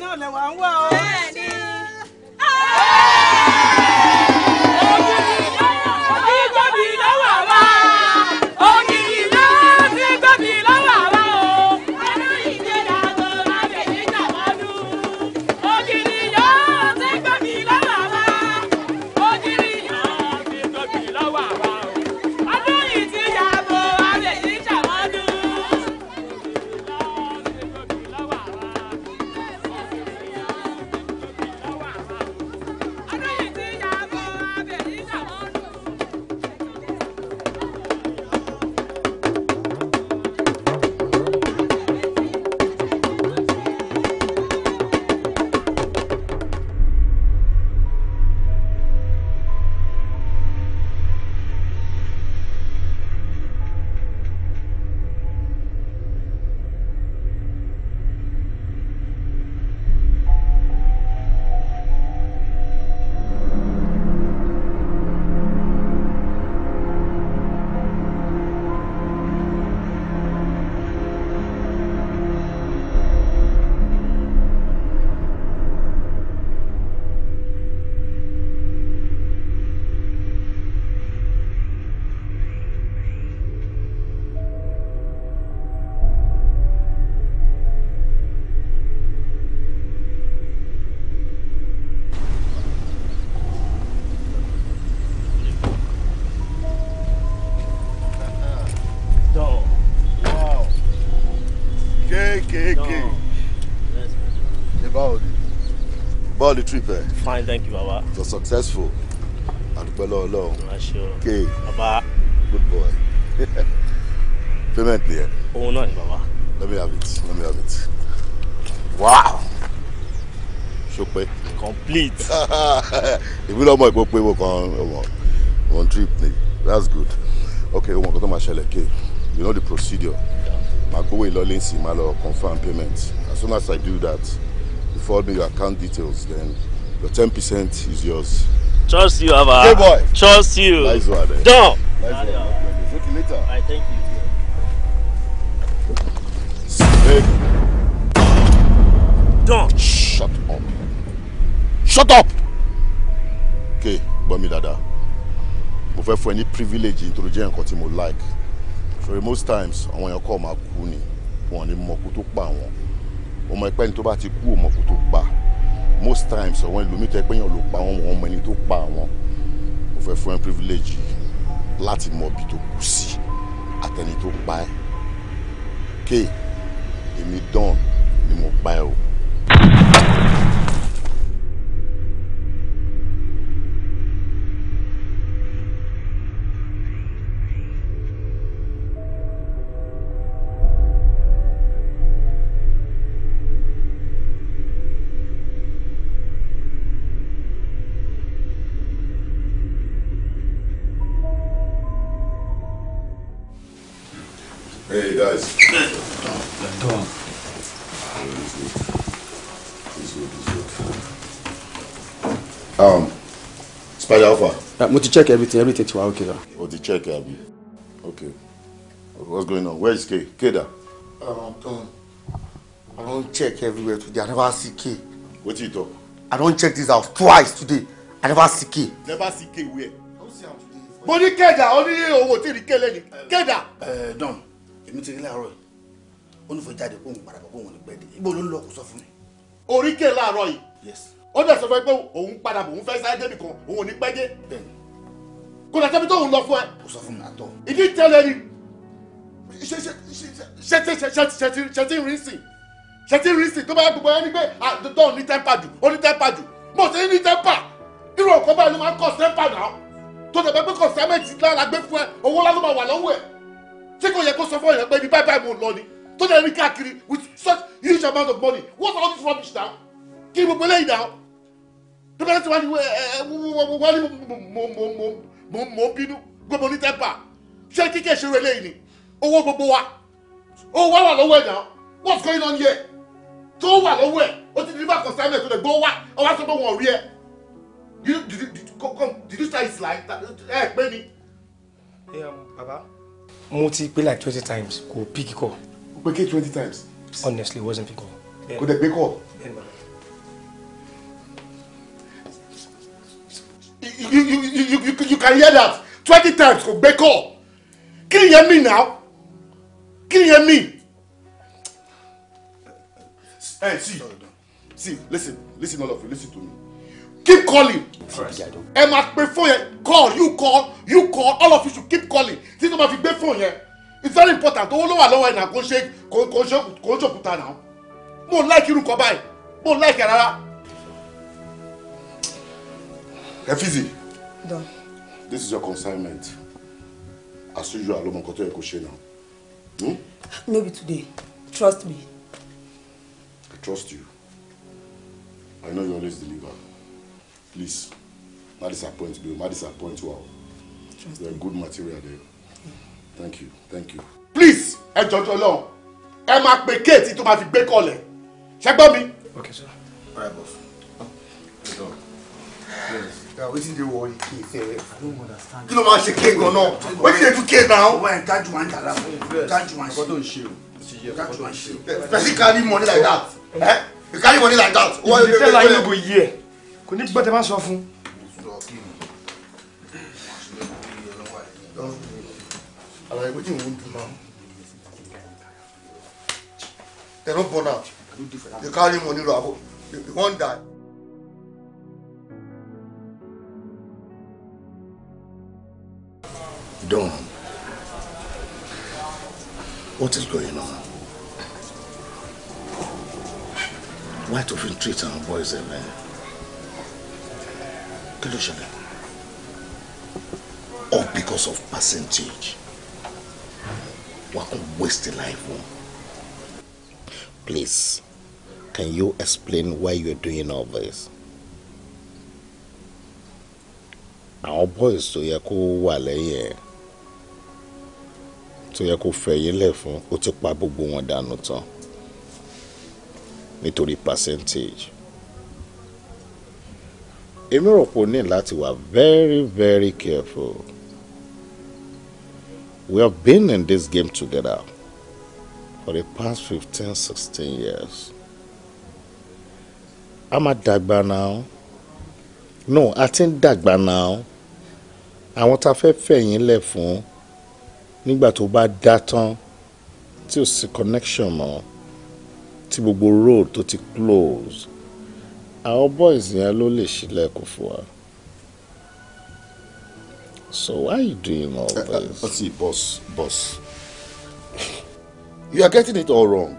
náà lẹ̀ wá ń wá o. bẹ́ẹ̀ thank you baba. you are successful àdúpẹ́ lọ́wọ́ Sure. okay baba good boy payment nìyẹn. òun náà baba. let me have it let me have it wow ṣó complete. ìbí lọ́mọ ìgbó pé mo kàn ọmọ one trip that's good okay we're going to máa ṣẹlẹ̀ ké you know the procedure máa gbówó ìlọlẹ́sìn máa lọ confirm payment as soon as i do that you forward me your account details then Your ten percent is yours. Trust you, Abba. Hey, boy. Trust you. Nice one. Eh? Don. Nice one. Yeah. Okay, later. I thank you. Hey. Don. Shut up. Shut up. Okay, Bami Dada. dáadáa. Mo fẹ́ privilege into the nǹkan tí mo like. For most times, àwọn èèyàn kọ́ máa kú ni. Wọ́n ní mọ̀kú tó pa àwọn. Ọmọ ẹgbẹ́ ni tó bá ti kú òmọ̀kú tó pa most times àwọn ẹlòmíì tẹ́ pé èèyàn ló pa àwọn ọmọ ẹni tó pa àwọn mo fẹ́ fún ẹ privilege láti mọ ibi tó kù sí àtẹni tó pa ẹ kéè èmi dán ni mo pa ẹ o. um, spider alpha. Uh, mo ti check everything everything ti wa okay sir. o ti check abi okay what's going on where is k keda. Um, i don check everywhere today i never see k. wetin you talk. i don check this house twice today i never see k. never see k where. mo ní kẹjà ó ní owó tí ì rí kẹlẹ ni kẹjà. ẹ ẹ dán uh, èmi ti rí láàárọ̀ yìí ó ní fò jáde kó ń gbàdàgbà kó ń wọlé pẹ dé ibo ló ń lọ kó sọ fún mi. orí kẹ láàárọ̀ yìí. yes ó dẹ̀ sọ fún ẹ pé òun padà bò òun fẹ́ sáré débi kan òun ò ní pẹ́ dé kò dẹ̀ sẹ́bi tó òun lọ fún ẹ. kò sọ fún mi àtọ. ìdí tẹ́lẹ̀ ni ṣètì rìnsì ṣètì rìnsì tó bá yẹ gbogbo ẹ ní pé àdúgbò ní tẹ́pà jù ó ní tẹ́pà jù mo sì ní tẹ́pà irú ọ̀kọ́ báyìí ló máa ń kọ̀ tẹ́pà náà tó dẹ̀ bẹ́ pé kọ̀ sẹ́mẹ̀tì lára gbé fún ẹ owó lálọ́ máa wà lọ́wọ́ ẹ̀ tí kò yẹ kó sọ fún ọ̀yàn pé ní báyìí báyìí mo lọ ni tó dẹ̀ rí káàkiri with such huge amount of money what's all this rubbish now kí gbogbo eléyìí dà ó tó bá ti wá ní wọ́n ní mò ń bínú gbogbo ní tẹ́pà ṣé kíkẹ́ ìṣòro eléyìí ni owó gbogbo wa owó wa wà lọ́wọ́ ẹ̀ náà what's going on here tó wà lọ́wọ́ ẹ̀ ó ti deliver consignment tó lè gbọ́ wá ọwọ́ sọ pé wọn ò rí ẹ did you start his life ẹ pé mi. Um, baba mo ti pè like twenty times kò pick call. o pe ke twenty times. honestly it wasn't pick call. kò dẹ̀ gbé call. you you you you you can hear that twenty times kò gbé kọ́ kí ni yẹn mean now kí ni yẹn mean. ẹ see see listen listen all of you listen to me keep calling ẹ máa pe phone yẹn call you call you call all of you should keep calling títí wọ́n máa fi gbé phone yẹn it's very important owó ló wà lọ́wọ́ ẹ̀ náà kò ń ṣe kò ń ṣòkúta náà mo like irú kan báyìí mo like ẹ̀ rárá. Efizi. Don. This is your consignment. As usual, I'm going to tó yẹ now. ṣe náà. Hmm? No today. Trust me. I trust you. I know you always deliver. Please, not disappoint me. Not disappoint wow. Trust You're me. good material there. Thank you. Thank you. Please, ẹ jọjọ lọ. Ẹ máa pe kéètì tó máa fi gbé kọlẹ̀. Ṣé gbọ́ mi? Okay, sir. All right, boss. Good job. Yes wetin dey worry kee fair i don't understand kí ló máa ṣe kee gan náà wetin dey do kee now. owó ẹ̀ tájú máa ń jà láàbù tájú máa ń ṣe tájú máa eh, carry money like that eh? you carry money like that. if you tell her you go hear kò ní gbọ́dọ̀ máa sọ fún. alaye wetin you wan do now dem no born am you carry money to abo you wan die. Dawn, what is going on? Why do we treat our boys eh, and way? Kí All because of percentage. Wọ́n kàn waste life wọn. Please, can you explain why you're doing all this? Our boys to yẹ kó wà tó yẹ kó fẹ̀yìn lẹ̀ fún ó ti pa gbogbo wọn dànù tán nítorí percentage èmi rò pé o ní láti wà very very careful we have been in this game together for the past fifteen sixteen years a máa dàgbà náà no a ti ń dàgbà náà àwọn tá a fẹ́ fẹ̀yìn lẹ̀ fún nígbà tó bá dá tán tí ò sí connection mọ́ tí gbogbo road tó ti close àwọn boys yẹn ló lè ṣílẹ̀kùn fún wa. So why you doing all uh, uh this? Uh, uh, see, boss, boss. You are getting it all wrong.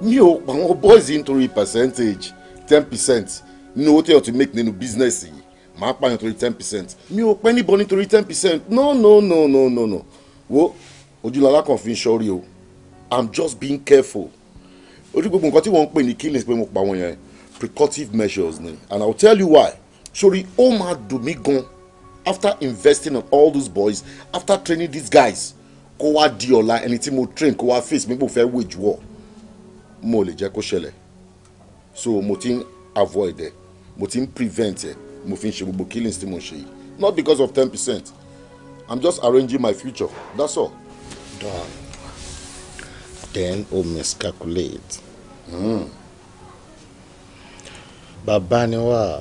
Mi ò pa àwọn boys yìí nítorí percentage ten percent nínú owó tí yóò ti make nínú business yìí màá pààyàn torí ten percent mi ò pẹ́ níbọn nítorí ten percent no no no no no no wo ojúlọ́lá kan fi ń ṣọ́rí o i'm just being careful ojú gbogbo nǹkan tí wọ́n ń pè ní killings pé mo pa wọn yẹn precautive measures ni and i will tell you why sori ó máa dùn mí gan after investing on all those boys after training these guys kó wá di ọ̀la ẹni tí mo train kó wá face mi kó fẹ́ wage war mo lè jẹ́ kó ṣẹlẹ̀ so mo ti ń avoid ẹ̀ mo ti ń prevent ẹ̀ mo fi ń ṣe gbogbo killings tí mo ṣe yìí not because of ten percent i'm just arranging my future that's all. Done. then o miscalculate. Mm. bàbá ni wá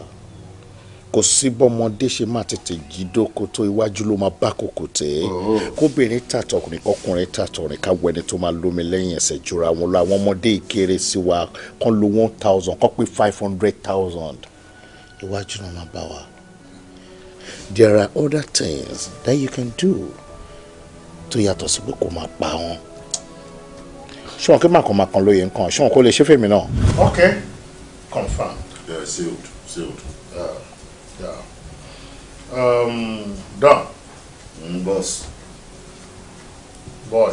kò sí bọ́mọdé ṣe máa tètè jí dóko tó iwájú ló máa bá kòkò tẹ́ oh. kóbìnrin tàtọ̀ ọkùnrin kọkùnrin tàtọ̀ ọ̀rìn ká wẹni tó máa lómi lẹ́yìn ẹsẹ̀ jura wọn lọ àwọn ọmọdé ìkéré sí wa kán lo one thousand kán pé five hundred thousand There are other things that you can do to yàtọ̀ sí pé kò máa pa wọn. ṣé wọn kí màkàn màkàn lóye nǹkan ṣé wọn kò lè ṣe fèmí náà. ok confam. yeah sealed sealed. Yeah, yeah. Um, don. Mm, boss. boy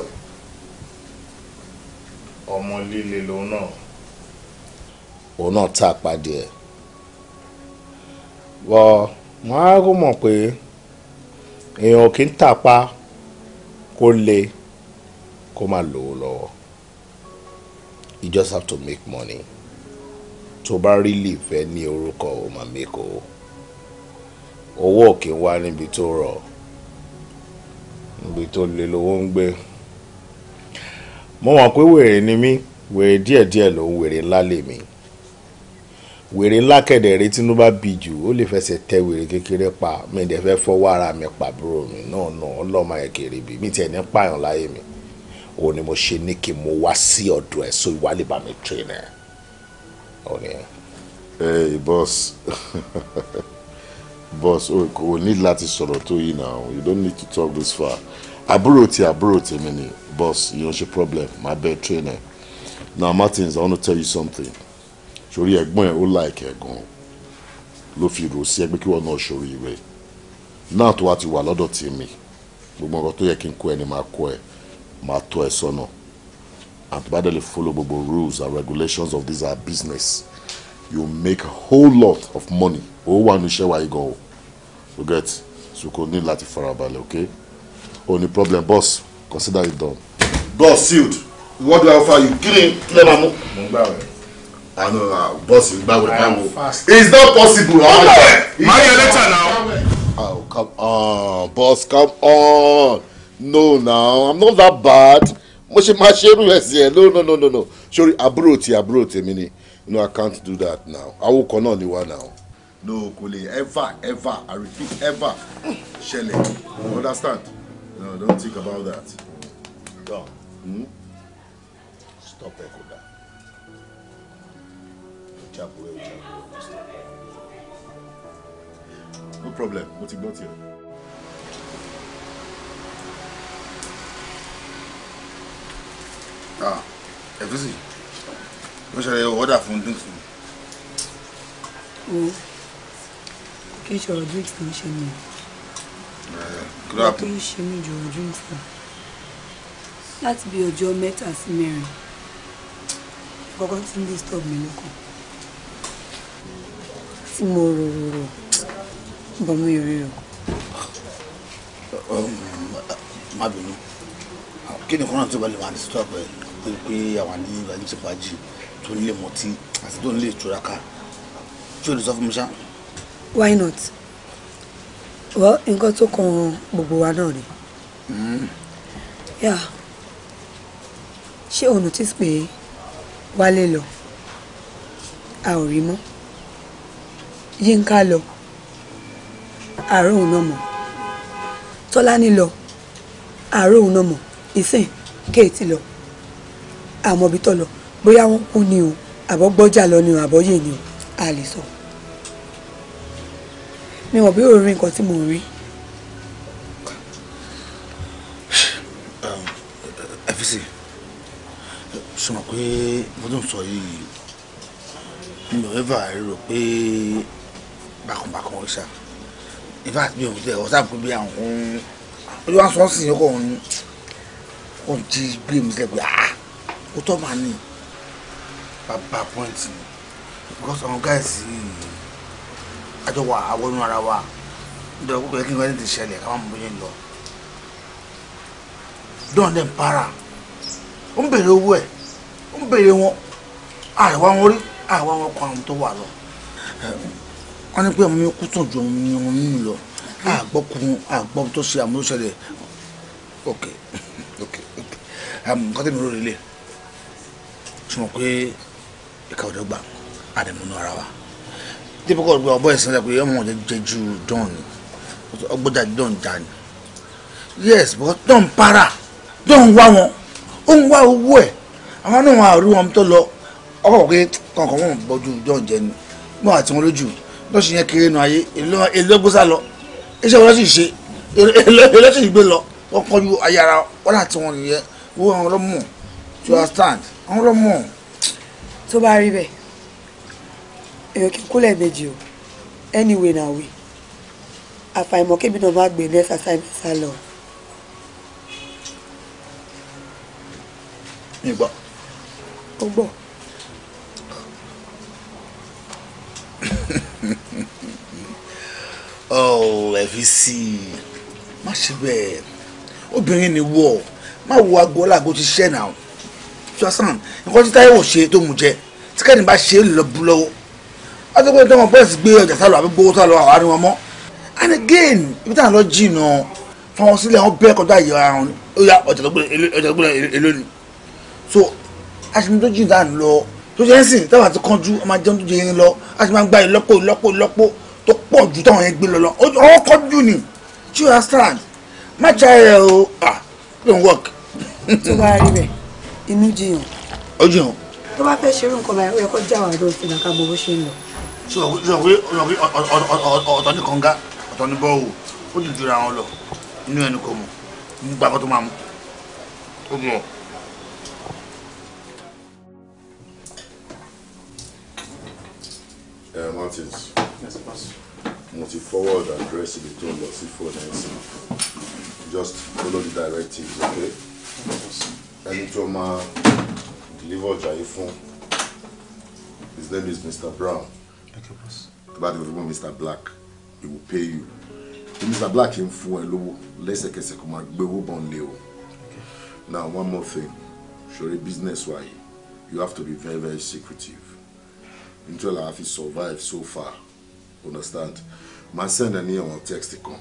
ọmọ líle lòun náà. òun náà tá a pàdé ẹ̀. wọ wọn mọ̀ pé èèyàn ò kí ń tàpá kó le kó lò ó lọ́wọ́ you just have to make money tó bá rí lè fẹ́ ní orúkọ o máa make o owó òkè wá níbi tó rọ̀ níbi tó le lówó ń gbé mo mọ̀ pé wèrè ni mí wèrè díẹ̀díẹ̀ ló ń wèrè ńlá lèmi. wèrè ńlá kẹ̀dẹ̀ rẹ tínú bá bì jù ó lè fẹsẹ̀ tẹ wèrè kékeré pa mi dẹ̀ fẹ́ fọwọ́ ara mi pàbúrò mi náà náà ọlọ́mọ ayẹ kéré bí mi tiẹ̀ ní pààyàn láyé mi òun ni mo ṣe ní kí mo wá sí ọ̀dọ̀ ẹ̀ so ìwà lè bá mi train ẹ̀ òun ni. hey boss boss o need láti sọ̀rọ̀ tó yìí now you don't need to talk this far àbúrò tí àbúrò tèmi ni boss yóò ṣe problem my bed trainer now Martins I want to tell you something sórí ẹ̀gbọ́n ẹ̀ ó láìkẹ́ gan ló fi rò sí ẹgbẹ́ kí wọ́n náà sórí rẹ̀ náà tó wá ti wà lọ́dọ̀ tí mi gbogbo nǹkan tó yẹ kí n kó ẹ ni máa kó ẹ máa tọ́ ẹ sọ́nà and to badly follow gbogbo rules and regulations of this our business you make a whole lot of money ó wà ní iṣẹ́ wa yìí gan o you get so kò ní láti farabalẹ̀ okay o ní problem boss consider it done. God sealed what do I offer you kí ni kí lè máa mú. mo ń gbà rẹ̀ àánú bọ́ọ̀sì gbáwé báwo it's not possible. máa yẹ lẹ́tà náà. Oh, come on, boss, come on. No, now, I'm not that bad. No, no, no, no, no. Sorry, I brought àbúrò I brought tèmi Mini, No, I can't do that now. I will náà ni wá now. No, kò ever, ever, I repeat, ever Shelley, You understand? No, don't think about that. Don, hmm? Stop it jábúrò ẹ̀ jábúrò ẹ̀ no problem mo ti gbọ́ tiẹ̀. ah ẹ̀físì ló ṣẹlẹ̀ order fún drinks mi. o kì í ṣọ̀rọ̀ drinks ló ṣe mí o kì í ṣe mí eh, jọ̀rọ̀ drinks lọ be your ọjọ́ mẹ́ta sí mẹ́rin kọ́kọ́ tí stop me, mi lọ́kàn tí mo rò bọ̀ mi ò rí o. Um, má bínú kí ni kọ́nà tó bá lè wà ní sítọ́ pẹ̀ pé pé àwa ní ìbàlẹ̀ fàájì tó ń lè mọtí àti tó ń lè tura ká tí o lè sọ fún mi ṣá. why not? well nǹkan tó kan gbogbo wa náà ni. Hmm. yeah ṣé o notice pé wálé lọ a ò rí mọ́ yínká lọ àárọ̀ òun náà mọ̀ tọ́lání lọ àárọ̀ òun náà mọ̀ ìsìn kéètì lọ àmọ́ bí tọ́ lọ bóyá wọ́n kú ni o àbọ̀ gbọ́jà lọ ni o àbọ̀ yè ni o a lè sọ mi ò bí òórùn nǹkan tí mo rí. ẹfisi sọ pé mo tún sọ yìí mi ò ẹ́ bá rò pé bákanbákan ọ̀ṣà in fact mi ò tẹ ọ̀ṣà fún bí àwọn ohun ojú wa sọ ọ́ sìn ọkọ̀ ọ̀hún ọ̀hún jí gbé mi sílẹ̀ pé ah ó tọ́ màá ní bàbá point ni because àwọn gáàsì àjọ wà àwọnú ara wa nítorí pé kí n ti ṣẹlẹ̀ ká mú bóyá lọ dọ́n dẹ̀ ń para ó ń bèrè owó ẹ̀ ó ń bèrè wọn àìwá wọn rí àìwá wọn kọ àwọn tó wà lọ wọ́n ní pé àwọn mi kú tàn ju àwọn mi wọn nínú lọ àgbọ́kùn àgbọ́ tó ṣe àmúlòṣẹlẹ̀ ok ok ok nǹkan tẹ̀mí rò lélẹ̀ sùnmọ̀ pé ìka ọ̀dọ́ gbà àdàmúnú ara wa dípò kọ́ ọ̀gbẹ́ ọ̀bọ̀ ẹ̀sìn ẹ̀dàpẹ́ ọmọ ọ̀dẹ jẹjú dán ni ọgbọ́dà dán dá ni yes but dán para dán wá wọn ó ń wá owó ẹ̀ àwọn náà wọn àrí wọn tó lọ ọkọ̀ pé kọ̀ọ̀kan wọn bọ́jú dán jẹ ni wọn àti wọn lójú yìí lọ́sì yẹn kiri nù ayé èlò gbèsà lọ iṣẹ́ wọn lọ́sì ṣe èlò lọ́sì gbé lọ wọ́n kọjú ayé ara wọn láti wọn nìyẹn wọ́n àwọn ọlọ́mọ to understand àwọn ọlọ́mọ. tó bá rí bẹ́ẹ̀ èèyàn kí kúlẹ̀ méjì o anyway na we àfàìmọ̀ kébì náà má gbé next assignment sá lọ. ìgbà. ó gbọ́. oh ẹ̀fi sí i má ṣe bẹ́ẹ̀ obìnrin ni wọ́ má wo aago ọlágo ti ṣẹ́ náà swasan nǹkan tí táyé wò ṣe tó mú jẹ tí kẹ́ni bá ṣe é lọ bú lọ́wọ́ adókòwò tó wọn bọ́ọ̀sì gbé ọjà sálọ àbí gbowó sálọ àwọn àárín wọn mọ́ and again ibi táwọn lọ jìnnà fọwọ́n sílẹ̀ wọn bẹ́ẹ̀ kọjá ìyá àwọn ọjà tó gbọ́dọ̀ èlò ni so aṣèǹtó jìnnà lọ tó jẹ́ sìn táwọn àti kanjú ọmọ ajẹ́wọ́n tó jẹ́ yẹn lọ a ti máa ń gba ìlọ́pọ̀ ìlọ́pọ̀ ìlọ́pọ̀ tó pọ̀ ju táwọn yẹn gbé lọ lọ ọwọ́ kọjú ni tí o understand má ṣe ẹ o ah don't work. tó bá rí bẹ́ẹ̀ inú jiyàn. ó jiyàn. tó bá fẹ́ ṣerú nǹkan báyìí ó yẹ kó já wàá dó ìfìlà ká gbowó ṣe ń lọ. sọ pé ọ̀tọ̀ ní kànga ọ̀tọ̀ ní bọ́ọ̀wù ó dì jura wọn lọ inú ẹni kò mọ̀ nígbà kan tó máa mú ó bí wọn. ẹ eh, Martins mo ti forward address ibi tó ń lọ sí phone ẹsẹ just follow the directives okay ẹni tó máa deliver ọjà yìí his name is Mr. Brown tó bá dé fún Mr. Black he will pay you If Mr. Black ń fún let's say, lẹ́sẹ̀kẹsẹ̀ kó máa gbé owó bọ́n lé now one more thing surely business wise you have to be very very secretive nítorí làwọn fi survive so far understand máa send ẹni àwọn text kan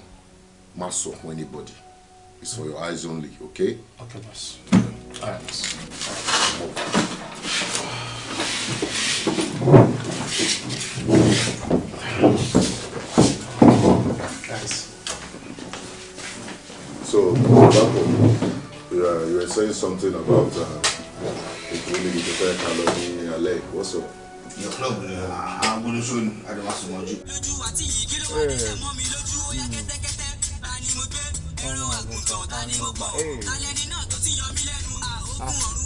má sọ fún anybody it's for your eyes only okay. okay boss. All right, boss. All So, Bako, you, are, you were saying something about uh, it really prepared Halloween. Alec, what's up? your club uh, ni agbónisó ni adamasumoju. lójú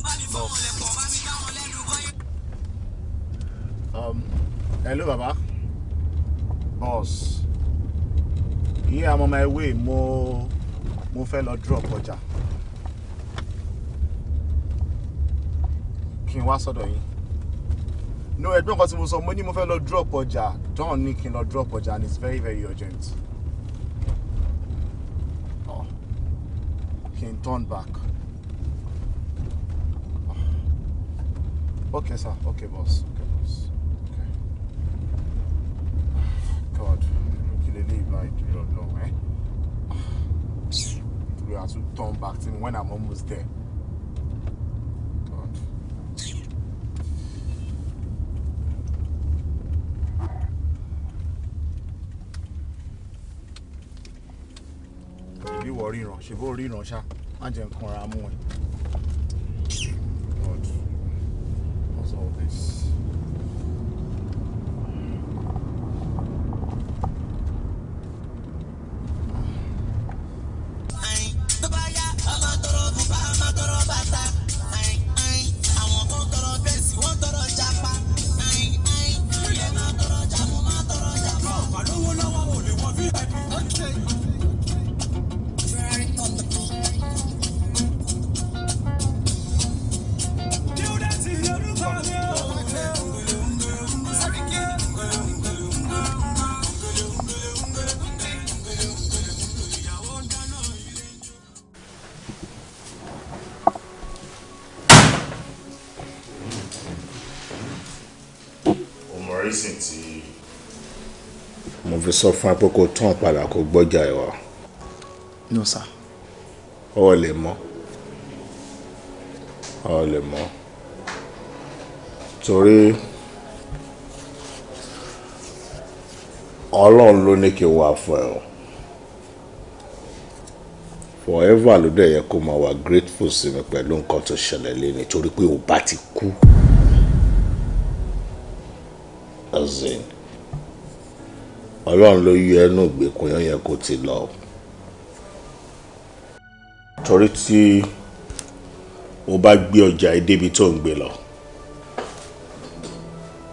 àti ah. um, hello baba boss yeah i'm on my way mo mo fẹ́ lọ drop ọjà kí n wá sọ́dọ̀ yín no ẹgbẹ́ nǹkan tí mo sọ mo ní mo fẹ́ lọ drop ọjà don ní kí n lọ drop ọjà and it's very very urgent oh. kí n turn back okay sir okay boss okay boss okay god kí lè lè ìgbà ìdúró lọ ẹ ìdúró àtúntàn back to when i'm almost there. 里我里庄，西部里庄乡，南京同仁墓。reason ti. mo fi sọ fún pé kó tún ọ̀padà kó gbọ́jà ẹ̀ wá. no sir. ọ̀ lè mọ́ ọ̀ lè mọ́ torí ọlọ́run ló ní kí n wà fún ẹ o forever ló dẹ̀ yẹ kó máa wà grateful sí mi pẹ̀lú nǹkan tó ṣẹlẹ̀ lé nítorí pé o bá ti kú azin ọlọ́run ló yọ ẹnu ìgbèkùn yẹn yẹn kó ti lọ torí tí o bá gbé ọjà yìí débi tó ń gbé lọ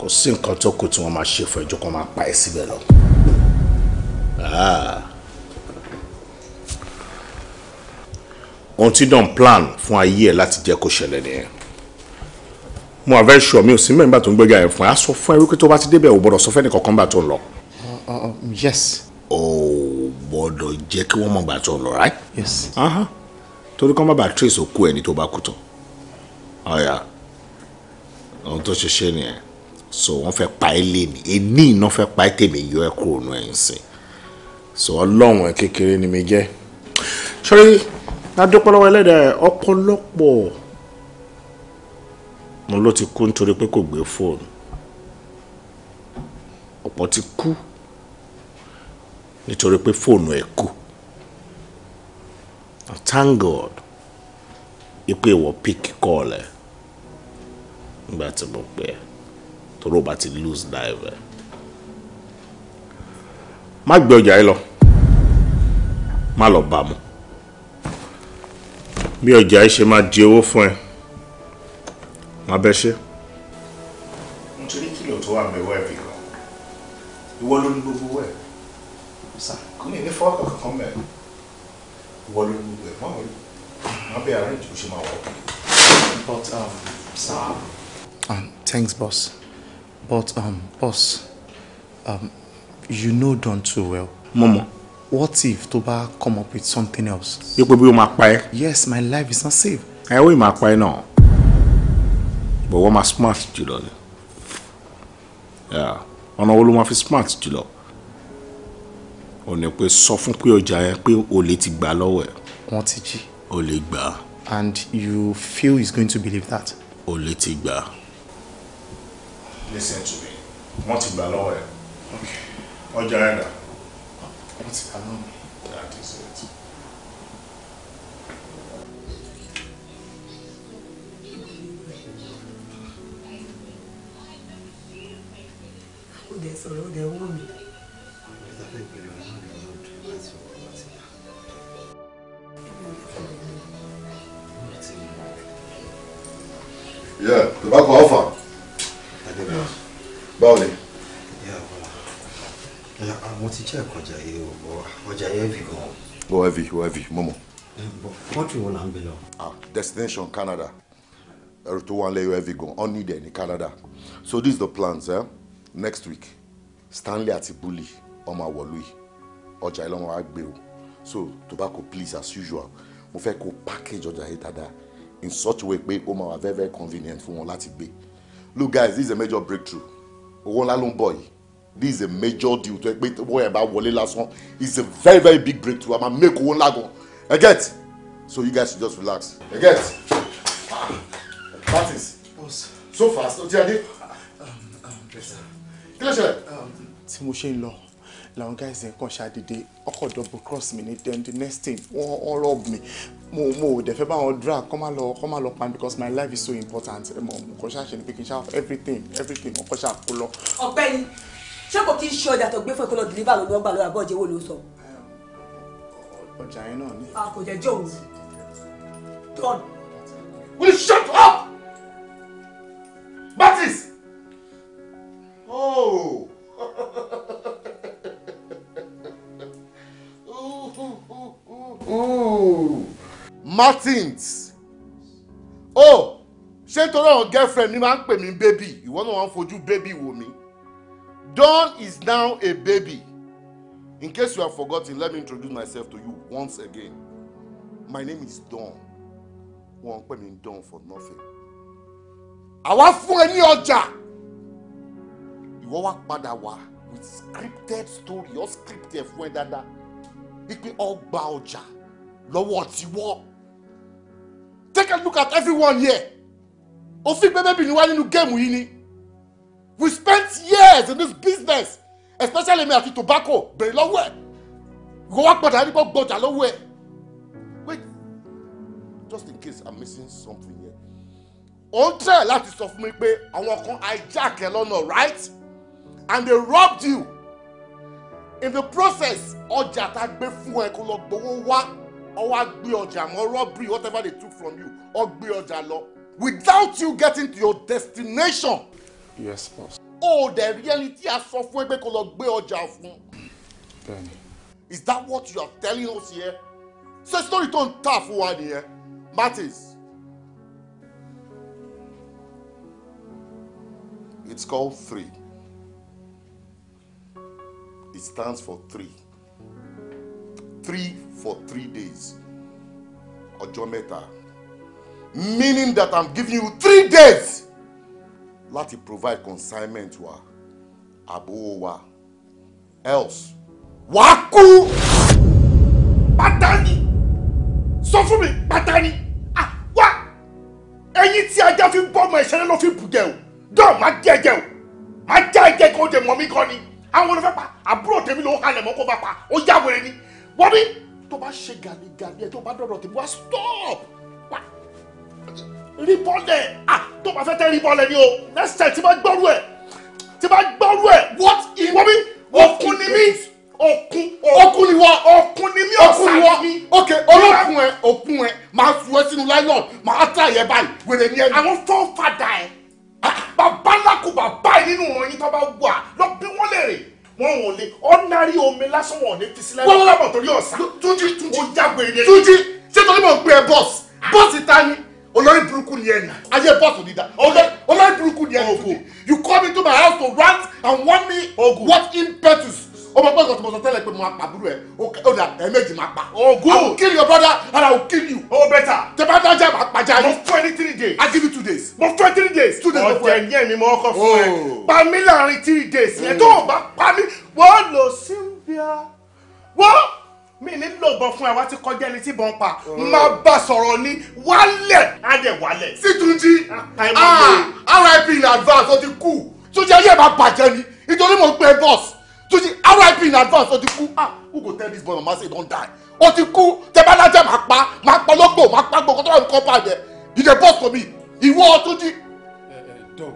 kò sí nǹkan tó kù tí wọ́n máa ṣe fún ẹjọ́ kan máa pa ẹ́ síbẹ̀ lọ. Ah. ohun tí don plan fún ayé ẹ láti jẹ́ kó ṣẹlẹ̀ nìyẹn mo àvẹ́ sọ mi ò sí mẹ́rin bá tó ń gbẹ́gà ẹ̀ fún ẹ á sọ fún ẹ wípé tó bá ti débẹ̀ ò gbọ́dọ̀ sọ fẹ́ni kankan bá tó ń lọ. Uh, uh, um, yes. ò gbọ́dọ̀ jẹ́ kí wọ́n mọ̀ gbà tó ń lọ right. yes. torí kọ́ má bàa trace òkú ẹni tó bá kú tán. ọ̀yà ohun tó ṣe ṣe nìyẹn so wọ́n fẹ́ pa ẹ́ lẹ́nu ẹni iná fẹ́ pa ẹ́ tèmi yọ ẹ́ kúrò nù ẹ̀yìn sìn so ọlọ́run ẹ̀ kékeré ni mi jẹ́ sọ́rí adúpọ̀lọ́wọ́ ẹlẹ́dàá ọ̀pọ̀lọpọ̀ mo ló ti kú nítorí pé kò gbé fóònù ọ̀pọ̀ ti kú nítorí pé fóònù ẹ̀ kú thank God ipe ìwọ pick call ẹ nígbà tí mo pè ẹ torí o bá ti lose life ẹ má gbé ọjà yìí lọ má lọ bá mu bí ọjà yìí ṣe máa di owó fún ẹ màá bẹ ṣe. nítorí kìlọ̀ tó wà mẹ́wọ́ ẹ̀ bìkan ìwọ ló ní gbogbo ẹ̀ kò ní ní fọ́ọ̀kà kankan mẹ́rin ìwọ ló ní gbogbo ẹ̀ mọ́ àwọn màá bẹ àárín ìjì oṣù máa wọ̀ but um, Um, thanks boss but um, boss um, you know Don too well. mo What if tó bá come up with something else. yípo bí o máa pa ẹ́. Yes, my life is not safe. ẹ ó ì máa pa ẹ́ náà but wọ́n máa smart jùlọ ni ọ̀nà wo ló máa fi smart jùlọ ò ní pé sọ fún pé ọjà yẹn pé olè ti gbà lọ́wọ́ ẹ̀. wọ́n ti jí. olè gbà. and you feel he's going to believe that. olè ti gbà. listen to me wọ́n ti gbà lọ́wọ́ ẹ̀. ọjà yẹn dà. wọ́n ti gbà lọ́wọ́ mi. dẹ̀ sọ̀rọ̀ ó dẹ̀ wù mí. Yeah, tobacco offer. Báwo ni? Àwọn ti jẹ́ ọjà yìí o, ọjà yẹn heavy gan. Ó oh, heavy, ó oh, heavy, mọ́mọ́. Kọ́ńtì wo là ń gbé lọ? Ah, destination Canada ẹrù tó wà lẹ́yìn heavy gan, ó ní dẹ̀ ní Canada. So this is the plans eh? next week. Stanley àti Bully ọmọ àwọ̀lú yìí ọjà yìí lọ́mọ wa gbé o so tobacco please as usual mo fẹ́ kó package ọjà yìí dáadáa in such way pé ó máa wà very very convenient fún wọn láti gbé look guys this is a major breakthrough owó ńlá ló ń bọ̀ yìí this is a major deal tó yẹ pé owó ẹ̀ bá wọlé lásán it's a very very big breakthrough àmà make owó ńlá gan ẹ get so you guys should just relax I get ah, that is so fast o ti Um, um, yes, kí ló ṣẹlẹ̀. Um, tí mo ṣe ń lọ làwọn guys yẹn kàn ṣàdédé ọkọ̀ double cross mi ní then the next thing wọ́n wọ́n rob mi mo mo ò dẹ̀ fẹ́ bá wọn drag kọ́ máa lọ kọ́ máa lọ pan because my life is so important ẹ mọ̀ mo kọ́ ṣàṣẹ ní pé kí everything everything mo kọ́ ṣá kó lọ. ọ̀gbẹ́ni ṣé kò kí n ṣe ọjà tó gbé fún ìkọlọ deliver lórí ọgbà lórí abọ́jẹ́ wo ló sọ. Um, ọjà yẹn náà ni. a kò jẹ́ jẹ́ don. will shut up. Martins oh ṣé torí àwọn girlfriend mi máa ń pè mí baby ìwọ náà wọ́n fojú baby wò mí Don is now a baby in case you have forgotten let me introduce myself to you once again my name is Don wọ́n pè mí Dawn for nothing àwa fún ẹ ní ọjà ìwọ wá padà wá with scripted story or scripted fún ẹ dáadáa wípé ọgbà ọjà lọ́wọ́ tiwọ́ take a look at everyone here òfin pé bẹ́ẹ̀ bí ni wá nínú géèmù yìí ni we spent years in this business especially me àti tobacco bèrè lọ́wọ́ ẹ̀ ìwọ wá gbọ́dọ̀ ẹni kò gbọ́dọ̀ lọ́wọ́ ẹ̀ wait just in case i'm missing something here ó ń tẹ̀ láti sọ fún mi pé àwọn kan hijack ẹ lọ́nà right and they robbed you in the process ọjà tá a gbé fún ẹ kó lọ gbowó wá or wá gbé ọjà mọ́ robbery whatever they took from you or gbé ọjà lọ without you getting to your destination. yes boss. o dẹ̀ rí ẹni tí a sọ fún ẹ pé kó lọ gbé ọjà fún. bẹ́ẹ̀ni. is that what you are telling us here? ṣé story tó ń tà fún wa nìyẹn Martins. it's called three. it stands for three three for three days ọjọ́ mẹ́ta meaning that i'm giving you three days láti provide consignment wa àbówó wa else wàá kú pátá ni sọ fún mi pátá ni ah, wá ẹyin tí ajá fi bọ́ ọmọ ìṣẹ́lẹ̀ ló fi bù jẹ o dọ́ọ̀ má jẹ jẹ o má já ẹjẹ kó o jẹ mọ́ mi kọ́ ni àwọn olùfẹ́ pa àbúrò tèmi ló ń halẹ̀ kó bá pa ó yá ni wọ́n bí tó bá ṣe gàdígàdí ẹ tó bá dọ̀dọ̀ tèmi wá stop pa ribọ́lẹ̀ ah tó bá fẹ́ tẹ́ ribọ́lẹ̀ ni o next time tí bá gbọ́rú ẹ̀ tí bá gbọ́rú ẹ̀ what if wọ́n bí òkun ni mí òkun òkun ni wọ́ òkun ni mí òkun ni wọ́ ok olókun ẹ òkun ẹ máa su ẹ sínú nylon máa tà yẹ báyìí wèrè ni ẹ. àwọn tó fàdà ẹ ah, bàbá ńlá kò bàbá nínú ìròyìn tó bá wà lọ bí wọ́n lè rè wọn ò lè ọ̀nàrí omi lásán wọn ò ní fi sílẹ̀. wọ́n lọ́wọ́ torí ọ̀sán. tuji tuji o jágbe ni. tuji ṣé torí mò ń gbé ẹ bọ́ọ̀sì bọ́ọ̀sì ta ni olórí burúkú ni ẹni ayé bọ́ọ̀sì ni da olórí burúkú ni ẹni tuji you come into my house to rant and warn me what impetus o mọ̀ pé tí mo sọ tẹ́lẹ̀ pé mo máa pa ẹ̀ o dà ẹ̀ẹ́mẹ́jì máa pa. oh good I will kill your brother and I will kill you. oh better. tẹ bá dájà máa pa jáde. mo fún ẹ ní three days. I give you two days. mo fún ẹ three days. two days before. fún ẹ. ọ̀tẹ̀ yẹn mi mo kọ́ fún ẹ. pa mí láàrin three days yẹn mm. tó o bá pa mí wọ́n lọ Sylvia wọ́n mi ní lòbọ̀ fún ẹ wá ti kọjá ẹni tí bọ́n pa oh. máa bá sọ̀rọ̀ ní wálẹ̀ á dẹ̀ wálẹ̀. Sítúnjí ah, ah, rip in advance ó ti kú sójú ayé tó ṣe RIP in advance ó ti kú ah who go tell this boy mama say he don die ó ti kú tẹ́bálájà máa pa máa pa lọ́gbọ̀ máa pa gbogbo tó wà ní kọ́pá rẹ̀ he dey boss for me ìwọ tó jí. ẹ ẹ dọ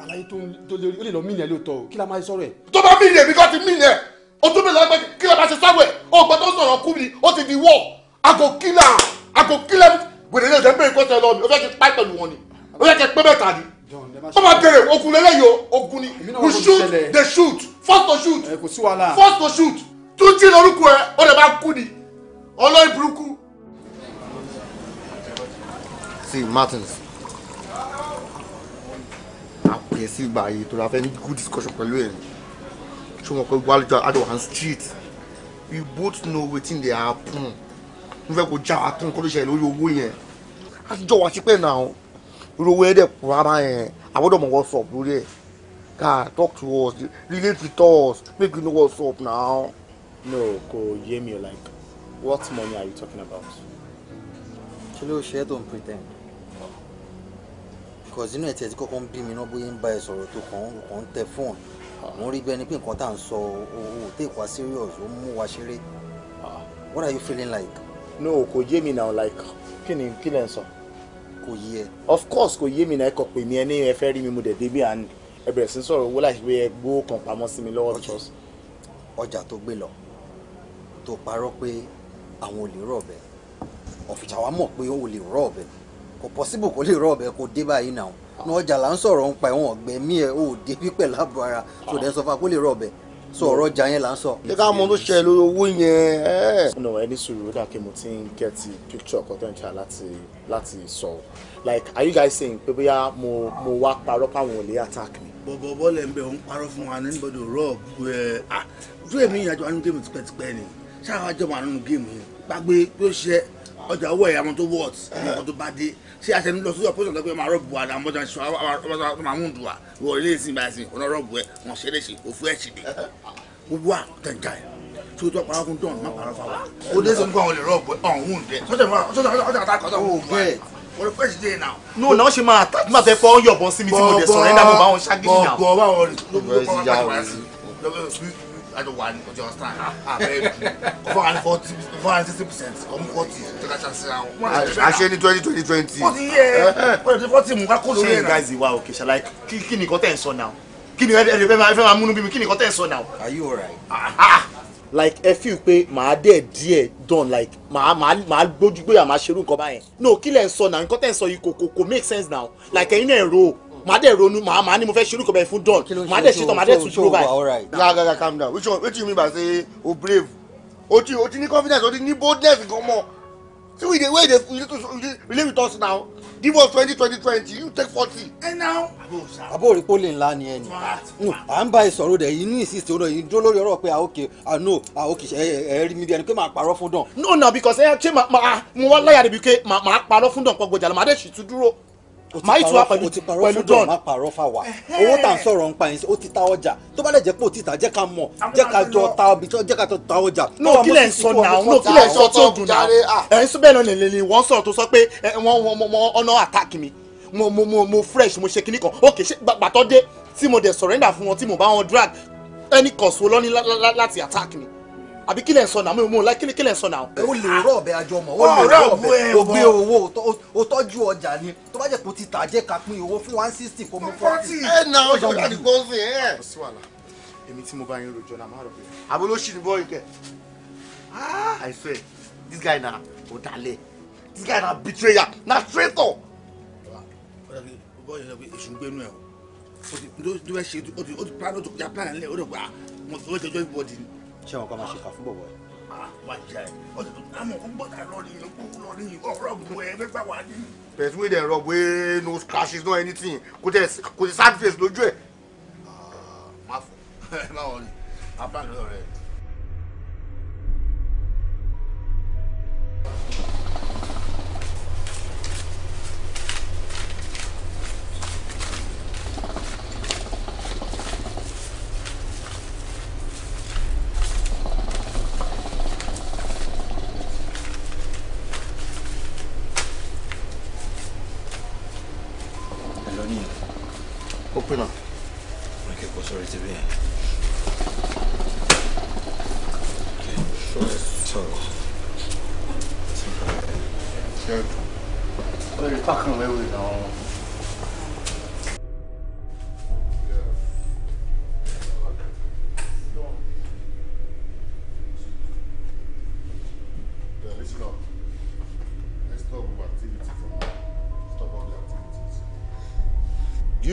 àlàyé tó lórí ó lè lọ mílíọ̀nù lóòótọ́ o kí la máa ṣe sọ̀rọ̀ ẹ̀. tó bá mílíọ̀nù mi kọ́ ti mílíọ̀nù o tún bẹ̀rẹ̀ lọ́gbẹ́ kí la máa ṣe sọ̀rọ̀ ẹ̀ o gbọ́ tó sọ̀rọ̀ kú mi ó ti di wọ́ àgò kílà àgò kílà gbèrè lè dẹ́ bẹ́ẹ̀ kọ́sẹ̀ lọ́ọ̀mì ó fẹ́ ti pa pẹ̀lú wọn ni ó fẹ́ ti pẹ́ mẹ́ta ni wọ́n máa bèrè ogun lẹ́lẹ́yọ ni we shoot they shoot first to shoot first to shoot túnjí lórúkọ ẹ ó lè máa kú ni ọlọ́rin burúkú. see Martins àpèsè ìgbà yìí tó la fẹ́ ní good discussion pẹ̀lú ẹ̀ ṣé wọn kọ́ gbàlejò adéwà street we both know wetin dey happen n fẹ́ kó já wa tán kó ló ṣẹlẹ̀ lórí owó yẹn àtijọ́ wa ti pẹ́ náà owó ẹ̀dẹ̀ kura máa yẹn àbọ̀dọ̀ mọ̀ what's up lórí God, talk to us relate with us make you know what's up now. no kò yé like what money are you talking about. kí ló don't pretend because you know, tí ẹ ti kọ́kọ́ ń bí mi náà bóyá ń bá ẹ sọ̀rọ̀ tó kàn ń tẹ fóònù mo take wa serious o mú wa ah. what are you feeling like. no kò yé now like killing, killing, kí So? kò yé ẹ. of course kò yé mi náà ẹ kàn pè mí ẹ ní ẹ fẹ́ rí mi mo dẹ̀ débi àná ẹ bẹ̀rẹ̀ sí sọ̀rọ̀ owó láti pé ẹ gbó kan pamọ́ sí mi lọ́wọ́ because. ọjà tó gbé lọ tó parọ́ pé àwọn olè rọ̀ ọ̀bẹ ọ̀fìjà wa mọ̀ pé olè rọ̀ ọ̀bẹ kò possible kò lè rọ̀ ọ̀bẹ kò dé báyìí náà ọjà là ń sọ̀rọ̀ ń pa ẹ̀wọ̀n ọ̀gbẹ́ mí ẹ̀ ò dé pípẹ́ lábọ̀ ara tó ah. dẹ̀ sọ fún akólè rọ̀ ọ̀bẹ so ọ̀rọ̀ ọjà yẹn là ń sọ. ṣé ká mọ tó ṣe lórí owó yẹn. ọ̀nà eh. ẹni sùúrù ó dà kí mo ti ń get picture content láti láti sọ like are you guys saying pé bóyá mo mo wá parọ́ páwọn ò lè attack mi. bọ̀bọ̀ bọ́ọ̀lù ẹ̀ńbẹ̀ òun parọ́ fún wa anybody rọ̀ ẹ̀ eh, ah ojú èmi ìyàjọ anú géèmù tipẹ́tipẹ́ ni ṣáà wá jọba anú géèmù yẹn gbàgbé yóò ṣe ọjà owó ẹ̀ àwọn tó wọ́ọ̀t àwọn tó bá dé ṣé àṣẹ ń lọ sí ọ̀pọ̀sọ̀ lọ́pẹ́ máa rọ̀bù wa làwọn ọjà ṣọ àwọn máa ń dùn wa wọ ilé ìsìn bá sìn ọ̀nà rọ̀bù ẹ̀ wọ́n ṣe é léṣe òfu ẹ̀ ṣìdè gbogbo à tẹ̀ǹkà ẹ̀ tó tó àpárá kún dán má pàrọ̀ fáwọn. ó dé sọ nǹkan àwọn olè rọ̀bù ẹ̀ ọ̀hún dẹ̀ sọ́jà wọ́n lọ fẹ́ẹ̀sì dé náà. no na wọ́n ṣe máa tàbí máa fẹ́ kọ́ yọ̀bọ̀n sí mi tí mo dẹ̀ sọ̀rọ̀ ẹ̀dá mo bá wọn ṣáàgì náà. bọ̀ bọ̀ báwọn ló kọ́ wọn pàtàkì wá sí i àjọ wà ní you understand? abẹ́rẹ́ and ọ̀fọ̀ àní forty ọ̀fọ̀ àní sixty percent ọ̀mú forty tẹ̀ka ṣàṣì ra wọn. àṣẹ ní twenty twenty twenty. forty yẹ ọ̀dọ̀ eh, eh. forty mú kákó lórí ẹ̀ náà. ṣé guys wa òkè ṣàlàyé kí ni nǹkan tẹ̀ ń sọ náà kí ni ẹ fẹ́ máa múnú bí mi kí ni nǹkan tẹ̀ ń sọ náà. are you alright? Ah, ah, ah. like ẹ feel pé màá dẹ̀ díẹ̀ done like màá màá màá gbójú gbóyà màá ṣerú nǹkan báyẹn no kí lẹ̀ ń sọ náà nǹkan tẹ̀ ń sọ yìí kò kò kò make sense now like ẹ̀yin náà ẹ̀ ro màá dẹ̀ ronú màá màá ní mo fẹ́ ṣerú kọ̀ọ̀bẹ̀ fún don màá dẹ̀ ṣetán màá dẹ̀ tún ṣòro báyìí. gàgàgà calm down which one wetin you mean by say o brave o ti o ti ní confidence o ti ní boldness gan mọ see we dey wey dey you dey relate with us now give us twenty twenty twenty you take forty. ẹ náà. àbó orí pólì ńlá ni ẹ ní. à ń bá ẹ sọ̀rọ̀ dẹ̀ yìí ní ìsísì ọ̀rọ̀ yìí dúró lórí ọ̀rọ̀ pé àókè àánú àókè ẹ rí mi bí ẹni pé màá parọ́ fún dàn. no na because ẹ eh, ṣé màá ah, mo wá láyà débi pé màá parọ́ fún dàn pọ̀ gbọ̀jà lọ́ màá dẹ̀ sì tún dúró máa yìí tún wá pẹ̀lú pẹ̀lú don. má parọ́ fà wá owó tà ń sọ̀rọ̀ ń pa yín ó ti ta ọjà tó bá lè jẹ́ pé ó ti ta jẹ́ ká mọ̀ jẹ́ ká jọ ta ọbì jẹ́ ká ta ọjà. náà kí lẹ̀ sọ náà náà kí lẹ̀ ń sọ tó dùn náà ẹ̀ ń sọ náà lè lè wọ́n sọ̀rọ̀ tó sọ pé wọ́n ọ̀nà attack mi mo mo mo mo fresh mo ṣe kinní kan ok ṣe gbàtọ́ dé tí mo dẹ̀ surrender fún wọn tí mo bá wọn drag any cause wo lọ́ní láti attack mi àbí kílẹ̀ ń sọ náà mo la kílẹ̀ kílẹ̀ ń sọ náà. o lè rọ ọbẹ àjọ mọ o lè rọ ọbẹ o gbé owó o tọ́jú ọjà ni tó bá jẹ́ kó ti tà jẹ́ ká pín owó fún one sixty kó mú forty. ẹ na ọjọ́ láti kó ń sìn ẹ. kò sí wàhálà èmi tí mo bá yín rojọ́ náà máa rọ pé abolóṣì ni bọ́ọ̀ ikẹ̀ ah i swear this guy na ọ̀dàlẹ̀ this guy na betrayer na traitor. bọ́ọ̀ yẹn sọ pé èṣù ń gbénu ẹ̀ o ti plan o ti plan ẹ̀ lẹ́ o dẹ̀ gbà wọ́n ti jọjọ́ ibodè ni ṣé wọn kọ́ máa ṣe kà fún bọ̀bọ̀ yìí. person wey dem rub wey no scratches no anything kò tẹ kò tẹ sad face lójú ẹ. Ah, má fọ ẹ má wọlé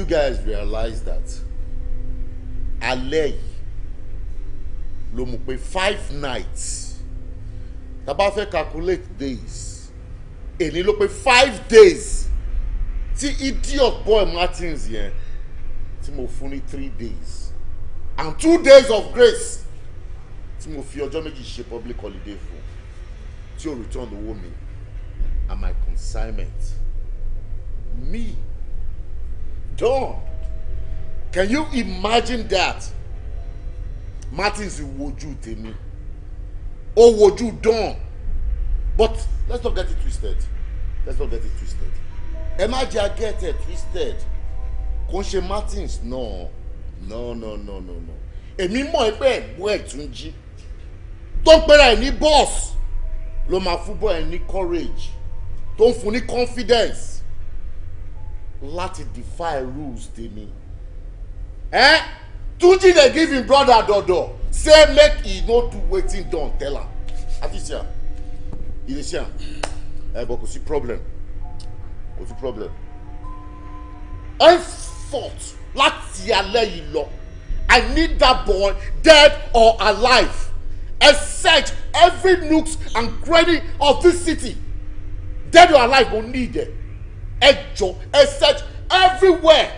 guys realize that alẹ́ yìí ló mú pé five nights tá bá fẹ́ calculate days èní ló pé five days tí idiot boy Martins yẹn tí mo fún ní three days and two days of grace tí mo fi ọjọ́ méjì ṣe public holiday fún tí o return the mi and my consignment me done. Can you imagine that? Martins wojú tèmi. Ó wojú dán. But let's not get it twisted. Let's not get it twisted. Ẹ má jẹ́ a get it twisted. Kò ń ṣe Martins náà. No no no no no. Èmi mọ̀ ẹ pé ẹ̀gbọ́n ẹ̀ tún jí. Tó ń pera ní boss ló máa fún bọ́ ẹ̀ ní courage. Tó ń fún ní confidence láti defy rules tèmi. Eh? Tuji dey give him brother dodo say make he no do wetin Don tell am. Adisia, you dey see am? Eh, but kò sí problem. Kò sí problem. Effort láti alẹ́ yìí lọ. I need that boy dead or alive. I search every nooks and cranny of this city. Dead or alive, mo need it ẹ jọ search everywhere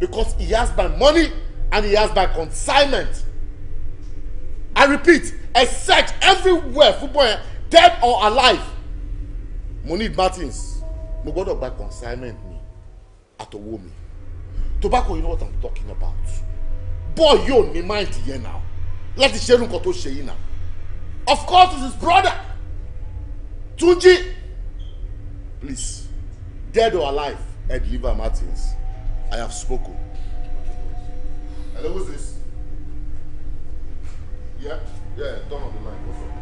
because he has my money and he has my consignment i repeat ẹ search everywhere football dead or alive mo need martins mo gbọ́dọ̀ gba consignment mi àtọwọ́ mi tobacco you know what i'm talking about boy yóò ní mind yẹn now láti ṣe irú nǹkan tó ṣe yìí now of course it's his brother Tunji please dead or alive, Ed Liver Martins. I have spoken. Hello, who's this? Yeah, yeah, turn on the line. What's up?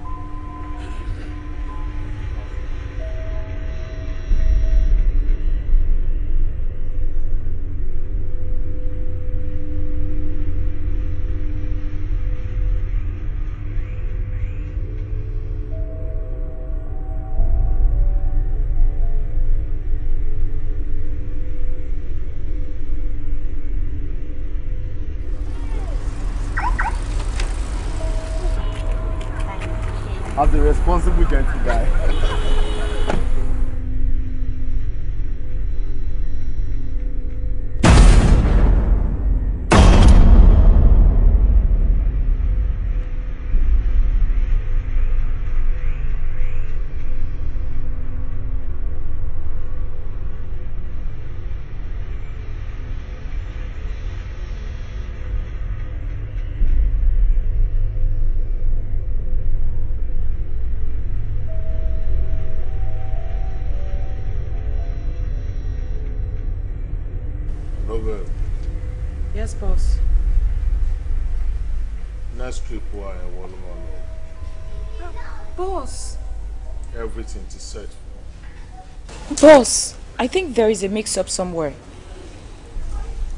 Boss, I think there is a mix-up somewhere.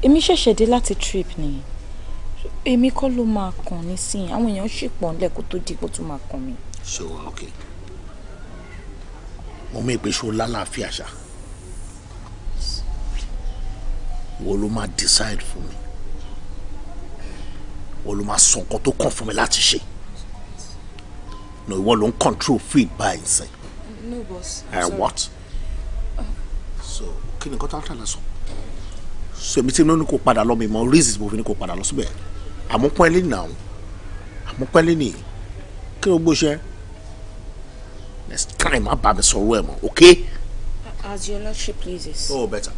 Èmi ṣẹ̀ṣẹ̀ dé láti trip ni. Emi kọ́ ló máa kàn ní sí i. Àwọn èèyàn ṣèpọ̀ ńlẹ̀ kó tó di kó tún máa kàn mí. So, okay. Mo pe ìpè ṣó lálàáfíà ṣá. Wo ló máa decide for me. Wo ló máa sọ nǹkan tó kàn fún mi láti ṣe? No, ìwọ ló ń control feed by nsìn. No boss. And uh, eh, sorry. what? so kí ni kọ́tà tàlẹ́ sọ so èmi tí mo ní kó padà lọ mi mọ reasons mo fi ní kó padà lọ síbẹ̀ àmúpẹ́lẹ́ nà ó àmúpẹ́lẹ́ nì kí ni o gbóṣẹ́ next time má bà mí sọ̀rọ̀ ẹ̀ mọ́ ok. as your lordship pleases. oh better.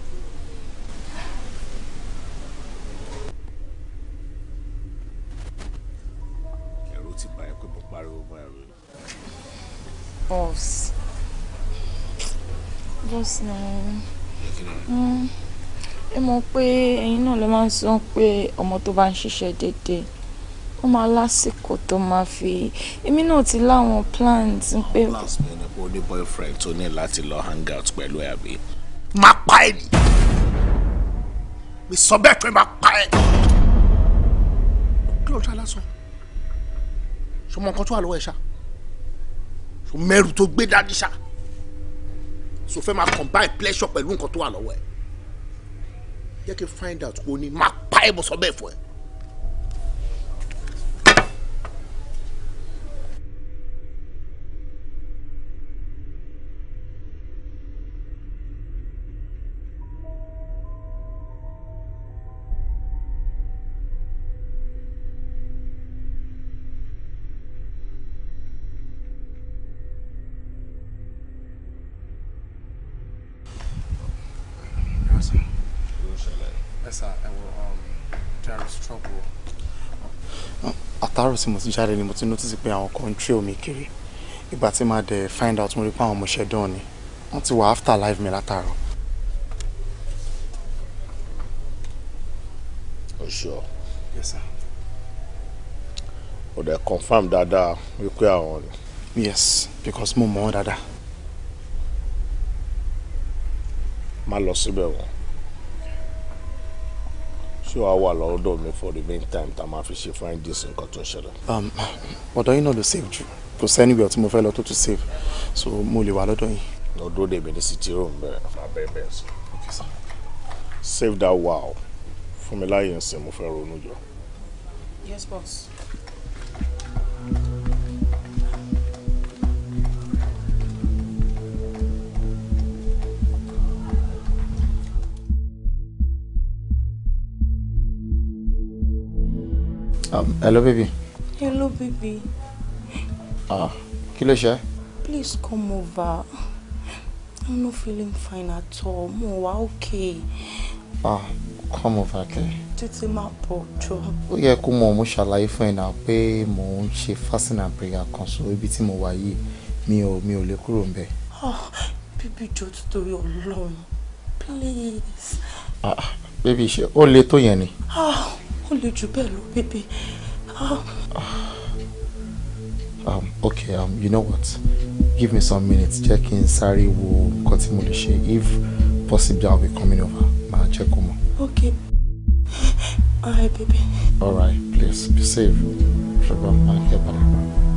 Boss bọ́ọ̀sì ni mo ní ẹ mọ̀ pé ẹ̀yin náà lè máa ń sọ pé ọmọ tó bá ń ṣiṣẹ́ déédéé ó máa lásìkò tó máa fi èmi náà ti láwọn plans ń pé. plans mi ni pé ó ní boyfriend tó ní láti lọ hang out pẹ̀lú ẹ̀ àbí. má pa ẹ̀ ní mi sọ bẹ́ẹ̀ pé má pa ẹ̀. kí ló ń ṣe aláṣọ ṣọmọ nǹkan tó wà lọ́wọ́ ẹ̀ ṣá ṣọ mẹ́rù tó gbé dání ṣá so fẹ́ máa combine pleasure pẹ̀lú nǹkan tó wà lọ́wọ́ ẹ̀ jẹ́ kí find out kó o ní máa pa ẹ̀ bọ̀ sọ́bẹ̀ fún ẹ̀. àtàrò tí mo ti jáde ni mo ti notice pé àwọn kan ń trail mi kiri ìgbà tí màá dẹ̀ find out mo rí pé àwọn ọmọ ṣẹ̀dán ni wọ́n ti wà after life mi látàárọ̀. o sure. yes sir. o dẹ̀ confam dáadáa wípé àwọn yes because mo mọ̀ ọ́ dáadáa. má lọ síbẹ̀ wọ́n tí wàá wà lọ́dọ̀ mi for the meantime tá a máa fi ṣe fine dis nǹkan tó ń ṣẹlẹ̀. Um, ọ̀dọ̀ yín náà ló save jù kò sẹ́ni ìwé ọtí mo fẹ́ lọ tó tún save so mo lè wà lọ́dọ̀ yín. ọdún dèmi ní city room bẹ̀rẹ̀ máa bẹ́ẹ̀ bẹ́ẹ̀ sí. save that wow fún mi láyé ń sìn mo fẹ́ ronú jọ. yes boss. Um, hello, baby. Hello, baby. Ah, kí ló Please come over. I'm not feeling fine at all. Mo wà okay. Ah, come over, okay. Títí máa pọ̀ jọ. Ó yẹ kó mọ̀ mo ṣàlàyé fún ẹ náà pé mò fasting and prayer kan so ibi tí mo wà yìí mi ò mi ò lè kúrò ń bẹ̀. Ah, bíbí jọ títorí Ọlọ́run please. Ah bébí ṣe ó le tó yẹn ni. Ah, ó le jù bẹ́ẹ̀ lọ bébí. Ah. Um, okay, um, you know what? Give me some minutes. Jẹ́ kí n sáré wo nǹkan If possible, I'll be coming over. Màá jẹ́ kó Okay. All right, baby. All right, please be safe. Ṣùgbọ́n máa ń kẹ́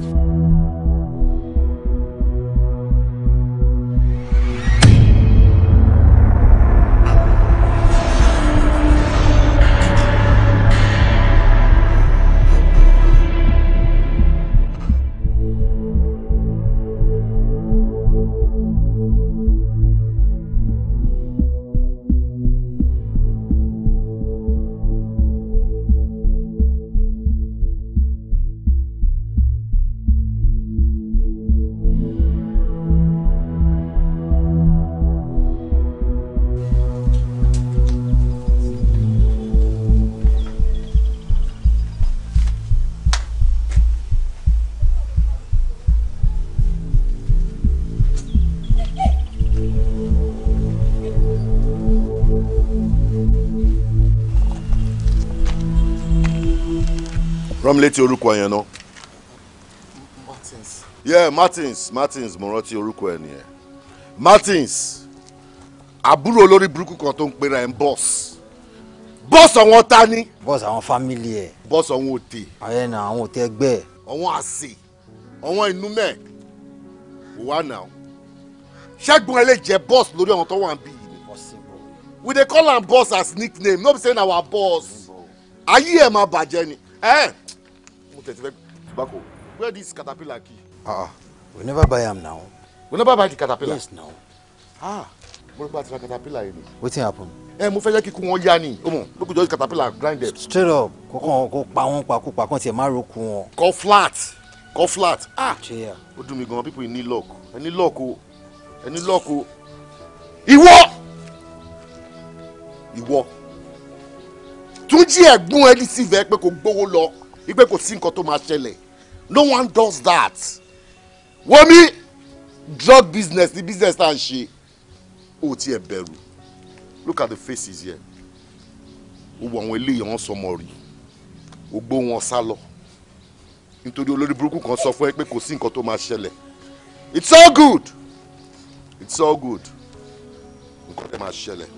Rọ́mílétí orúkọ yẹn náà. Martins. yeah Martins Martins mo rántí orúkọ ẹ nìyẹn Martins àbúrò olórí burúkú kan tó ń pera ẹ ń bọ́ọ̀sì bọ́ọ̀sì àwọn ta ni. bọ́ọ̀sì àwọn fámìlì ẹ̀. bọ́ọ̀sì àwọn òde. ayé na àwọn òtẹ gbẹ. àwọn àsè àwọn inú mẹ wà náà ṣẹ́gun ẹ lè jẹ́ bọ́ọ̀sì lórí àwọn tó wà ń bí yìí ni. we dey call am boss as nickname no be say na our boss ayé ẹ̀ máa bàjẹ́ ni. Eh? tẹ̀sí tobacco where this caterpillar key. Ah, ah we never buy am now. we never buy the caterpillar. yes now. ah mo rí pé ti ra caterpillar yìí ni. wetin happen. ẹ mo fẹ́ jẹ́ kíkún wọn yá ni o mọ̀ pé kò jọ caterpillar grind them. straight up kò kàn kó pa wọn pa kó pa kàn tiẹ̀ má roku wọn. kọ flat kọ flat ah ó dùn mí gan people you need luck ẹ ní luck o ẹ ní luck o ìwọ ìwọ tún jí ẹ̀gbọ́n ẹni sí ìfẹ́ pé kò gbówó lọ wípé kò sí nǹkan tó máa ṣẹlẹ̀ no one does that wọ́n mi drug business ni business tá ń ṣe ó tiẹ̀ bẹ̀rù look at the faces here ó àwọn eléyìí wọn sọmọ rí ó wọn sá lọ nítorí olórí burúkú kan sọ fún ẹ pé kò sí nǹkan tó máa ṣẹlẹ̀ it's all good it's all good nǹkan tó máa ṣẹlẹ̀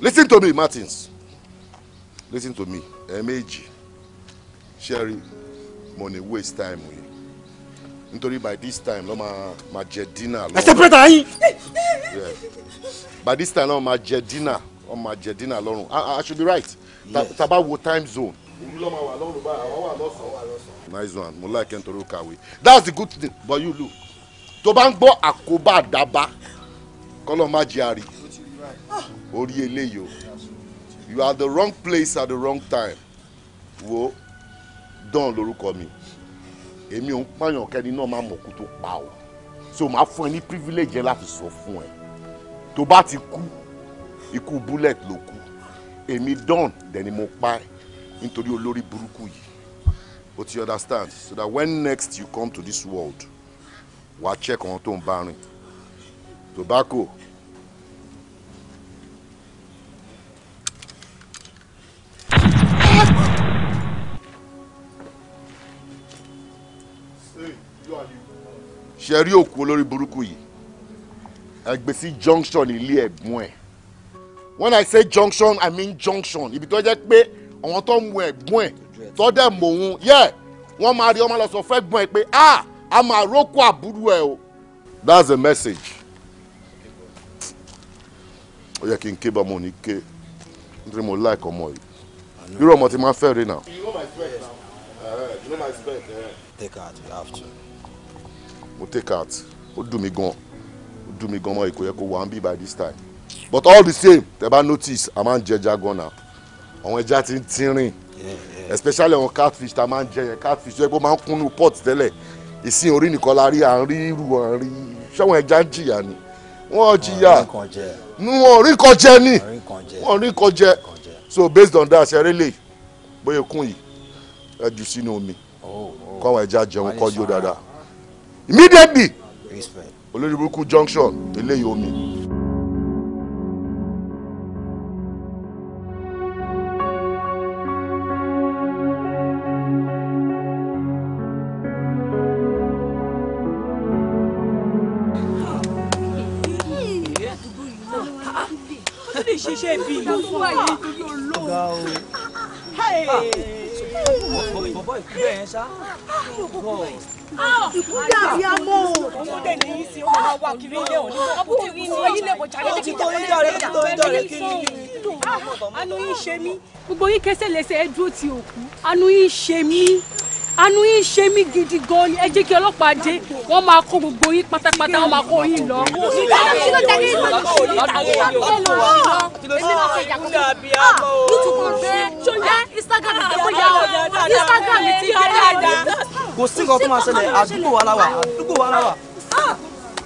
listen to me Martins listen to me ẹ̀ẹ́mẹ́jì. Eh, ṣẹ́rí money waste time yìí nítorí by this time ló máa ma jẹ dinner lọ́wọ́. ẹ separate yín. by this time ló máa jẹ dinner ló máa jẹ dinner lọ́rùn I, I should be right tá bá wo time zone. ìlú ló máa wà lọ́rùn báyìí àwọn wà lọ́sàn-án. nice one mo like nítorí ó kàwé that's the good thing but you look tó bá ń gbọ́ àkóbá àdábá kọ́lọ́ má jẹ́ àrí orí eléyìí o you are the wrong place at the wrong time wo. Don lórúkọ mi èmi ò ń pààyàn kẹ́ni náà máa mọ̀kú tó pa ọ́ so màá fún ẹ ní privilege yẹn láti sọ fún ẹ tó bá ti kú ikú bullet ló kú èmi Don dẹ̀ni mo pa ẹ nítorí olórí burúkú yìí o ti understand so that when next you come to this world wàá check ọ̀hún tó ń bá rìn tobacco ṣe rí òkú olórí burúkú yìí ẹ gbé sí junction ilé ẹ̀gbọ́n ẹ̀ when i say junction i mean junction ibi tó jẹ́ pé àwọn tó ń mu ẹ̀gbọ́n ẹ̀ tó dẹ̀ mọ̀ òun yẹ wọ́n máa rí ọmọ lọ sọ fẹ́ gbọ́n ẹ pé a ah, a máa rókò àbúrò ẹ o that's the message ó yẹ kí n ké bá mo ní ké nítorí mo like ọmọ yìí irú ọmọ tí máa fẹ́ rí náà. you know my strength now uh, you know my strength. Uh. take out you have to mo take out ó dùn mí gan ó dùn mí gan mọ́ èkó yẹ kó wà ń bí by this time but all the same tẹ bá notice a máa ń jẹja gan-an àwọn ẹja ti ń tínrín especially àwọn catfish tá a máa ń jẹ yẹn catfish yẹ kó máa ń kúnnú pot tẹ́lẹ̀ ìsìn orí nìkan la rí à ń rí irú à ń rí ṣẹ́wọ̀n ẹja ń jìyà ni wọ́n jìyà wọ́n rí kan jẹ ni wọ́n rí kan jẹ so based on that ṣe rélè bóyá kún yìí ẹ jù sínú omi oh, oh. kọ́ àwọn ẹja jẹun kọ́ yóò dáadáa immediately olórí junction eléyìí omi. ṣiṣẹ́ bọ̀bọ̀ ìkúlẹ̀ yẹn ṣá. ìkú dàbí amọ́ o. òun dẹ̀ ní í sí ọmọ náà wá kiri ilé òní. ọbú ti rí ní ilé mo jà lẹ́yìn tó ń dọ̀rẹ́ kí tó ń dọ̀rẹ́ kí ni kí ni. àánú yín ṣe mí. gbogbo yín kẹsẹ̀ lẹ́sẹ̀ ẹ dúró ti òkú àánú yín ṣe mí àánú yìí ṣe mí gidi gan ni ẹ jẹ́ kí ọlọ́pàá dé wọ́n máa kó gbogbo yín pátápátá wọ́n máa kó yín lọ. kò sí nǹkan tó máa ṣẹlẹ̀ àdúgbò wa la wà àdúgbò wa la wà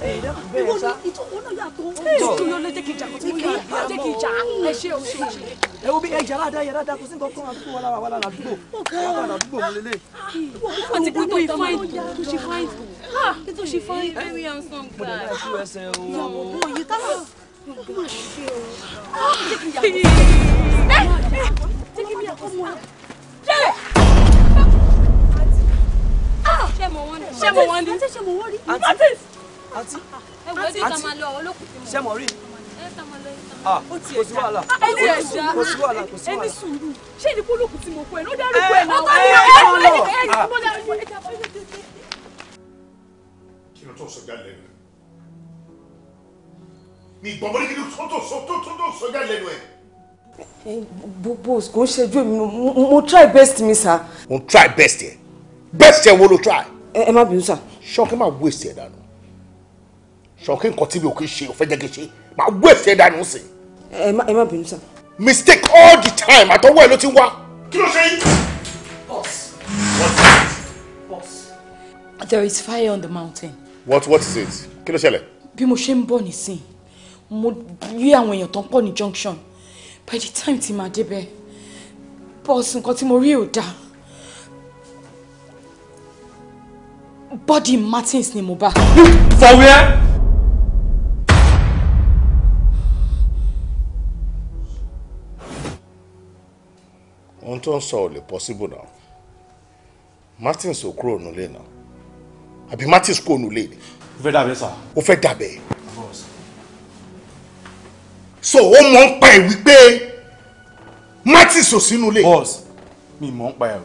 ìwọ ni ìtọ́ wọn náà yàtọ̀ títí yóò lè jẹ́ kí ìjà kò tí mo yà á jẹ́ kí ìjà ẹ ṣe o ṣe o ṣe. ẹ wo bí ẹ jà ládàá yẹ ládàá kò sí nǹkan kan àdúgbò wọn lára wà lára àdúgbò wà lára àdúgbò wọn lélẹ̀. wọ́n ti kú tó yìí fáìn tó ṣe fáìn tó ṣe fáìn. very handsome guy. bọ̀dọ̀ náà ṣú ẹsẹ̀ o. ìyàwó bó yìí ká máa ṣe o. jẹ́ kí ìyàwó ṣe mo wọ́n ní. ṣe mo wọ́n ní àǹtí àǹtí ṣé mo rí ah, kò sí wàhálà kò sí wàhálà kò sí wàhálà. ẹni sùúrù ṣé ìdí kó lókun tí mo kọ ẹ ló dárúkọ eh, ẹ náà. Eh, eh, ẹ ẹ ẹ ẹ ẹ ah. mo dárúkọ ẹ jábọ ẹ tètè. kí ló tó sọ jálẹ̀ nù mi gbọ́n bọ́lí kí ló tó tó sọ jálẹ̀ nù ẹ boss kò ń ṣẹjú èmi mo try best mi sir. mo try best ẹ best ẹ wo lo try. ẹ má bínú sir. ṣọ́ọ́kì máa waste ẹ̀ dànù ṣọ̀kí nǹkan tí mi ò kí ṣe ò fẹ́ jẹ́ kí ṣe máa wú ẹ̀sẹ̀ dànù ẹ má ẹ má bínú sá. mistake all the time àtọwọ́ ẹ ló ti wá. kí ló ṣe yín. boss. what is it. boss. there is fire on the mountain. what what is it. kí ló ṣẹlẹ̀. bí mo ṣe ń bọ̀ nísìn mo rí àwọn èèyàn tó ń pọ̀ ní junction by the time tí màá débẹ̀ boss nǹkan tí mo rí ò dáa. body Martins ni mo bá. for where. ohun tó ń sọ ò lè possible náà Martins ò kúrò nulẹ̀ náà àbí Martins kúrò nulẹ̀. ó fẹ́ dàbẹ̀ sà. ó fẹ́ dàbẹ̀. so ó mọ̀ ń pa ẹ̀ wípé Martins ò sínú ilé. bọ́ọ̀sì mi mọ̀ ń pa ẹ̀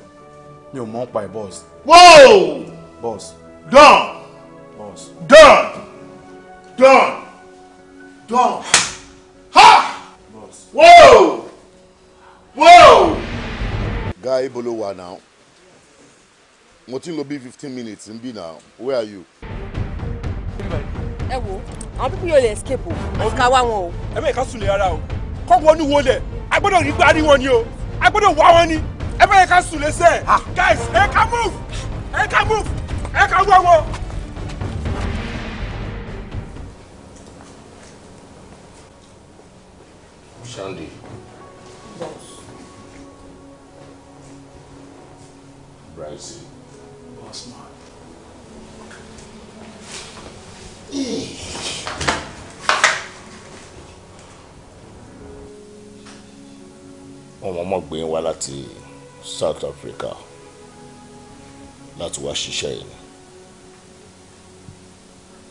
mi ò mọ̀ ń pa ẹ̀ bọ́ọ̀sì. wóò. bọ́ọ̀sì. dán. bọ́ọ̀sì. dán. dán. dán. ha. bọ́ọ̀sì. wóò. wóò guy ibo ló wà mo ti lo bí fifteen minutes ń bì náà where are you. ẹ wo àwọn pípín yóò lè escape o àti ká wá wọn o. ẹ mẹ́ẹ̀ká sùn lè rárá o kọ́kọ́ ní wo lẹ̀ a gbọ́dọ̀ rí gbárí wọn ni o a gbọ́dọ̀ wá wọn ni ẹ bẹ́ẹ̀ ká sùn lè sẹ́ẹ̀ ah. guys ẹ ká move ẹ ká move ẹ ká wá wọn. Sunday. Bryce. Boss man. wọ́n mọ̀ mọ̀ gbé wá láti South Africa láti wá ṣiṣẹ́ yìí ni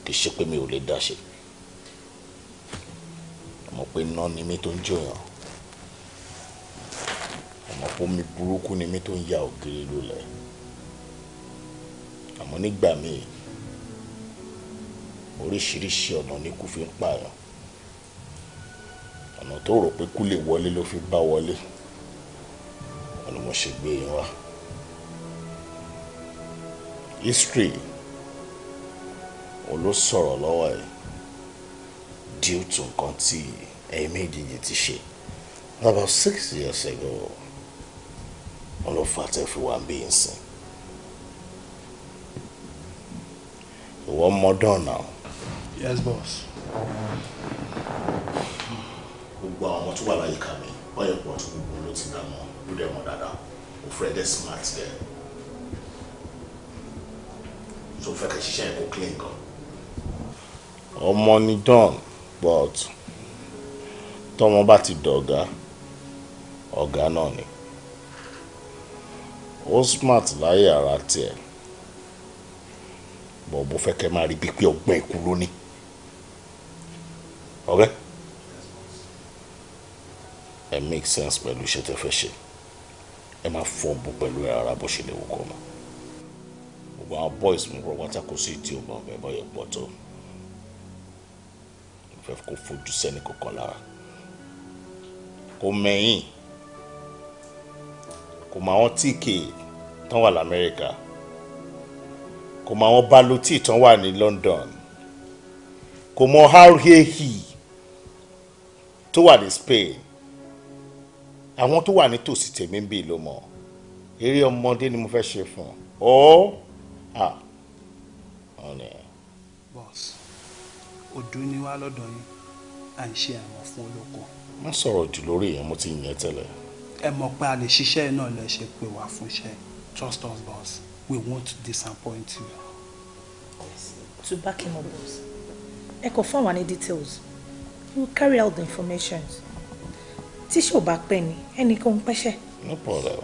kì í ṣe pé mi ò lè dá ṣe mọ̀ pé iná ni mí tó ń jòyàn mọ̀ pé omi burúkú ni mí tó ń ya ògiri lulẹ̀ àmọ́ nígbà míì oríṣiríṣi ọ̀nà ni kú fi ń pààyàn ọ̀nà tó rò pé kú lè wọlé ló fi bá wọlé wọn mo ṣe gbé yín wá history òun ló sọ̀rọ̀ lọ́wọ́ ẹ̀ due to nǹkan tí ẹ̀yin méjèèjì ti ṣe about six years ago wọn ló fà tẹ́ fi wá bí n sìn. One more done now. Yes, boss. Gbogbo àwọn ọmọ tó wà láyìíká mi, wọ́n yẹ pọ̀ tó gbogbo ló ti dáná ló dẹ̀ mọ̀ dáadáa. Mo fẹ́ dẹ́ smart dẹ̀. So mo fẹ́ kẹ́ ṣiṣẹ́ ẹ̀kọ́ clean gan. Ọmọ ni Don but tọmọ bá ti dọ̀gá, ọ̀gá náà ni. Ó smart láyé ara tiẹ̀ bọ̀ mo fẹ́ kẹ́ máa rí bíi pé ọgbọ́n ikú ló ní ẹ make sense pẹ̀lú iṣẹ́ tẹ́ fẹ́ ṣe ẹ máa fọ́n bú pẹ̀lú ẹ ara bó ṣe lè wù kọ́ mọ́ gbogbo àwọn boys mi rọ wáta kó sí ìdí ọmọ ọmọ ẹ bá yẹ gbọ́ tó mo fẹ́ kó fojú sẹ́ni kankan lára kò mẹ́yìn kò máa wọ́n tíìkì tán wà lamẹ́ríkà kò mọ àwọn baloti ìtàn wà ní London kò mọ harhehi tó wà ní Spain àwọn tó wà nítòsí tèmi ń bì ló mọ eré ọmọdé ni mo fẹ́ ṣe fún ọ ọ ọ̀nà. boss odò ni wá lọ́dọ̀ yín à ń ṣe àmọ̀ fún olóko. wọ́n sọ̀rọ̀ jù lórí yẹn mo ti yàn tẹ́lẹ̀. ẹ mọ̀ pé a lè ṣiṣẹ́ náà lè pé wà fún iṣẹ́ trust us boss we won't disappoint you. Yes. To back him up, boss. Ẹ kò fún details. We will carry out the information. Tí ṣe back penny. Any ni, ẹnìkan No problem.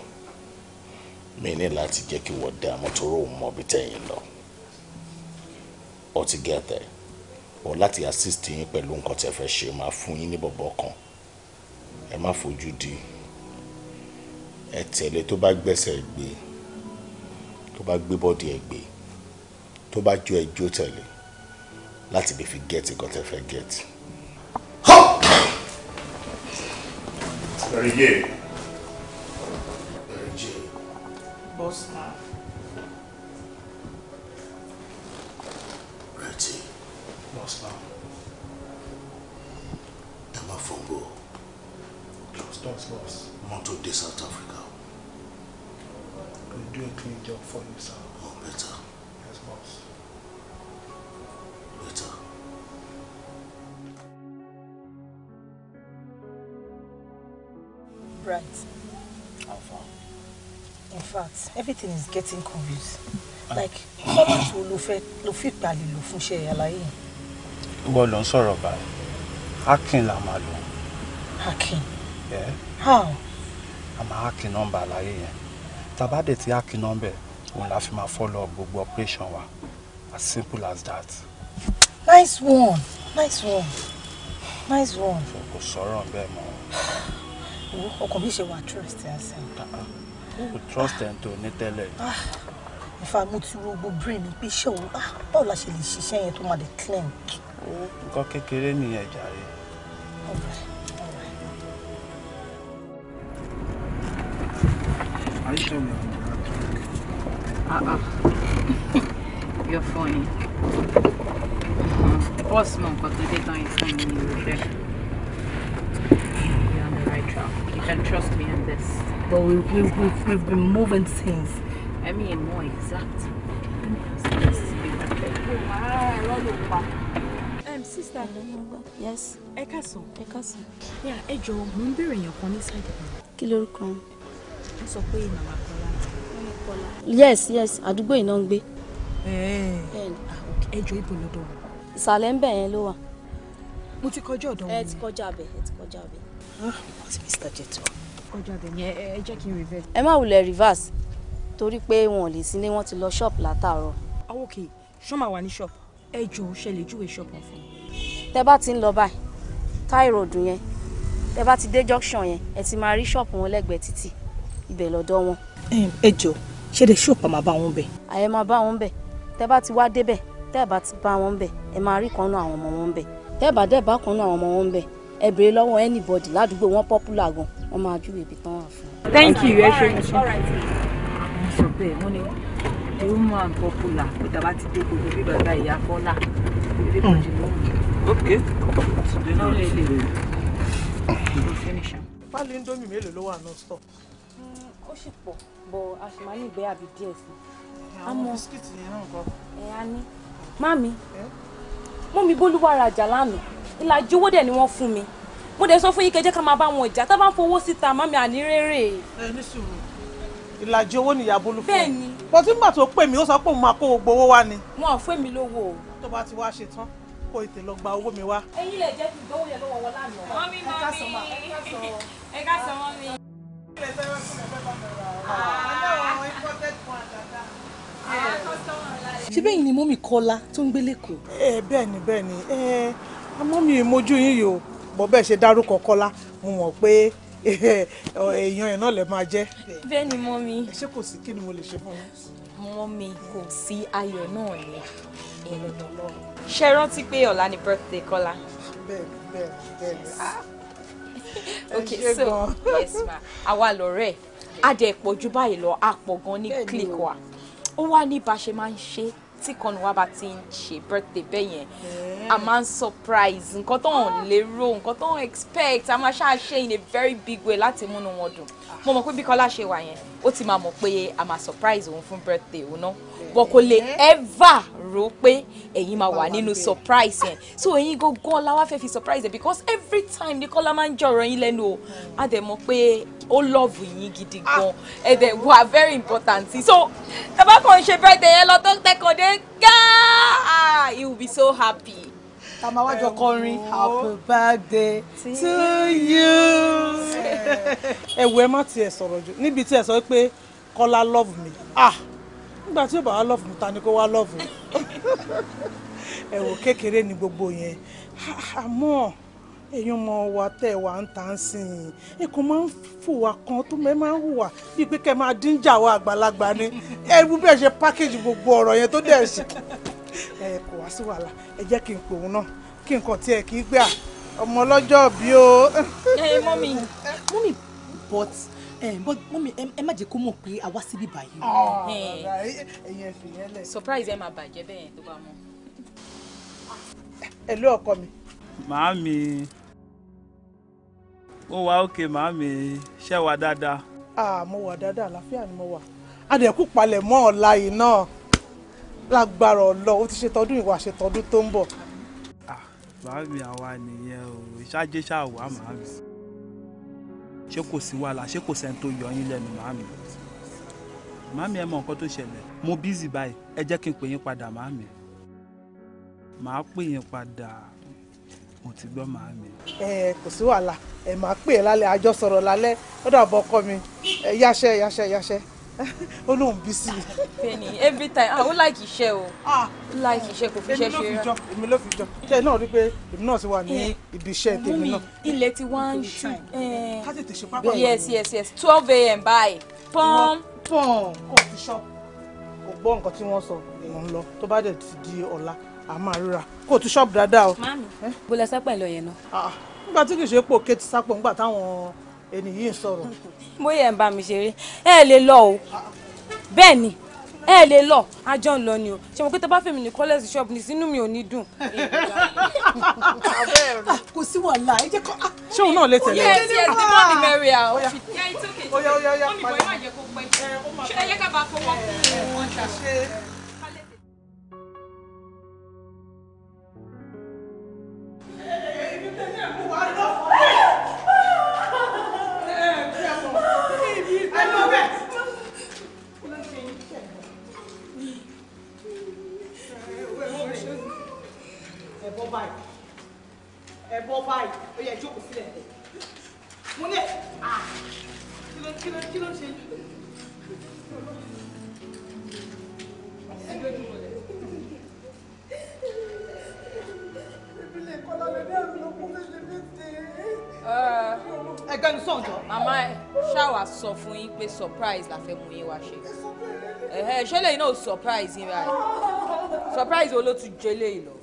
Mi ní láti jẹ́ kí wọ́n dá mọ́tòrò mọ́ bí tẹ̀yìn lọ. Altogether, o láti assist yín pẹ̀lú nǹkan tẹ́ fẹ́ ṣe máa fún yín ní bọ̀bọ̀ kan. Ẹ má fojú di. Ẹ tẹ̀lé tó bá gbẹ́sẹ̀ gbé tó bá gbé bọ́ọ̀dì ẹ̀ gbé tó bá jó ẹ jó tẹ̀lé láti lè fi gẹ́ẹ̀tì kan tẹ́ fẹ́ gẹ́ẹ̀tì. Boss Boss man. de South Africa will do a clean job for you, Oh, better. Yes, boss. Better. Right. How far? In fact, everything is getting confused. Ah. like, how much will Lufe Lufe Pali Lufu ṣe àlàyé? Ìwọ ló ń sọ̀rọ̀ báyìí. Hacking la máa Hacking? Yeah. How? I'm máa hacking nọ́mbà àlàyé yẹn tàbá ti hákì nọ́mbà òun la fi máa follow gbogbo operation wa as simple as that. nice one nice one nice one. kò sọ̀rọ̀ bẹ́ẹ̀ mọ́. ìwọ ọkọ mi ṣe wà trust ẹ ṣe. kò ah, ah. trust ẹ̀ tó ní tẹ́lẹ̀. ìfà ah, mo ti rogbo brain pé ṣé o báwo la ṣe lè ṣiṣẹ́ yẹn tó máa dé clean. nǹkan kékeré nìyẹn jàre. all oh Aisha mi. Ah ah. Your phone. Boss mo nǹkan tó dé tán yìí fún mi ní ìfẹ́. You're on the right track. You can trust me on this. But we, we, we, we've been moving since. I mean, more exact. Um, sister. Yes. Ẹ káàsán. Ẹ káàsán. Yeah, Ejo. jọ̀ọ́, mo ń béèrè èèyàn side. Kí sọ pé màmá Kọ́lá. yes yes àdúgbò iná ń gbé. ẹjọ ah, ibo lọ́dọ̀ wọn. ìsàlẹ̀ ń bẹ̀ yẹn ló wà. mo ti kọjá ọ̀dọ̀ wọn. ẹ ti kọjá abẹ ẹ ti kọjá abẹ. wọ́n ah, mr jeto. kọjá abẹ yẹn ẹ jẹ́ kí n reverse. ẹ má wulẹ̀ reverse torí pé wọn ò lè sílé wọn ti lọ ṣọ́ọ̀pù látàárọ̀. àwọn òkè ṣọ́ọ̀mà wà ní ṣọ́ọ̀pù ẹ jọ ṣe lè júwe ṣọ́ọ̀pù fún mi. tẹ bá ti ń lọ báyìí táì ròdù yẹn tẹ bá ti dé junction yẹn ẹ ti máa rí ṣọ́ọ̀pù wọn lẹ́gbẹ̀ẹ́ títì ibẹ̀ lọ́dọ̀ wọn. ẹ jọ ṣé lè ṣòpá máa bá wọn bẹ. àyẹ máa bá wọn bẹ tẹ bá ti wá débẹ̀ tẹ bá ti bá wọn bẹ ẹ máa rí kan náà àwọn ọmọ wọn bẹ tẹ bá dẹ bá kan náà àwọn ọmọ wọn bẹ ẹ béèrè lọ́wọ́ anybody ládùúgbò wọn popular gan wọn máa ju ibi tán wà fún. thank you ẹ ṣe é ṣe. sọ pé mo ní ìwúmọ̀ àǹpọ̀pùlà kó tàbá ti dé gbogbo bí bàbá ìyá fọ́lá bí bàbá ìyá fọ́lá. Okay. Today now. Fáàlì indomie mélòó ló wà náà stop ó sì pọ̀ bọ̀ a sì máa nígbẹ́ àbí díẹ̀ sí. àwọn bisikíìtì yẹn náà kọ. ẹ á ní. mami mọ́mi bólúwa rajà lánàá ìlàjì owó dẹ̀ ni wọ́n fún mi mo dẹ̀ sọ fún yín kẹjẹ́ ká máa bá wọn jà tá bá ń fowó síta mami àní rere. ẹ ní sùúrù ìlàjì owó nìyá bólú fún mi. bẹ́ẹ̀ni. bọ́tí nígbà tó pè mí ó sọ pé òun máa kó gbogbo owó wá ni. wọn ò fún mi lówó o. tó bá ti wá ṣe tán kó ètè lọ gba owó mi wá. ẹ̀yin lè jẹ́ kí gbówó yẹn lọ́wọ́ wọn lánàá. mọ́mí mọ́mí ẹ ká sọ mọ́mí ṣé bẹ́ẹ̀ ni mọ́mì Kọ́lá tó ń gbé lẹ́kọ̀ọ́. ẹ bẹ́ẹ̀ ni bẹ́ẹ̀ ni ẹ mọ́mì mojú yín yìí o bọ́ bẹ́ẹ̀ ṣe dárúkọ Kọ́lá mo mọ̀ pé èèyàn ẹ̀ náà lè máa jẹ́. bẹ́ẹ̀ ni mọ́mì. ẹ ṣé kò sí kí ni mo lè ṣe fún yín. mọ́mì kò sí ayọ̀ náà ni ẹ̀rọ lọ́wọ́. ṣé rántí pé ọ̀la ni birthday Kọ́lá. bẹ́ẹ̀ bẹ́ẹ̀ bẹ́ẹ̀ okay so yes ma àwa lọ̀rẹ́ adẹ̀pọ̀ ju báyìí lọ àpọ̀ gan ní click wa ó wá ní bá a ṣe máa ń ṣe tí kan wá bá ti ń ṣe birthday bẹ́ẹ̀ yẹn a máa ń surprise nǹkan tó hàn lérò nǹkan tó hàn expect a máa ṣáà ṣe in a very big way láti múnú wọn dùn mo mọ̀ pé bí Kọ́lá ṣe wà yẹn ó ti máa mọ̀ pé a máa surprise òun fún birthday òun náà but kò lè ever rò pé ẹ̀yin máa wà nínú surprise yẹn so ẹ̀yin gangan la wá fẹ́ fi surprise yẹn because every time ní kọ́lá máa ń jọ̀rọ̀ yín lẹ́nu o a dẹ̀ mọ̀ pé ó lọ́ọ̀bù yín gidi gan ah. ẹ̀ dẹ̀ wà very important so ẹ bá kàn ṣe birthday yẹn lọ tó tẹ́kọ̀ọ́ dé gáà he ah, will be so happy ta ma wájọ kọrin happy birthday to you. ẹ̀wù ẹ má tiẹ̀ sọ̀rọ̀ jù níbi tí ẹ sọ pé Kọ́lá love me ah nígbà tí ó bá wá lọ́ọ̀fù ta ni kó wá lọ́ọ̀fù ẹ̀wọ̀ kékeré ni gbogbo yẹn àmọ́ èèyàn mọ wa tẹ́ wa ń ta sìn ẹ kò máa ń fòwà kan tó mẹ́ máa ń hùwà bíi pé kẹ́ máa díjà wa àgbàlagbà ni ẹ bí bẹ́ẹ̀ ṣe pákéjì gbogbo ọ̀rọ̀ yẹn tó dẹ̀ sí ẹ kò wá sí wàhálà ẹ jẹ́ kí n pè náà kí nǹkan tiẹ̀ kì í gbà ọmọ ọlọ́jọ́ bí o. ẹ mọ́mí mọ́mí but Eh, but mọ́mí ẹ má jẹ́ kó mọ̀ pé a wá síbí báyìí. Ah, eh. ẹ̀yin ẹ̀fìn yẹn lẹ̀. surprise ẹ máa bàjẹ́ bẹ́ẹ̀ tó bá mọ̀. ẹ ló ọkọ mi. màámi ó wà òkè màámi ṣé wà dáadáa. ah mo wà dáadáa àlàáfíà ni mo wà adẹ̀kú palẹ̀ mọ́ ọ̀la yìí náà lágbára ọlọ́ o ti ṣe tọdún ìwà ṣe tọdún tó ń bọ̀. Ah, màámi àwa nìyẹn o ìṣáájú ṣáà wà màámi ṣé kò sí wàhálà ṣé kò sẹ́ni tó yọ yín lẹ́nu màámi màámi ẹ mọ nǹkan tó ṣẹlẹ̀ mo bízì báyìí ẹ jẹ́ kí n pè yín padà màámi màá pè yín padà mo ti gbọ́ màámi. ẹ kò sí wàhálà ẹ máa pè é lálẹ́ àjọsọ̀rọ̀ lálẹ́ ó dàbọ̀ ọkọ mi ẹ yáṣẹ́ yáṣẹ́ yáṣẹ́. ó lóun bí sí i. Penny every time ah ó láìkì iṣẹ́ o ah. ó láìkì iṣẹ́ kò fi iṣẹ́ ṣe rẹ̀. èmi ló fi jọ tẹ náà rí i pé èmi náà ti wà ní eh, ibi iṣẹ́ tèmi náà. ilẹ̀ ti wá ń ṣù. Eh. ká tètè ṣe pápá. yes yes yes twelve a.m. Bye. pọ́n. pọ́n kò fi ṣọ́ kò gbọ́ nǹkan tí wọ́n sọ èèyàn ń lọ tó bá dẹ̀ ti di ọ̀la a máa ríra kò tún ṣọ́ọ̀bù dáadáa o. mami eh? bó lẹ sẹ́pẹ̀ lọ yẹn náà. Ah, nígbà tí kì í ṣe pò kéètì sápò nígbà táwọn ẹni yìí ń sọ̀rọ̀. bóyá ẹ̀ ń bá mi ṣeré ẹ lè lọ o bẹ́ẹ̀ ni ẹ lè lọ àjọ ń lọ ni o ṣe mo pé tó fèmí ní kọ́lẹ́sì ṣọ́ọ̀bù ní sínú mi ò ní dùn. kò sí wàhálà ẹ jẹ́ kọ́. Ah, ṣé òun náà lè tẹ̀lé. oye ti ẹ ti mọ́ ni mary a ah, o. Oh. yẹ ìtókè tí ó ní bọ̀ ẹ má jẹ́ kó pẹ́ ṣé ẹ yẹ ká bá fọwọ́ kún ọjà. surprise la fẹ́ mú yín wá ṣe ẹ̀hẹ́ ṣé lẹ́yìn náà surprise yín báyìí surprise wo ló tún jẹ léyìí lọ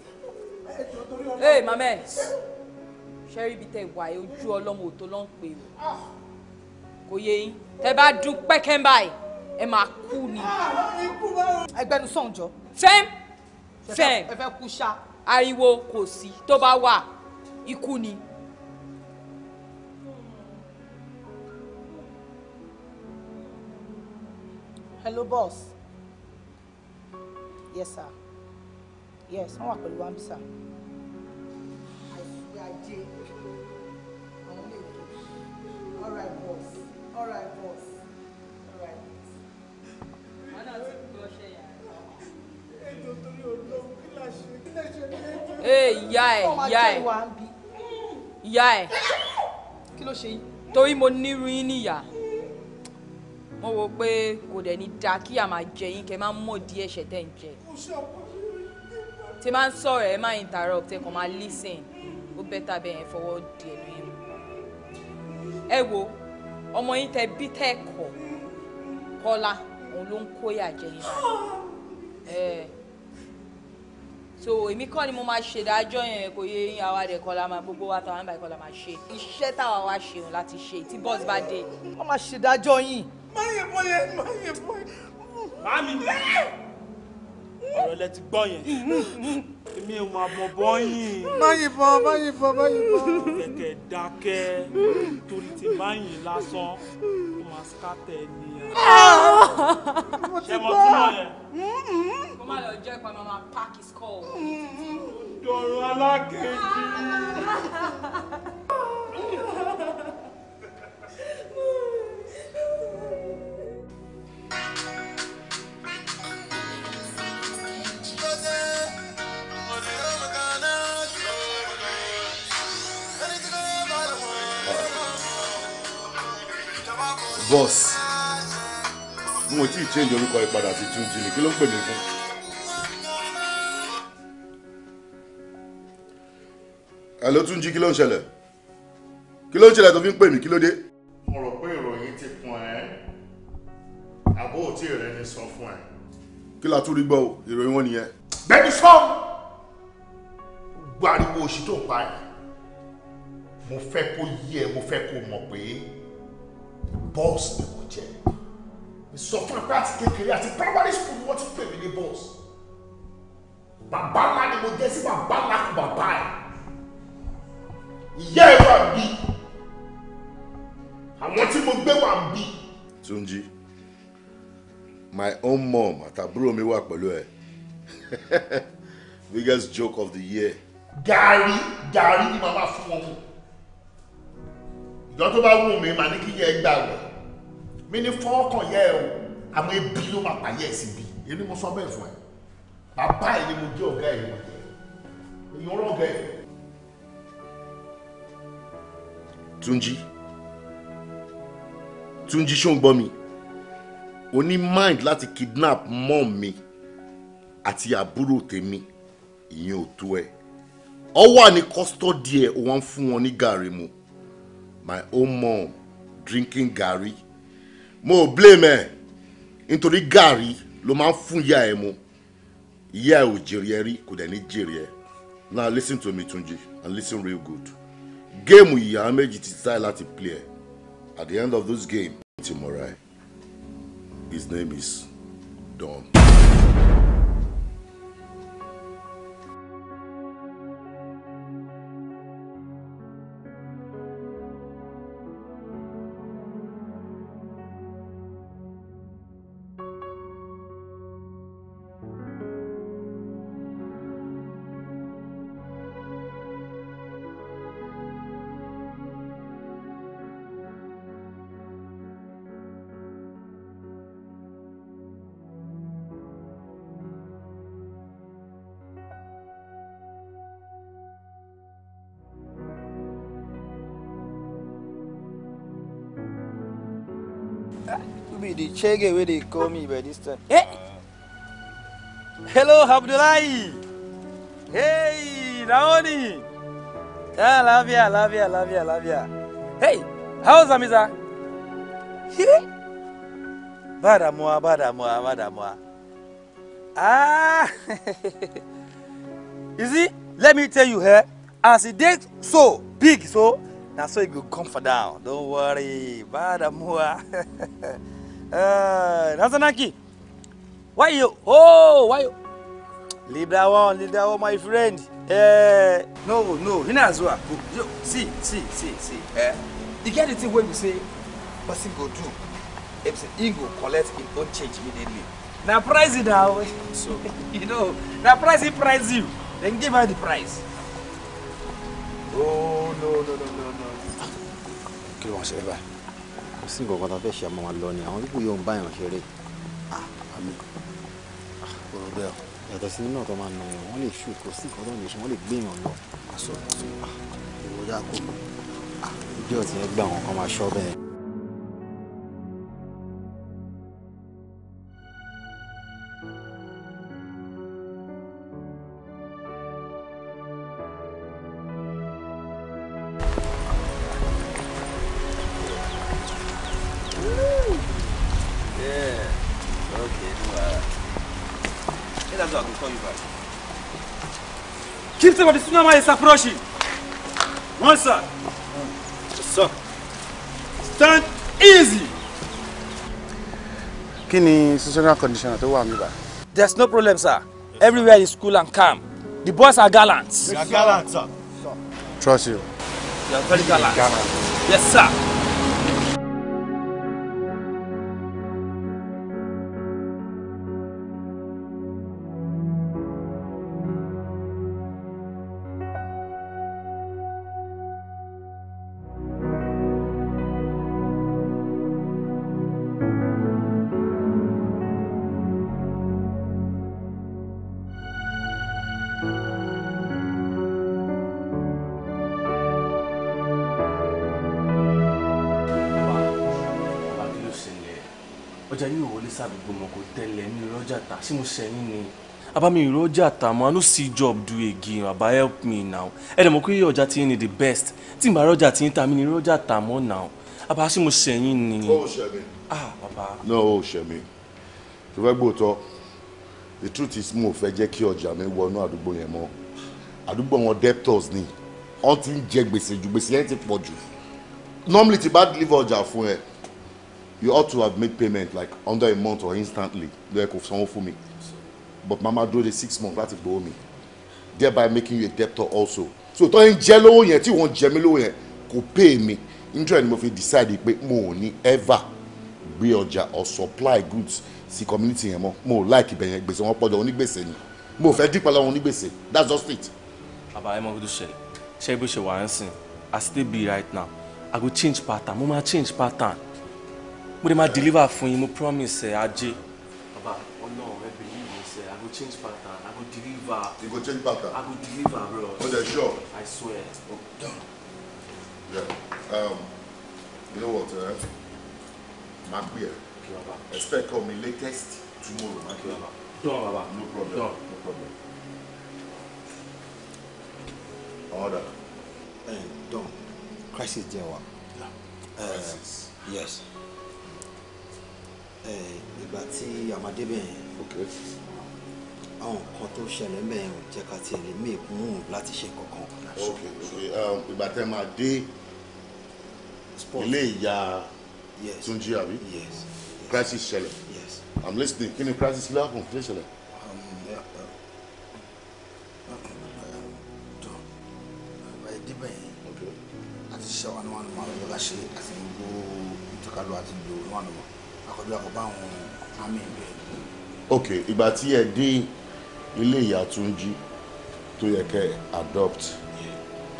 ee mamẹ ṣe rí ibi tẹ wà yìí ojú ọlọ́mọ òtó ló ń pè o kò yé yín tẹ bá dún pẹ́kẹ́ báyìí ẹ máa kú ni. ẹgbẹ́nu sọ̀njọ́. fẹ́m fẹ́m ariwo kò sí tó bá wà ikú ni. hello boss yes sir yes wọ́n wà pẹ̀lú wa bí sir. àìsí ajé àwọn lè all right boss all right boss all right boss. wọn náà ti gbọ́ ṣe yàrá. ètò torí ẹ torí mo nírú yín níyà mo wò pé kò dẹ̀ ní da kí a máa jẹ yín kẹ́ máa mọ̀ di ẹ̀ṣẹ̀ tẹ̀ ń jẹ tí máa ń sọ̀rọ̀ ẹ máa interrupt ẹ kàn máa listen ó bẹ́tà bẹ́ẹ̀ yẹn fọwọ́ di ẹnu yẹn ẹ wo ọmọ yín tẹ bí tẹ́ kọ̀ kọ́lá òun ló ń kóyà jẹ yín so èmi kọ́ ni mo máa ṣe ìdájọ́ yẹn kò yẹ yín àwa dẹ̀ kọ́ la máa gbogbo wa tàwa ń báyìí kọ́ la máa ṣe iṣẹ́ táwa wá ṣe òun láti ṣe tí bọ́ọ̀sì bá dé. wọ́n máa ṣe ìdájọ́ yín. máyè bọ́yẹ máyè bọ́yẹ. máa mi ọ̀rọ̀ lẹ ti gbọ́ yẹn èmi ò máa bọ̀ bọ́yìn. báyìí bọ̀ báyìí bọ̀ báyìí bọ̀. kẹ̀kẹ́ dákẹ́ torí ti báyìí lásán ó máa skátẹ̀ ni. ṣé mo tún mọ̀ yẹn. kó má lọ jẹ́ pa mama pack his call. dọ̀rọ̀ alákejì. boss mo ti change orúkọ ìpadà sí Túnjí ni kí ló ń pè mí fún. ẹ ló Túnjí kí ló ń ṣẹlẹ̀ kí ló ń ṣẹlẹ̀ tó fi ń pè mí kí ló dé. mo rò pé ìròyìn ti pọn ẹ àbó òtí rẹ ni sọ fún ẹ. kí la tún rí gbọ́ o ìròyìn wọn nìyẹn. bẹ́ẹ̀ni sọ́ọ̀ gbariwo òṣì tó ń pa ẹ̀ mo fẹ́ kó yí ẹ mo fẹ́ kó mọ̀ pé bọ́ọ̀sì ni mo jẹ́ mi sọ fún ẹ pé àti kékeré àti primary school ni wọ́n ti pè mí ní bọ́ọ̀sì bàbá ńlá ni mo jẹ́ sí bàbá ńlá kù bàbá ẹ̀ ìyá ẹ̀ wà bí àwọn tí mo gbé wà bí. Túnjí my own mom àtàbúrò mi wà pẹ̀lú ẹ̀ biggest joke of the year. gàrí gàrí ni màmá fún wọn ìjọ tó bá wù mí màá ní kí yẹ ẹ gbà wẹ̀ mí ní fọ́ọ̀kàn yẹ ẹ o àmọ́ ebi ló máa pàyẹ́ ẹ̀ síbi èmi mo sọ bẹ́ẹ̀ fún ẹ bàbá ẹ̀ ni mo jẹ́ ọ̀gá ẹ̀ wọ̀nyẹ èyí ọ̀rọ̀ ẹ̀. Túnjí Túnjí ṣó ń gbọ́ mi o ní mind láti kidnap mọ́ mi àti àbúrò tèmi ìyẹn ò tó ẹ ọ wà ní custody ẹ o wá ń fún wọn ní gàrí mu my own mom drinking garri mo blame ẹ nítorí garri ló máa ń fún ìyá ẹ mu ìyá ẹ ò jèrè ẹ rí kò dẹ̀ ní jèrè ẹ now listen to me Tunji and listen real good géèmù ìyá méjì ti sáyé láti play ẹ at the end of this game ti his name is Don. shege wey dey call me by dis time eh hello abdullahi hey naoni ah lafiya lafiya lafiya lafiya hey how's amiza ba damuwa ba damuwa ba damuwa ah you see let me tell you here eh, as e dey so big so now so e go come for down don't worry ba damuwa. Uh, Razanaki, why you? Oh, why you? Leave that one, leave that one, my friend. Uh, no, no, he knows what. Yo, see, see, see, see. Uh, you get the thing when we say, person go do, if say he go collect him own change immediately. Now price it now. So, you know, now price it price you, then give her the price. Oh, no, no, no, no, no. Kí ló wọ́n sí nǹkan kan tá a fẹ́ ṣe àmọ́ wa lọ ni àwọn pípọ̀ yóò ń bá èèyàn ṣeré ah, àmì ọ̀rọ̀ ah, bẹ́ẹ̀ yàtọ̀ sí nínú ọ̀tọ̀ máa nà èèyàn wọ́n lè ṣù kò sí nǹkan tó lè ṣe wọ́n lè gbé èèyàn lọ àṣọ ah, ìwọ́jà kò ìjọ tí ẹ gbà wọn kan máa ṣọ́ bẹ́ẹ̀. mama jest na prosi. Monsa. So. Stand easy. Kí ni seasonal condition tó wà mí bá? There's no problem, sir. Everywhere is cool and calm. The boys are gallant. They are gallant, sir. Trust you. They are very gallant. gallant. Yes, sir. Aba mi ro ọjà ta mo I no see job do again Aba help me now. Ẹ dẹ̀ mọ̀ pé ọjà tí ni the best. Tí n bá rọjà tí n ta mi ni rọjà ta mọ́ now. Aba ṣé mo ṣẹ̀yìn ni. Ó ṣẹ̀ mi. Ah bàbá. No ó ṣẹ̀ mi. Tó fẹ́ gbóòótọ́. The truth is mo fẹ́ jẹ́ kí ọjà mi wọnú àdúgbò yẹn mọ́. Àdúgbò wọn debtors ni. Wọ́n ti ń jẹ gbèsè ju gbèsè yẹn ti pọ̀ jù. Normally ti bá deliver ọjà fún ẹ. You ought to have made payment like under a month or instantly. Lọ́yẹ̀ kò sanwó fún mi but Mama dúró de six months láti gbowó mi thereby making you a debtor also so tó ń jẹ lówó yẹn tí wọ́n jẹ mí lówó yẹn kò pay mi interest ni mo fi decide pé mo ò ní ever gbé ọjà or supply goods sí community yẹn mọ́ mo like ibẹ̀ yẹn gbèsè wọn pọ̀jọ onígbèsè ni mo fẹ́ dípẹ́ lọ́wọ́ onígbèsè that's just it. bàbá ẹ mọ bí tó ṣẹlẹ̀ ṣe bó ṣe wà ń sìn as e be right now i go change pattern mo máa change pattern mo dey máa deliver fún yín mo promise ẹ ajé change pattern. I go deliver. You go change pattern. I go deliver, bro. Oh, they're sure. I swear. Oh, Yeah. Um, you know what? Uh, my beer. Okay, Baba. Expect call me latest tomorrow. My okay, Baba. Done, Baba. No problem. Done. No problem. Order. Hey, eh, done. Crisis, Jewa. Yeah. Uh, Crisis. Yes. Ẹ eh, ìgbà tí àmàdébẹ̀ yẹn. Okay àwọn nǹkan tó ṣẹlẹ̀ mẹ́rin ò jẹ́ ká ti lè mí ìkún un láti ṣe kankan. ok ok um, ìgbà tẹ́ máa dé ilé ìyá Túnjí àbí crisis ṣẹlẹ̀ i'm listening kí ni crisis ló hàn kí ló ṣẹlẹ̀. Um, uh, um, uh, àti ṣiṣẹ́ wa ni wọ́n máa ń lọ́la ṣe àti gbogbo ìtọ́kálù àti ìlú wọn lọ́wọ́ akọ́jọ́ àkọ́bá àwọn àmì ok ìgbà tí ẹ dé ilé ìyá Túnjí tó yẹ kẹ́ adopt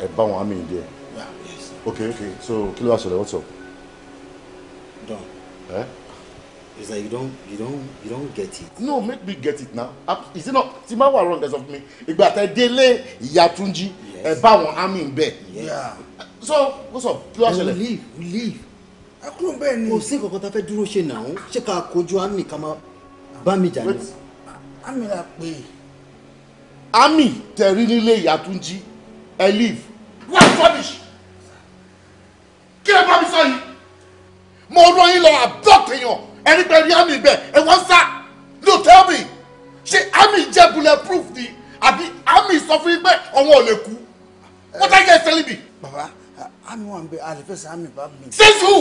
ẹ bá wọn àmì ìdí ẹ okay okay so kí ló wá ṣẹlẹ̀ what's up. don eh? it's like you don't you don't you don't get it. no make me get it now ah, is it not ti ma wa wrong as of me ìgbà tẹ délé ìyá Túnjí ẹ bá wọn àmì ìbẹ so what's up kí ló wá ṣẹlẹ̀. we leave we leave akúrò bẹ́ẹ̀ ni. kò sí nǹkan kan tá a fẹ́ dúró ṣe náà ṣé ká kojú àmì ká máa bá mi jà ní. àmì la pè é àmì tẹ̀rí nílé ìyàtúnjí ẹ leave. wọ́n fọ́bìṣì kí ló bá mi sọ yìí mo rán yín lọ àbọ̀tẹ̀yàn ẹni pẹ̀lú àmì bẹ́ẹ̀ ẹ wọ́n sá no tell me ṣé àmì jẹ́ bulletproof ni àbí àmì sọ fún yín pé ọ̀wọ́n ò lè kú wọ́n tẹ́ yẹ sẹ́lẹ̀ bì. bàbá àmì wọn bẹ àlefẹsẹ àmì bá mi. sísù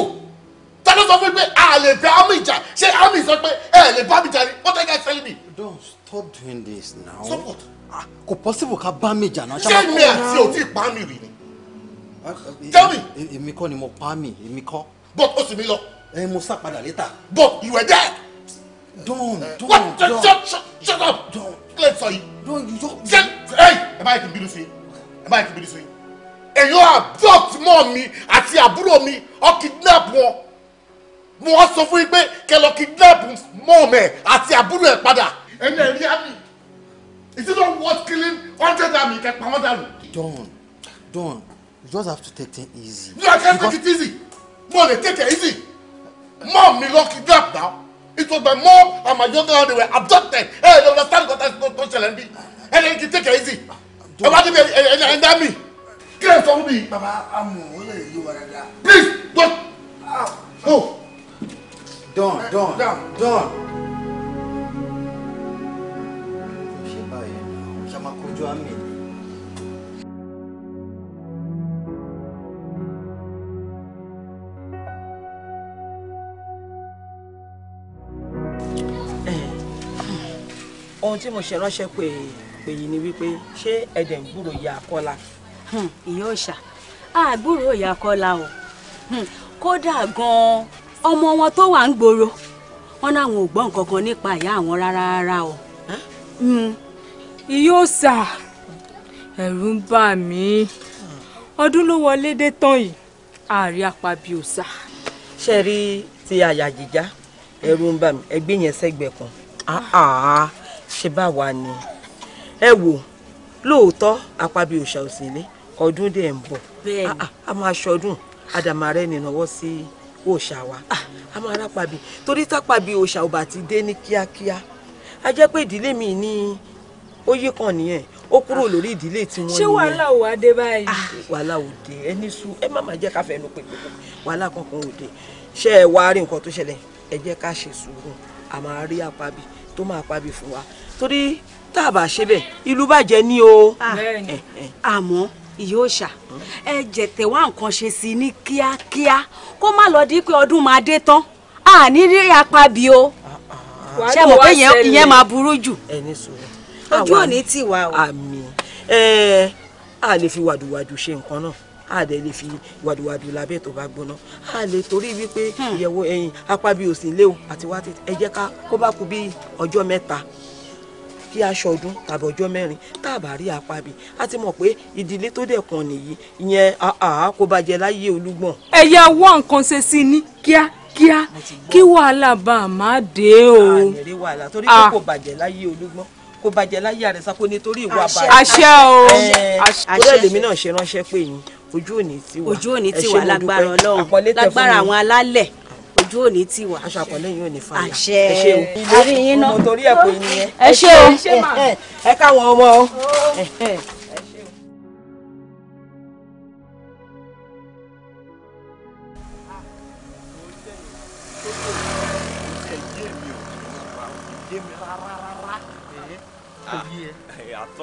tọ́lá sọ fún mi pé àlefẹ àmì ìjà ṣé àmì sọ pé ẹ lè bá mi jà ni wọ́n tẹ́ yẹ sẹ́lẹ̀ don't stop doing this now. stop Ah, kò possible ká bá mi jà náà. ṣé mi àti ò tí ì pa mi rì ni. Ah, eh, tell me. Eh, eh, èmi kọ́ ni mo pa mi èmi kọ́. but ó sì mi lọ. ẹ mo sá padà létà. but you were there. don don don. what shut shut shut up. don kílẹ̀ sọ yìí. don you don. ṣe ẹ ẹ bá yẹ kí n bínú sí ẹ bá yẹ kí n bínú sí èyàn adopt mọ́ mi àti àbúrò mi ọ kidnap wọn mo wá sọ fún yín pé kẹ́ lọ kidnap mọ́ mẹ́ àti àbúrò ẹ̀ padà ẹ̀yin ẹ̀ rí àmì. Is it not worth killing hundred army kẹ pa wọ́n dànù? Don, Don, you just have to take things easy. No, I can't Because... take it easy. Mo take it easy. Mom mi lọ kidnap now. It was my mom and my younger one they were abducted. Hey, ẹ understand what I don ṣẹlẹ̀ bí? you ẹ kì í take it easy. Don't bá débi ẹ ẹ ẹ dá mi. Kí lè sọ fún mi? Bàbá Amò, ó lè yí wa Please, don't. Ah. Oh. Don, Don, Don. Don. ọjọ́ mi. ohun tí mo ṣe ránṣẹ́ pé èyí ni wípé ṣé ẹ̀dẹ̀ ń gbúrò ìyá Kọ́lá. Hmm, ìyá ọ̀ṣà àgbúrò ìyá Kọ́lá o hmm, kódà gan-an ọmọ wọn tó wà ń gbòòrò wọn náà wọn ò gbọ́ nǹkan kan nípa ìyá àwọn rárá rárá o ìyóòsà ẹ̀rù ń bà mí ọdún ló wọlé dé tán yìí ààrẹ apàbí òòsà. ṣe rí ti àyà jíjá ẹ̀rù ń bà mí ẹgbẹ́ yẹn sẹ́gbẹ̀ẹ́ kan ṣe bá wà ní ẹ wò lóòótọ́ apàbí òòsà ò sí ilé ọdún dẹ̀ ń bọ̀ a máa ṣọdún àdàmàrẹ́ nìnáwó sí òòsà wa a máa rápàbí torí tápàbí òòsà ò bá ti dé ní kíákíá a jẹ́ pé ìdílé mi ní. Ni ó yí kan nìyẹn ó kúrò ah. lórí ìdílé tí wọ́n nìyẹn. ṣé wàhálà ò wá dé báyìí. Ah, wàhálà ò dé ẹni sùn ẹ má má jẹ́ ká fẹnu pé wàhálà kankan ò dé ṣé ẹ wá rí nǹkan tó ṣẹlẹ̀ ẹ jẹ́ ká ṣe sùúrù a máa rí àpábí tó máa pábí fún wa torí tá a bá ṣe bẹ́ẹ̀ ìlú bàjẹ́ ní o. Ah, àmọ́ ìyóò ṣà hmm? ẹ jẹ̀tẹ̀ wá nǹkan ṣe sí i ní kíákíá kó má lọ di pé ọdún máa dé tán àní rí apábí o ṣé mo pé ìyẹn máa burú jù. ẹni sọ Ah, ojú ò ní tì wá o. àmì ẹ eh, a lè fi wàdùwàdù ṣe nǹkan náà a dẹ̀ lè fi wàdùwàdù lábẹ́ tó bá gbóná a lè torí wípé hmm. ìyẹ̀wò ẹyin apá bíi òsì léwu àti wá tètè ẹ jẹ́ ká kó bá kú bíi ọjọ́ mẹ́ta kí aṣọ ọdún tàbí ọjọ́ mẹ́rin tá a bá rí apá bíi a ti mọ̀ pé ìdílé tó dẹ̀kan nìyí ìyẹn àá kó bàjẹ́ láyé olúgbọ̀n. ẹ̀yà wá nǹkan ṣe sí ní kíá kí wàhálà bá a má dé o. àmì rí wàhálà torí ah. kò bàjẹ́ láyé olúgbọ̀n kó bàjẹ́ láyé àrẹ̀sà kó nítorí ìwà bàjẹ́. àṣẹ o àṣẹ. kódà lèmi náà ṣe ránṣẹ́ pé yín ojú òní ti wà ojú òní ti wà lágbára ọlọ́run lágbára àwọn alálẹ̀ ojú òní ti wà. aṣọ àpọ̀lẹ́ yìí ò ní fàyà. àṣẹ àríyìn náà. mo torí ẹ ṣé o ẹ káwọn ọmọ o. Oh.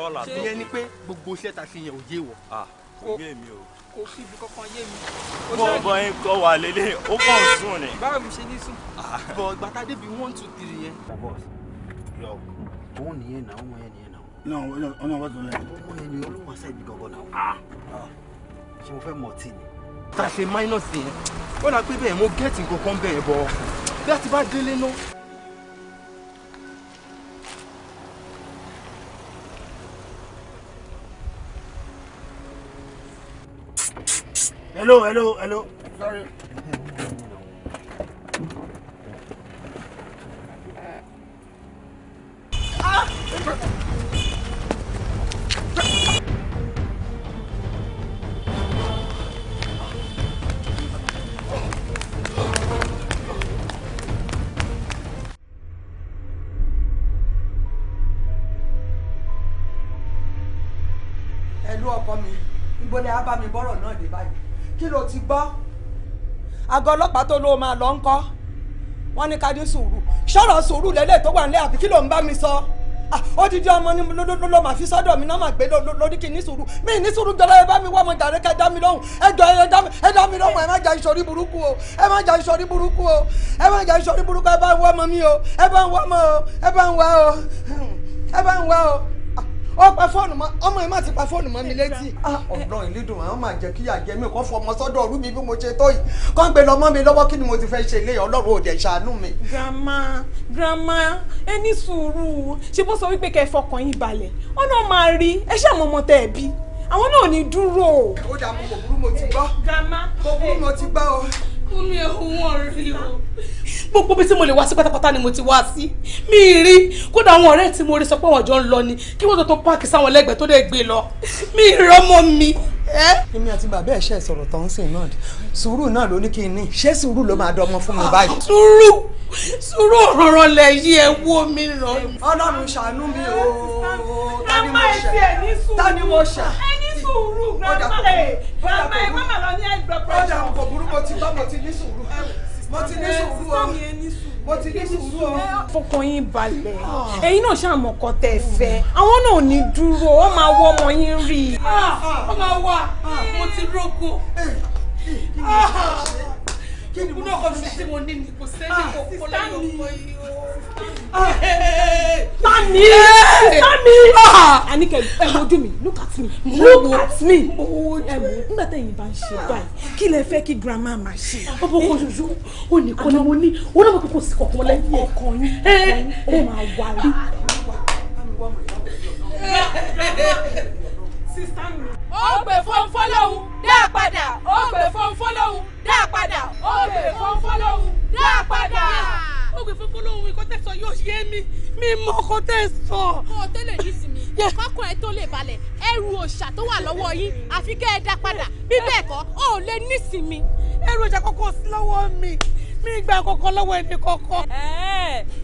lọ́wọ́ là tó. ṣé yẹn ni pé gbogbo iṣẹ́ ta sí yẹn ò yé wọ. Ah, kò yé mi o. kò sí ibi kankan yé mi. bọ́ bọ́ yín kọ́ wà lélẹ̀ ó kàn sùn ni. báwo mi ṣe ní sùn. Ah. bọ̀ gbàtà débi one two three yẹn. yọ òun nìyẹn náà ọmọ yẹn nìyẹn náà. náà ọ̀nà ọ̀bá tó lẹ. ọmọ yẹn ni olówó àṣà ìbí gangan náà. Ah. ṣé mo fẹ́ mọ̀ tí ni. ta ṣe minus yẹn ó náà pé bẹ́ẹ̀ mo gẹ́ẹ̀tì nǹkan bẹ́ẹ̀ bọ̀ bí a ti bá délé náà. hello hello hello sorry. Hello, ìbọlẹ̀ á bá mi bọ́rọ̀ no kí ló ti gbọ́ àgọ́ ọlọ́pàá tó ló máa lọ ńkọ́ wọ́n ní ká ní sùúrù sọ̀rọ̀ sùúrù lélẹ̀ tó wà nílẹ̀ àbí kí ló ń bá mi sọ odidi ọmọ ni ló máa fi sọ́dọ̀ mi náà máa gbé lórí kí ní sùúrù mi ní sùúrù jọlọ́ ẹ bá mi wá ọmọ jàre ká dá mi lóhùn ẹ jọ ẹ dá mi lóhùn ẹ má jà ìṣòrí burúkú o ẹ má jà ìṣòrí burúkú o ẹ má jà ìṣòrí burúkú ẹ bá ń wá ọmọ mi o ẹ bá ń wá ọmọ o ẹ bá ń wá o ẹ bá ń wá o ó pa fóònù mọ́ ọmọ ẹ má ti pa fóònù mọ́ mi létí. Ah, ọ̀dọ́ ìlédùn àwọn máa jẹ́ kí àjẹ mi kò fọmọ sọ́dọ̀ ọ̀rú mi bí mo ṣe tó yìí kọ́ ń gbé lọ mi lọ́wọ́ kí ni mo ti fẹ́ ṣe léyìn ọlọ́run ò dẹ̀ ṣàánú mi. grandma grandma ẹ ní sùúrù ṣé bó sọ wípé kẹ́ ẹ fọkàn balẹ̀ ọ̀nà máa rí ẹ ṣàmọ́mọ́ tẹ́ ẹ bí àwọn náà ní dúró. ó dààmú kò burú mo ti gbọ́ Mọ́mí ẹ̀ wọ́n rí o. Gbogbo bí tí mo lè wá sí pátápátá ni mo ti wá sí. Mi rí kódà àwọn ọ̀rẹ́ tí mo rí sọ pé àwọn jọ ń lọ ni kí wọ́n tó tó páàkì sáwọn lẹ́gbẹ̀ẹ́ tó dẹ̀ gbé lọ. Mi rọ́mọ mi. Eh? èmi àti bàbá ẹ̀ ṣe sọ̀rọ̀ tó ń sìn náà sùúrù náà ló ní kí n ní ṣé sùúrù ló máa dọmọ fún mi báyìí. sùúrù sùúrù ọ̀rọ̀ lẹ̀ yí ẹ wó mi lọ. ọlọ́run ṣàánú mi o tani mo ṣẹ̀ tani mo ṣẹ̀ sùúrù grandma ẹ grandma ẹ má mà lọ ní ẹgbẹ́ pẹ̀lú. ọjà kò burú mo ti bá mo ti ní sùúrù mo ti ní sùúrù o mo ti ní sùúrù o. fọkàn yín balẹ̀ ah. ẹ̀yin náà ṣàmọ̀ kọ́ tẹ̀ fẹ́ àwọn náà ò ní dúró ó máa wọ ọmọ yín rí i. Ah, ó máa wà mo ti roko eh, eh, ah. kí ni mo fẹ́ kí ni mo fẹ́ kí ni mo ní ni kò sẹ́ni kò kọ́ lẹ́yìn ọkọ yìí. Tani! Tani! Ah! Àníkẹ́ ẹ wojú mi, look at me, look at me. Owó ojú mi. Nígbà tẹ̀yìn bá ń ṣe ah. báyìí, kí lẹ fẹ́ kí grandma máa ṣe? Bọ́bọ́ kan ṣoṣo, ó ní kọ́ni mo ní, ó náà kókó sí kọ̀ọ̀kan lẹ́yìn ẹ̀. Ọkàn yín, ó máa wà lá. Ó gbè fọ́nfọ́n lóhùn, dá padà. Ó gbè fọ́nfọ́n lóhùn, dá padà. Ó gbè fọ́nfọ́n lóhùn, dá padà ó gbé fún fọlọ́hún ikọ́ tẹ̀sán yóò ṣe mí mi mọ ọkọ tẹ̀sán. kó o tó lè yí sí mi kọ́kọ́ ẹ tó lè balẹ̀ ẹrù òòṣà tó wà lọ́wọ́ yín àfi kẹ́ ẹ dá padà bí bẹ́ẹ̀ kọ́ ó lè nísìmí. ẹrù òòṣà kọ́kọ́ sí lọ́wọ́ mi mi gba kọ̀kọ̀ lọ́wọ́ ẹni kọ̀kọ̀.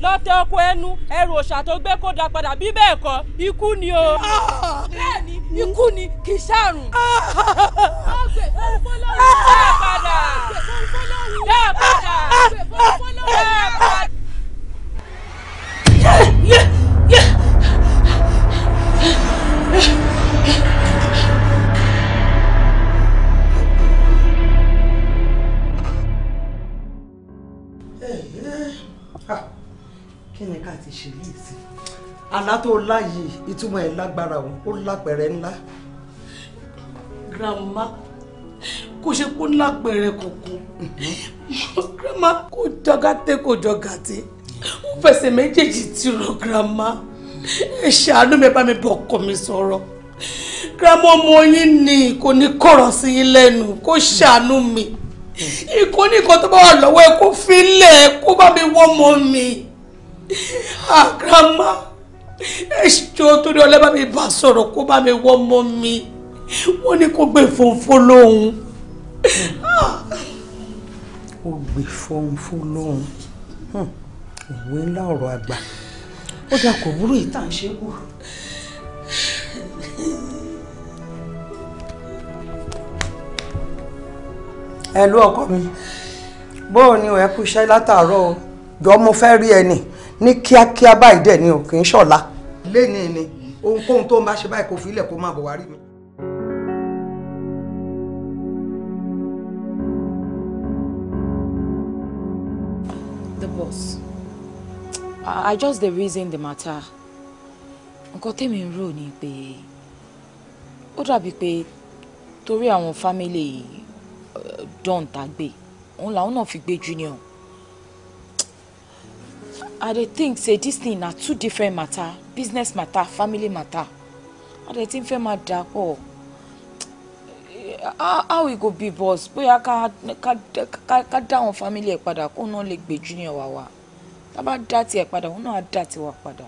lọ́tẹ̀ ọkọ ẹnu ẹrù òòṣà tó gbé kó da padà bí bẹ́ẹ̀ kọ́ ikú ni o. Ah. bẹ́ẹ̀ni ikú ni kì í ṣàrùn. yeah. kí ni ká ti ṣe yìí sí àlá tó lá yìí ìtumọ̀ ẹ̀ lágbára o ó lápẹ̀rẹ̀ ńlá. grandma kò ṣe kó lápẹ̀rẹ̀ kòkó grandma kò jọgàtẹ́ kò jọgàtẹ́ ó fẹsẹ̀ méjèèjì ti rọ grandma ẹ ṣàánú mi bá mi bọ̀ ọkọ mi sọ̀rọ̀ grandma ọmọ yín ni kò ní kọ̀rọ̀ sí yín lẹ́nu kó ṣàánú mi ikú ní nǹkan tó bá wà lọ́wọ́ ẹ kó filẹ̀ kó bá mi wọ́n mọ́ mi àgàmà ah, ẹ̀ṣọ́ torí ọlẹ́ bá mi bá sọ̀rọ̀ kó bá mi wọ́n mọ́ mi wọ́n ní kó gbé fòǹfò lóhùn. Ah. ó gbé fòǹfò lóhùn hmm, òwe ńlá ọ̀rọ̀ àgbà ó dà kò burú ìtàn ṣe kù. ẹlú ọkọ mi bóò ni ẹ kú iṣẹ́ látàárọ̀ jọ mo fẹ́ rí ẹni ní kíákíá báyìí dẹ̀ ni ò kì í ṣọ̀la. lẹ́ni ni ohunkóhun tó ń bá ṣe báyìí kò fi ilẹ̀ kó máa bọ̀ wá rí mi. the boss i just dey reason the matter nǹkan tèmi ń rò ni pé ó dàbí pé torí àwọn fámílì yìí don tagbe òun làwọn náà fi gbé junior i dey think say this thing na two different matter business matter family matter i dey think fẹ́ máa dà pọ̀ how e go be boss bóyá ká ká ká dá àwọn family ẹ̀ padà kó náà lè gbé junior wá wá tá a bá dá tiẹ̀ padà òun náà á dá tiwa padà.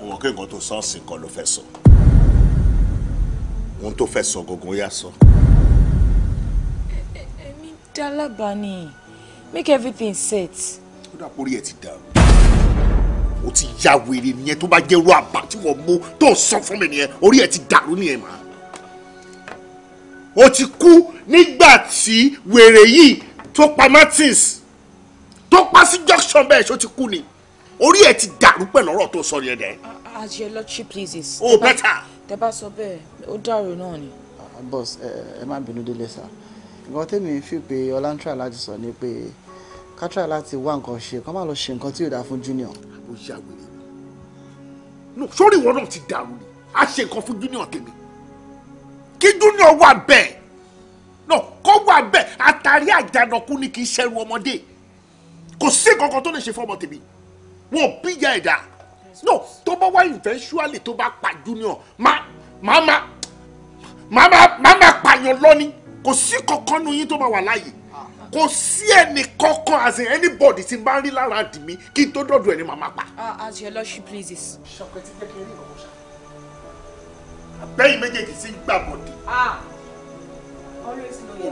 wọn kí nǹkan tó sọ́ọ̀sì kan ló fẹ́ sọ. So ohun tó fẹ́ sọ gangan yá sọ. ẹ̀mí dálábà ni make everything set. ó dà pórí ẹ̀ ti dàrú ó ti ya wèrè nìyẹn tó bá jẹ́ irú àbá tí wọ́n mú tó sọ fún mi nìyẹn orí ẹ̀ ti dàrú nìyẹn mà. ó ti kú nígbà tí wèrè yìí tó pa Martins tó pa sí junction bẹ́ẹ̀ ṣó ti kú ni orí ẹ̀ ti dàrú pẹ̀lú ọ̀rọ̀ tó sọ yẹn dẹ̀. as your lordship pleases. oh better tẹ bá sọ bẹ́ẹ̀ ó dàrú náà ni. Ah, ah, boss ẹ má bínú délé sá nǹkan tèmi fi pé ọlá ń try láti sọ ni pé ká try láti wá nǹkan ṣe kó má lọ ṣe nǹkan tí yóò dáa fún junior. àbò ìyá wèrè mi sórí ìwọ náà ti dàrú ni a ṣe nǹkan fún junior tèmi kí junior wà bẹ́ẹ̀ náà kó wà bẹ́ẹ̀ àtàrí àjànàkú ni kì í ṣẹrù ọmọdé kò sí nǹkan kan tó lè ṣe fún ọmọ tèmi wọn ò bí ìyá ẹ̀dá no tó bá wá eventually tó bá pa junior Ma, má má má má má pààyàn lọ́ni kò sí kankan nu yín tó máa wà láàyè kò sí ẹnì kankan as in anybody tí bá ń rí lára dì mí kí n tó dọ̀dọ̀ ẹni màmá pa. Ah, as your lordship pleases. ṣọkẹ ti jẹ kí n rí ìrọ̀rùn ṣá. abẹ́yìn méjèèjì sí gbàgbọ́dì. Ah.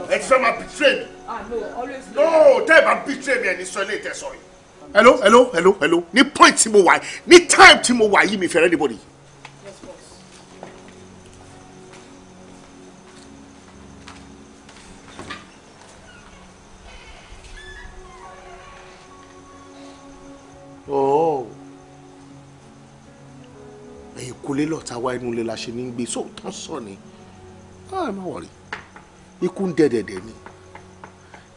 ẹ ti fẹ́ máa betray mi. Ah, no tẹ́ ẹ bá betray mi ẹni sọ ilé ìtẹ̀sọ̀ yìí hello hello hello hello ní point tí mo wà ní time tí mo wà yìí mi fẹ́rẹ́ anybody. oh ẹ̀yin kulé lọ́ta wá inú ilé la ṣe ní gbé so tán sọ ni ẹ má wọrí ikú ń dẹ̀dẹ̀dẹ̀ ni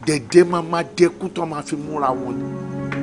dẹ̀dẹ̀ máa máa dẹ́kú tán máa fi múra wọn ni.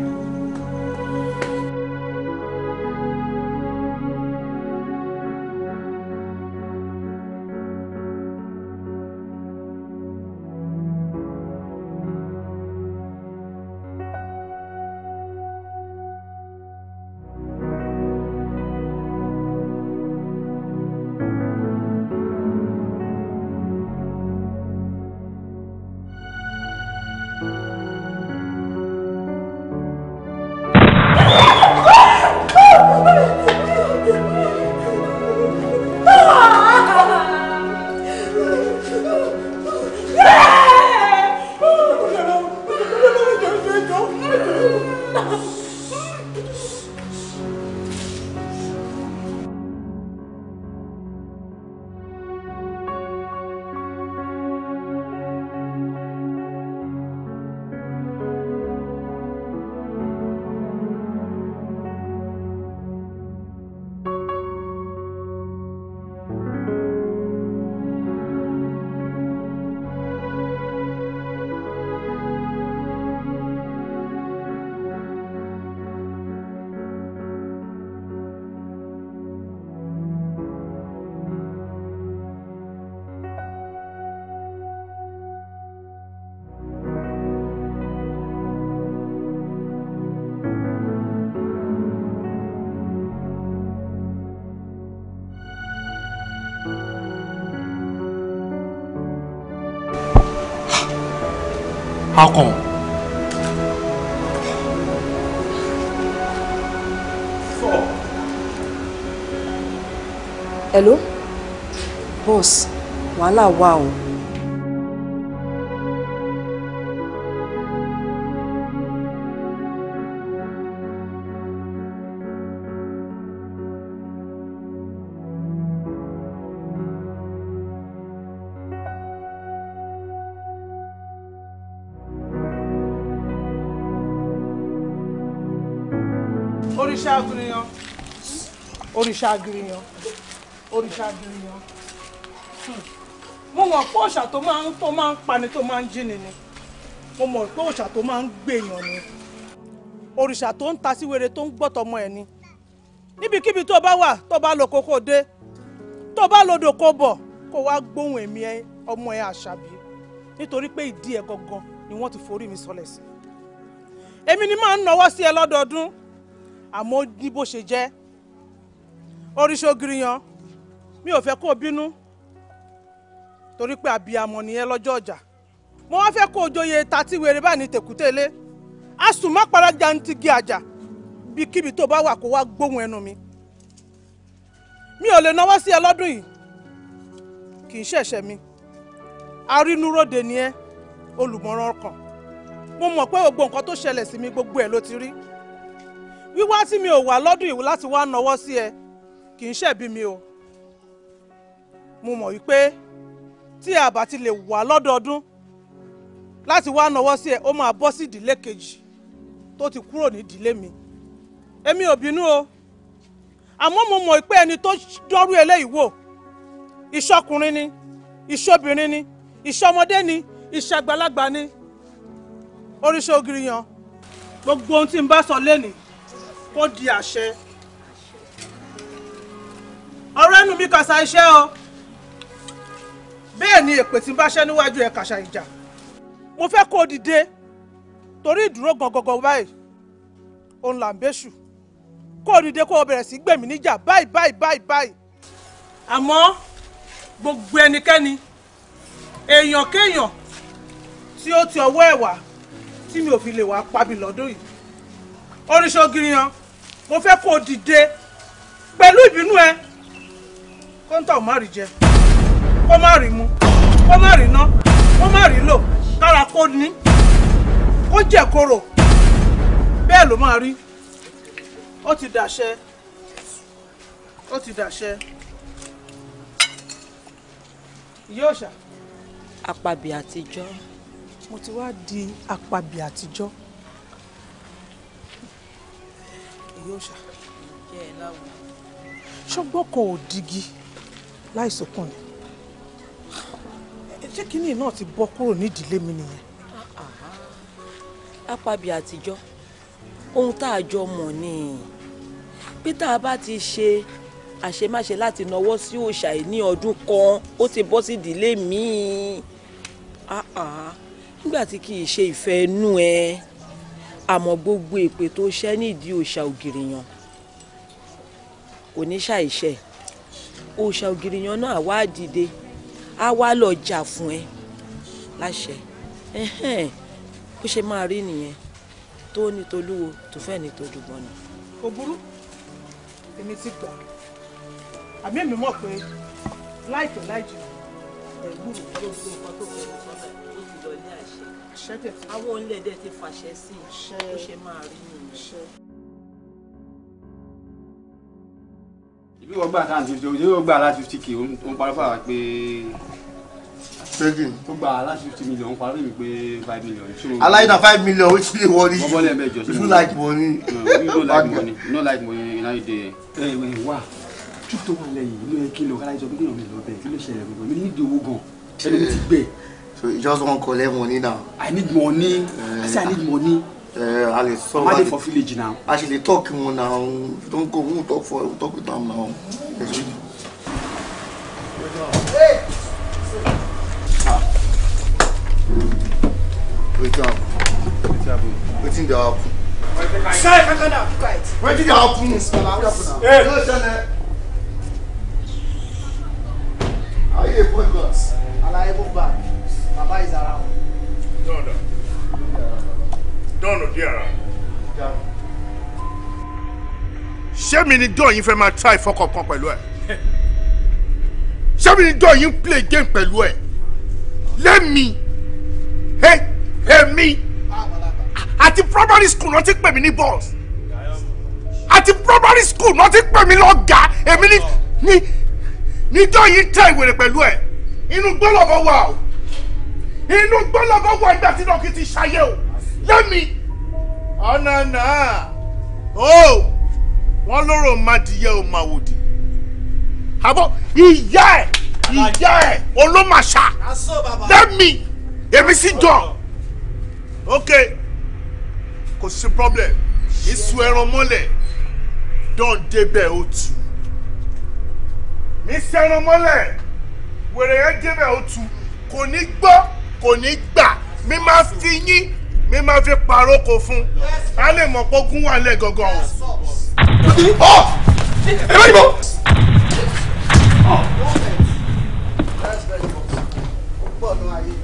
papọ̀. hello boss wàhálà wà o. Wow. òrìṣà agiriyan òrìṣà agiriyan òrìṣà agiriyan hmm. mo mọ̀ pé òòṣà tó máa ń tó máa ń pani tó máa ń jíni ni mo mọ̀ pé òòṣà tó máa ń gbèyàn ni òrìṣà tó ń ta sí wèrè tó ń gbọ́tọ̀mọ ẹ̀ ni níbikíbi tó bá wà tó bá lọ kókó dé tó bá lodò kó bọ̀ kó wá gbóhùn ẹ̀mí ọmọ ẹ̀ àṣàbí nítorí pé ìdí ẹ̀ gangan ni wọ́n ti forí mi sọlẹ̀ sí èmi ni máa ń nọwọ́ sí ẹ lọ́dọọdún àmọ́ ó ní bó ṣe jẹ́ oríṣogiri yan mi ò fẹ́ kó o bínú torí pé àbíamọ nìyẹn lọ́jọ́ ọjà mo wá fẹ́ kó o joyè tatí wèrè báyìí ní tèkútélé a sùn má para jantigi àjà bí kíbi tó bá wà kó wá gbóhùn ẹnu mi mi ò lè náwó sí ẹ lọ́dún yìí kì í ṣẹ̀ṣẹ̀ mi arínúróde ni ẹ olùmọ̀ràn ọkàn mo mọ̀ pé gbogbo nǹkan tó ṣẹlẹ̀ sí mi gbogbo ẹ̀ ló ti rí wíwá tí mi ò wà lọ́dún ìwú láti wá nawọ́ sí ẹ kì í ṣẹ̀bi mi o mo mọ̀ wípé tí a bá ti lè wà lọ́dọọdún láti wá nawọ́ sí ẹ ó máa bọ́ sí ìdílé kejì tó ti kúrò ní ìdílé mi èmi ò bínú o àmọ́ mo mọ̀ pé ẹni tó dọ́rú eléyìí wò ìṣọkùnrin ni ìṣobìnrin ni ìṣọmọdé ni ìṣàgbàlagbà ni oríṣi ògiri yan gbogbo ohun tí n bá sọ lénìí kó di àṣẹ ọ̀rọ̀ ẹnu mi kàṣà iṣẹ́ o bẹ́ẹ̀ ni èpè tí ń bá ṣẹ́ níwájú ẹ̀ kàṣà ìjà mo fẹ́ kó o dìde torí ìdúró gangan báyìí òun là ń bẹ́ṣù kó o dìde kó o bẹ̀rẹ̀ sí gbẹ̀mí níjà báyìí báyìí báyìí báyìí àmọ́ gbogbo ẹnikẹ́ni èèyàn kéèyàn tí ó ti ọwọ́ ẹ̀ wá tí mi ò fi lè wá pabi lọ́dún yìí oríṣogiri yan mo fẹ́ kó o dìde pẹ̀lú ìbínú ẹ kóńtà ò má rí jẹ kó má rí mu kó má rí ná kó má rí lò kára kó ní kó jẹ kóró bẹ́ẹ̀ ló máa rí ó ti dàṣẹ ó ti dàṣẹ yóò ṣá. apàbí àtijọ́. mo ti wá di apàbí àtijọ́ ìyá òòṣà ẹ láwọ. ṣọgbọ́n kan ò digi láìsókàn ni ṣé kínní náà ti bọ́ kúrò nídìílé mi nìyẹn. apábí àtijọ́ ohun tá a jọ mọ̀ ni bí tá a bá ti ṣe àṣemáṣe láti nawọ́ sí òòṣà yìí ní ọdún kan ó ti bọ́ sí ìdílé mi-ín nígbà tí kì í ṣe ìfẹ́ inú ẹ. Eh àmọ́ gbogbo èpè tó ṣẹ́ nídìí òòṣà ògìrìyàn kò ní ṣàìṣe òòṣà ògìrìyàn náà wá dìde á wá lọ jà fún ẹ láṣẹ bó ṣe máa rí nìyẹn tó ní tolúwo tó fẹ́ ní tojúbọn ni. kò burú èmi ti gbà àmì èmi mọ̀ pé láìpẹ́ láìjù ẹ̀gbọ́n mi ló ń gbé nǹkan tó kọjá àwọn olè dẹ̀ ti fàṣẹ sí i bó ṣe máa rí nìyẹn. ìbí wọ́n gbà táwọn fifty ìbí wọ́n gbà láti fifty k ó ń parí fún àwọn pé trading. ó gba aláṣẹ fifty million parí mi pé five million. aláyé na five million which be worry you. you like money. no you no like money you no like money you no dey. ẹ ẹ wá tútù wà lẹ́yìn inú ẹ kí lọ kálájọ bí kí lọ mi lọ bẹ kí ló ṣẹlẹ̀ gbogbo mi ní ìdí owó gan ẹni mi ti gbẹ So you just wan collect money now. I need money. Uh, I say I need money. Uh, I dey solve. Mama for village now. Actually, you dey talk mo now, Don't go, we we'll talk for, we'll talk with them now. Hey! Ah. Wetin happen? Wetin happen? Wetin dey happen? Sai kakana, quiet. Wetin dey happen? Yes, mama, what happen Hey! go tell her. Are you dey point us? And I move back. Baba is around. No, no. Dọ́ọ̀nù dí ara. Ṣé mi ni dọ́ọ̀ yín fẹ́ máa try ìfọkànkan pẹ̀lú ẹ̀? Ṣé me, ni dọ́ọ̀ yín play game pẹ̀lú ẹ̀? Lẹ́mi, èmi, àti primary school not take pè mí At the primary school náà ti pè mí lọ́gàá. Èmi ni dọ́ọ̀ yín tẹ ìwèrè pẹ̀lú ẹ̀. Inú gbọ́dọ̀ bọ̀ wà o inú gbọ́lọ́gọ́ wọ ẹgbẹ́ tí lọ́kì ti ṣayé o lẹ́mi. ọ̀nà náà o wọ́n lóró madìyẹ o máa wòdì. àbọ̀ ìyá ẹ̀ ìyá ẹ̀ olómàṣà lẹ́mi èmi sì jọ. ok kò sí problem ìsú ẹran mọ́lẹ̀ dán débẹ̀ ó tu. mi sẹ́ran mọ́lẹ̀ wèrè yẹn débẹ̀ ó tu kò ní gbọ́ kò ní gbà mi máa fi yín mi máa fi pàrókò fún a lè mọ̀ pé ogun wà lẹ̀ gangan o. ọ ẹ bá yìnbọn. Oh, that's very good. Oh, no, I...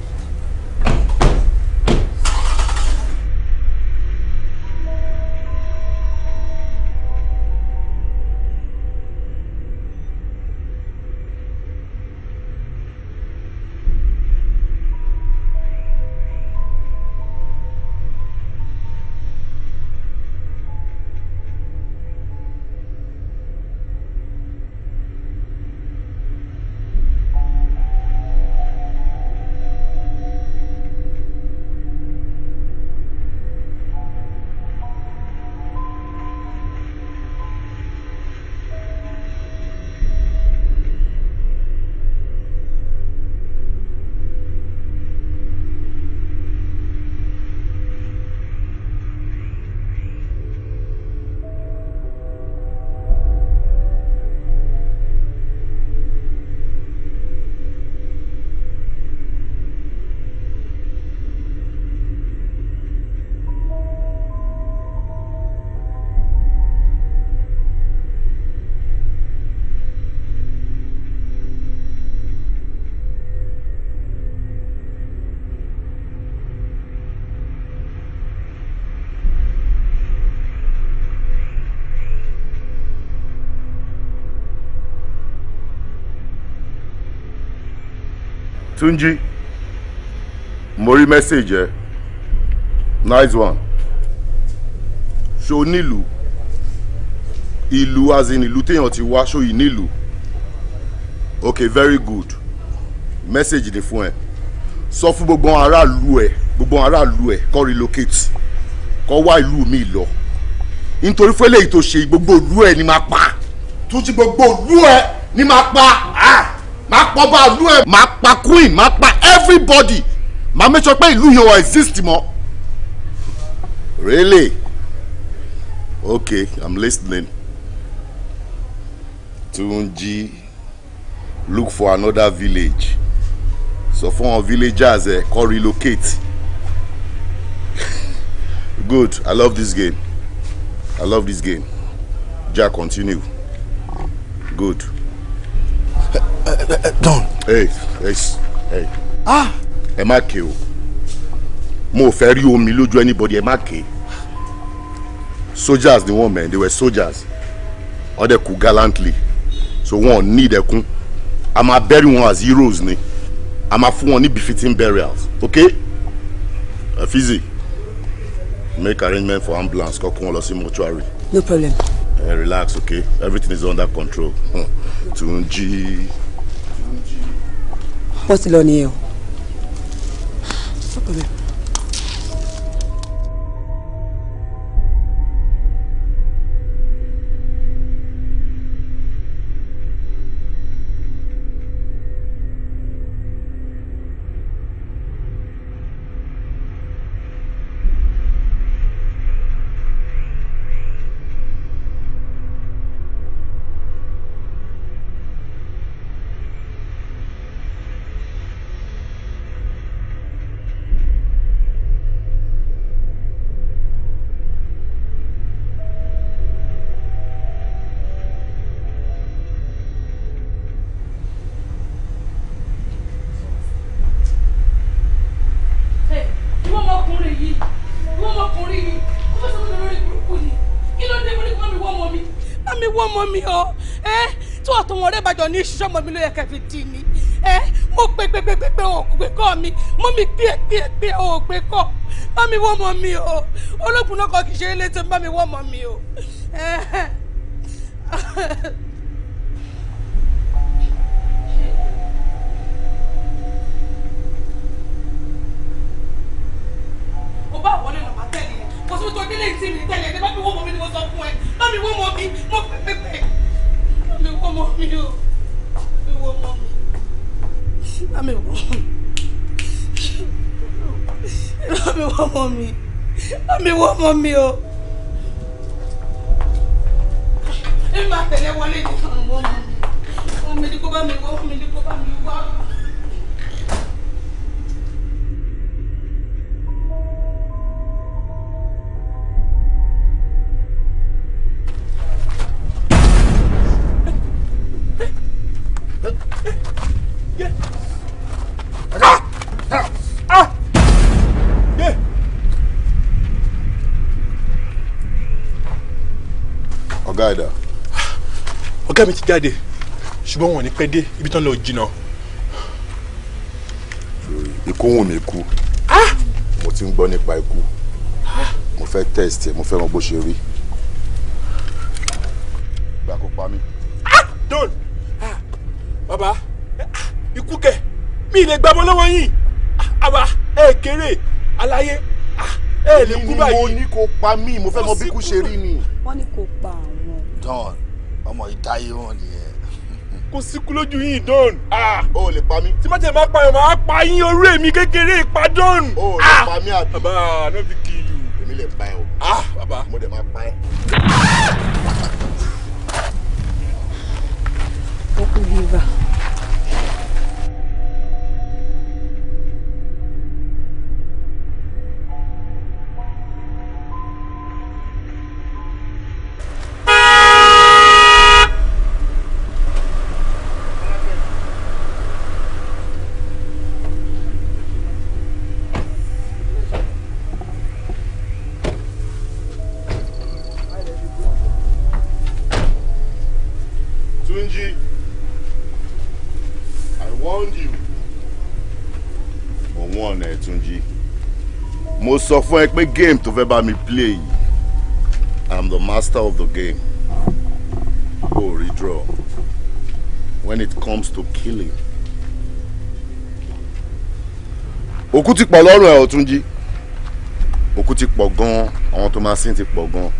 Túnjí mo message. nice one Show nilu. Ilu as in ìlú téèyàn ti wá ṣó yìí very good Message ni fún ẹ sọ fún gbogbo àwọn aráàlú ẹ gbogbo àwọn aráàlú ẹ relocate kó wá ìlú mi lọ nítorí fẹ́lẹ́ yìí tó ṣe gbogbo ìlú ẹ ni máa pa tó ti gbogbo ìlú ẹ ni máa pa. Ah! máa pa ọba ìlú ẹ̀ máa pa queen máa pa everybody máa make sure pé ìlú yìí ò exist mọ́. really okay i'm listening Tunji, look for another village So for àwọn villagers eh, call relocate good i love this game i love this game ja continue good. Don. hey, ẹ ẹ ah! ẹ má ké o mo fẹ́ rí omi lójú anybody ẹ má ké soldiers ni wọ́n mẹ́ they were soldiers wọ́n dẹ̀ kú gallantly so wọ́n ní ìdẹ̀kùn a máa bury wọn as heroes ni a máa fún wọn ní befitting burials okay? efizi make arrangement for ambulance kọ́kọ́ wọn lọ sí mortuary. no problem. Uh, relax okay everything is under control. Tunji bó ti lọ nìyẹn o. ní sọmọ mi ló yẹ kẹfì dì ní ẹ mo pé pé pé pé pé o pé kọ́ mi mọ́ mi pé pé pé o pé kọ́ bá mi wọ́ ọmọ mi o ológun náà kọ́ kì í ṣe ilé tó bá mi wọ́ ọmọ mi o. mo bá wọlé lọ́pàá tẹ̀lé kò sí tó délé ìtì mi tẹ̀lé ẹ̀ bá mi wọ́ ọmọ mi ni mo sọ fún ẹ bá mi wọ́ ọmọ mi mo pé pé pé bá mi wọ́ ọmọ mi o ìwọ mọ mi bá mi wọ mọ mi bá mi wọ mọ mi bá mi wọ mọ mi o. èmi máa tẹ̀lé wọlé ìdíkan ìwọ mọ mi wọ́n mi ní kó bá mi wọ́ mi ní kó bá mi wọ́. ọ̀gá ẹ̀dá. ọ̀gá mi ti jáde ṣùgbọ́n wọn ò ní pẹ́ dé ibi tán lọ jìnnà. ikú wù mí kú ah! mo ti ń gbọ́ nípa ikú ah! mo fẹ́ test mo fẹ́ mọ bó ṣe rí. gbà kó pa mí. Ah! don't bàbá ah, ikú kẹ mi lè gbàbọ lọ́wọ́ yìí ah, àbá ẹ kéré aláyé ah, ẹ lè kú báyìí. mo ní kó pa mí mo fẹ́ mọ bí kú ṣe rí ni. wọ́n ní kó pa àwọn. don ọmọ ìdáyé wọn nìyẹn. kò síkú lójú yìí don. o ò lè pa mí. tí mọ́tẹ̀ máa pa yàn máa pa yín orú èmi kékeré pa don. o ò lè pa mí àbí. bàbá no be kill you. èmi lè pa ẹ o. bàbá mo dẹ̀ máa pa ẹ. sọ fún ẹ pé game tó fẹ́ bá mi play yìí i'm the master of the game o oh, redraw when it comes to killing. òkú ti pọ̀ lọ́rùn ẹ̀ ọ̀tún jí òkú ti pọ̀ gan-an àwọn tó máa sin ti pọ̀ gan-an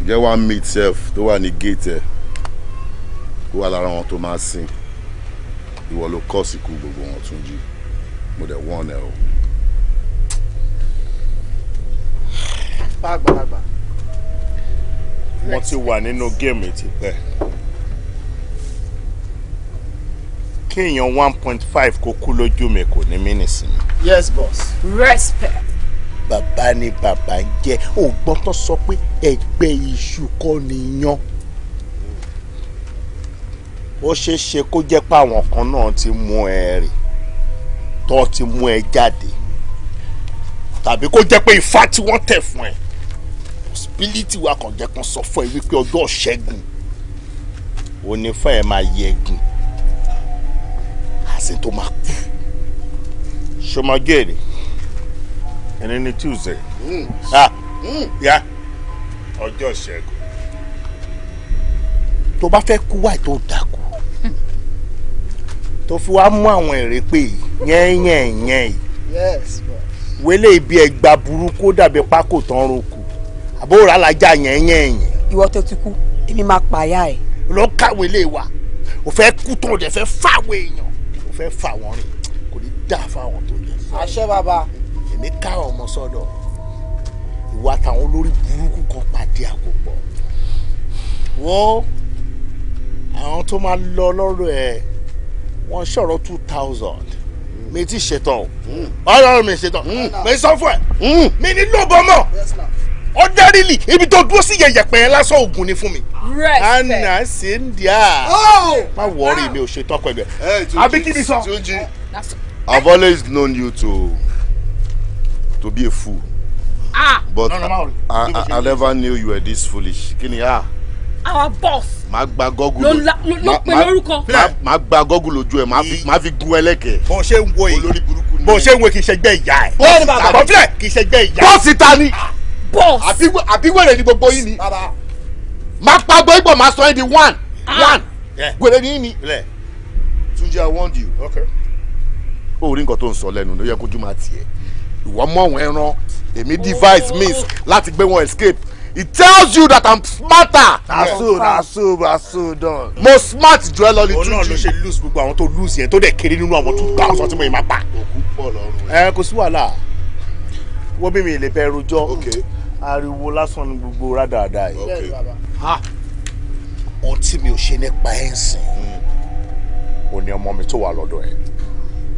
ǹjẹ́ wàá meet self tó wà ní gate ẹ̀ ó wà lára àwọn tó máa sin ìwọ ló kọ́ sí ikú gbogbo wọn tún mo dẹ̀ wọ́n ẹ̀ o. pa àgbàlagbà. wọ́n ti wà nínú géèmù tipẹ́ kéèyàn one point five kó kú lójú mi kò ní mí nìsinmi. yes boss. respect. bàbá ni bàbá ń jẹ́ ògbọ́n tó sọ pé ẹgbẹ́ iṣu kọ́ ni yan ó ṣeé ṣe kó jẹ́ pé àwọn kan náà ti mú ẹ rìn tó ti mú ẹ jáde tàbí kó jẹ́ pé ifá tí wọ́n tẹ̀ fún ẹ responsibility wa kàn jẹ́ kan sọ fún ẹ wípé ọjọ́ ṣẹ́gun ò ní fún ẹ máa yẹ ẹ̀gùn àti tó máa kú. ṣọmọgẹ́rì ẹni ní tuesday hmm. ah. hmm. yá ọjọ́ ṣẹ́gun. tó bá fẹ́ kú wáyé tó dákú tó fi wá mú àwọn èrè pé yẹ́n yìí wẹ́lẹ̀ ibi ẹ̀gbà burúkú dàbí pákó tán roko àbóra alájà yẹn yẹn yẹn. ìwọ tó ti kú èmi máa pààyà ẹ. lọ kàwé lè wà o fẹ́ kú tán o dẹ̀ fẹ́ fáwọn èèyàn o fẹ́ fà wọ́n rìn kò ní dá fáwọn tó lẹ. àṣẹ bàbá. èmi ká ọmọ sọ́dọ̀ ìwọ àtàwọn olórí burúkú kan pàdé àkópọ̀ wọ́n àwọn tó máa lọ lọ́rọ̀ ẹ̀ wọ́n ṣọ̀rọ̀ two thousand mi hmm. hmm. ti ṣetán ọ̀rọ̀ mi ṣetán mi sọ fún ẹ hmm. mi ní lóbọ̀ mọ́ ordinarily ibi tó dúró sí yẹyẹpẹ lásán oògùn ni fún mi. rest anna cynthia má wọrí mi ò ṣe tọkọ ẹgbẹ àbí kí ni sọ. tuji i've always known you to to be a fool. ah but no, no, no, I, I, i never knew you were this foolish kí ni ah. our boss máa gba gọ́gù ló ló pe lórúkọ. máa gba gọ́gù lójú ẹ máa fi gun ẹlẹ́kẹ̀. bó ṣe ń wo yìí bó ṣe ń wo kì í ṣe gbẹ́ ìyá ẹ̀. bọ́ọ̀sì ta ni boss. àbí wèrè ni gbogbo yín ni máa pa gbogbo ipò máa sọ yín di one ah. one wèrè ni yín ni. Túnjí I warned you. Okay. o rí nǹkan tó ń sọ lẹ́nu ló yẹ kójú máa tiẹ̀ ìwọ mọ̀ wọ́n ẹran èmi device means láti gbé wọn escape it tells you that i'm smarter. na so na so na so done. mo smart ju ẹ lọ ní tuntun. òun náà ló ṣe lose gbogbo àwọn tó lose yẹn tó dẹ̀ kéré nínú àwọn two thousand tí mo yìí máa pa. òkú pọ̀ lọ́rùn ẹ. ẹ kò sí wàhálà wọ́n bí mi lè bẹ rojọ́. okay ariwo lásán ni gbogbo rádaràda yìí ohun tí mi ò ṣe nípa ẹ̀ ń sìn hmm, ò ní ọmọ mi tó wà lọ́dọ̀ ẹ̀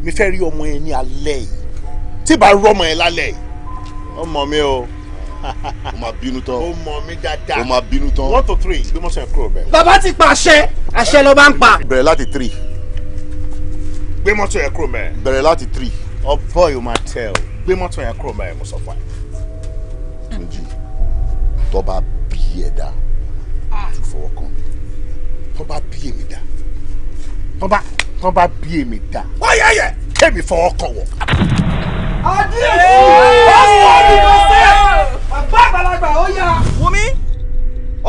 mi fẹ́ rí ọmọ yẹn ní alẹ́ yìí tí bá rọ́mọ yẹn lálẹ́ yìí ọmọ mi o o ma bínú tán o mọ mi dáadáa o ma bínú tán one to three gbé mọ́sán kúrò bẹ́ẹ̀. bàbá ti pa àṣẹ àṣẹ ló bá ń pa. bẹ̀rẹ̀ láti three. gbé mọ́tò yẹn kúrò mẹ́ẹ̀. bẹ̀rẹ̀ láti three. ọ̀bọ̀ yóò máa tẹ̀ ọ́ gbé mọ́tò yẹn kúrò mẹ́ẹ̀ mo méjì tó bá bí ẹ dá tún ah. fọwọ́ kàn mí tó bá bí èmi dá tó bá tó bá bí èmi dá wáyẹyẹ kémi fọwọ́ kàn wọ. àdìyẹ pásítọ̀ ni mo fẹ́ bàbá àgbàlagbà ó yá. wumi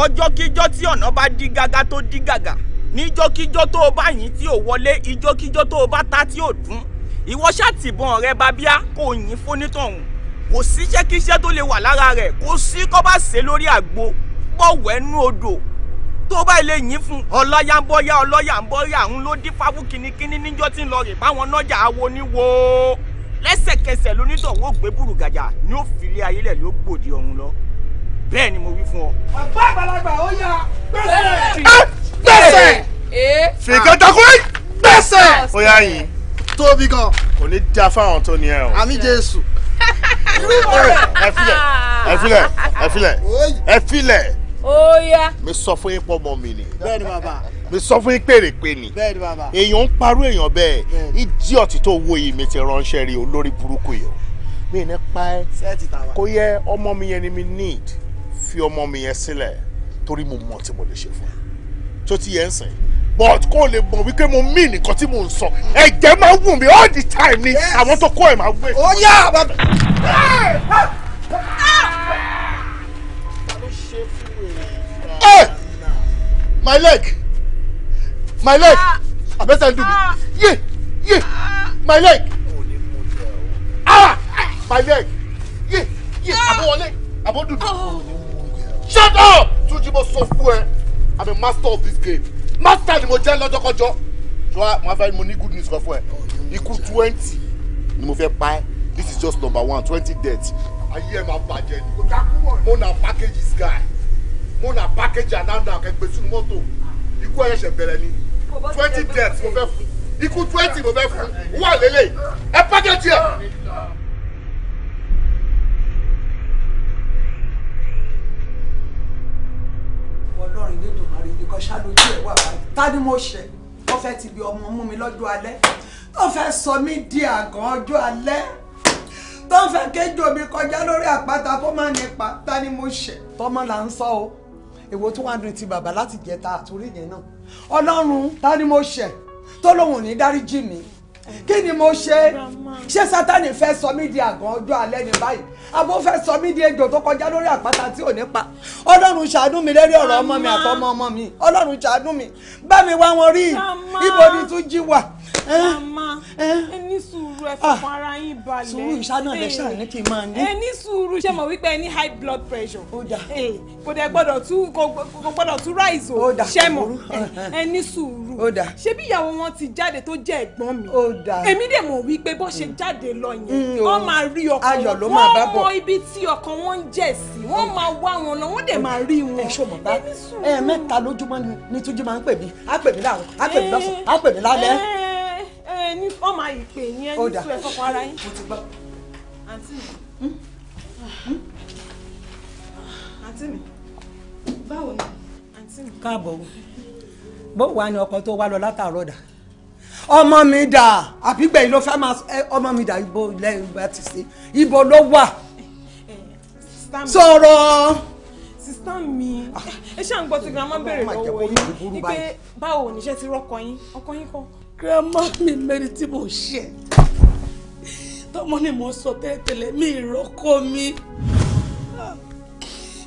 ọjọ́kíjọ́ tí ọ̀nà bá dí gàgà tó dí gàgà níjọ́kíjọ́ tó o bá yìn tí ò wọlé ìjọ́kíjọ́ tó o bá ta tí ò dún ìwọ ṣàtìbọn rẹ bá bíá kò yìn fónítọ̀hún kò sí iṣẹ́ kí iṣẹ́ tó lè wà lára rẹ̀ kò sí kó bá ṣe lórí àgbo bọ́ wẹ́nu odò tó bá ilé yín fún ọlọ́yà ń bọ́yá ọlọ́yà ń bọ́yá òun ló dín fáfú kínníkínní níjọ́ tí ń lọ rè báwọn nọ́jà awo ní wo lẹ́sẹ̀kẹsẹ̀ lónítọ̀wọ́ gbé burúgàjà ni ó fìlé ayé lẹ̀ ló gbòdì ọ̀hún lọ bẹ́ẹ̀ ni mo wí fún ọ. bàbá àgbàlagbà ó yá gbèsè. gbèsè. fìkan takuri gbèsè. ó yá yín tóbi gan. kò ní dáa fáwọn tó ní ẹ o. àmì jésù ẹ filẹ̀ ẹ filẹ̀ ẹ filẹ̀ ẹ filẹ̀. oya. mi sọ fún yín pọ̀ mọ́ mi ni. bẹ́ẹ̀ni bàbá. mi sọ fún yín pèrèpè ni. bẹ́ẹ̀ni bàbá. èèyàn ń parú èèyàn bẹ́ẹ̀ idiot tó wo yìí mi ti ránṣẹ́ rí olórí burúkú yìí mi ní pa ẹ́ kó yẹ ọmọ mi yẹn ni mi need fi ọmọ mi yẹn sílẹ̀ torí mo mọ̀ tí mo lè ṣe fún ẹ tó ti yẹn ń sìn but kó o lè mọ̀ wípé mo mí nìkan tí mo ń sọ ẹ̀jẹ̀ máa ń wù mí all the time ni àwọn tó kọ́ ẹ̀ máa wù ẹ́. ó yá bàbá. Eh! my leg my leg abẹ́sẹ̀ ń dùn mí Ye, ye, my leg ah my leg yé yé ah. àbọ̀wọlé àbọ̀dùdù oh. shut up tujibo sọ fún ẹ i'm a master of this game. Master, ni mo jẹ́ lọ́jọ́kọ́jọ́ tí wọ́n máa fẹ́ mo ní good news kan fún ẹ ikú twenty ni mo fẹ́ pa ẹ́ this is just number one twenty death. ayé ẹ máa bàjẹ́ ni mo na package this guy mo na package ananda kẹgbẹ́ sínú mọ́tò ikú ẹ̀ ṣẹ̀ bẹ̀rẹ̀ ni twenty death mo fẹ́ fún ikú twenty mo fẹ́ fún wà lélẹ̀ ẹ package yẹ. ọlọ́run ilé tòmárì nìkan ṣáàlójú ẹ̀ wà báyìí ta ni mo ṣe tó fẹ́ ti bi ọmọ mú mi lọ́jọ́ alẹ́ tó fẹ́ sọ mí di àgàn ọjọ́ alẹ́ tó fẹ́ kéjò mi kọjá lórí àpáta kó má nípa ta ni mo ṣe tọmọ là ń sọ o èwo tó wà nù ti bàbá láti jẹta àtúrí yẹn náà ọlọ́run ta ni mo ṣe tó lóun ò ní dáríjì mi kí ni mo ṣe ṣé sátani fẹ́ sọ mí di àgàn ọjọ́ alẹ́ ni báyìí àbó fẹ́ sọ mí di ejò tó kọjá lórí àpáta tí ò ní pa ọlọ́run ṣàánú mi lérí ọ̀rọ̀ ọmọ mi àtọmọ ọmọ mi ọlọ́run ṣàánú mi bá mi wá wọn rí ibo ni tún jí wà mama eh, eh. ẹ ní sùúrù ẹ ah, fọkàn ara yín balẹ̀ sùúrù ìṣáná lẹ ṣáà ní kí n máa ní. Eh, ẹ ní sùúrù ṣé mo wípé ẹ ní high blood pressure kò dẹ̀ gbọ́dọ̀ tú kò gbọ́dọ̀ tú rise o ṣé mo ẹ ní sùúrù ṣé bí ìyàwó wọn ti jáde tó jẹ́ ẹ̀gbọ́n mi èmi dẹ̀ mọ̀ wípé bó ṣe mm. jáde lọ yẹn mm, wọ́n máa rí ọkàn wọn wọ́n mọ ibi tí ọkàn wọn ń jẹ̀ sí wọ́n máa wá wọn lọ wọ́n dẹ̀ máa rí wọn ẹ ṣọ́ bàbá ẹ mẹ́ta lójúmọ́ ni túnjí máa ń pè mí á pè mí láàárọ̀ á pè mí lọ́sàn á pè mí lálẹ́ ẹni ó máa yìí pé yín ẹni sùn ẹ fọkàn ara yín. mo ti gbọ́. àǹtí mi hm? Hm? àǹtí mi báwo ni àǹtí mi. káàbọ̀ o bó wàá ní ọkọ tó wá lọ látàárọ̀ dà ọmọ mi dà àbígbẹ̀yìn ló fẹ́ máa ọmọ mi dà ibo lẹ́yìn bá ti ṣe ibo ló wà eh, sọ̀rọ̀. sista mi ah. ẹ ṣáà ń gbọ́ tí grandma bèrè lọ́wọ́ yín pé báwo níṣẹ́ ti rọ́kọ yín ọkọ yín kọ́ grandma mi mẹ́rin tí mo ṣe tọmọ ni mo sọ tẹ́lẹ̀tẹ́lẹ̀ mi ìrọ́kọ mi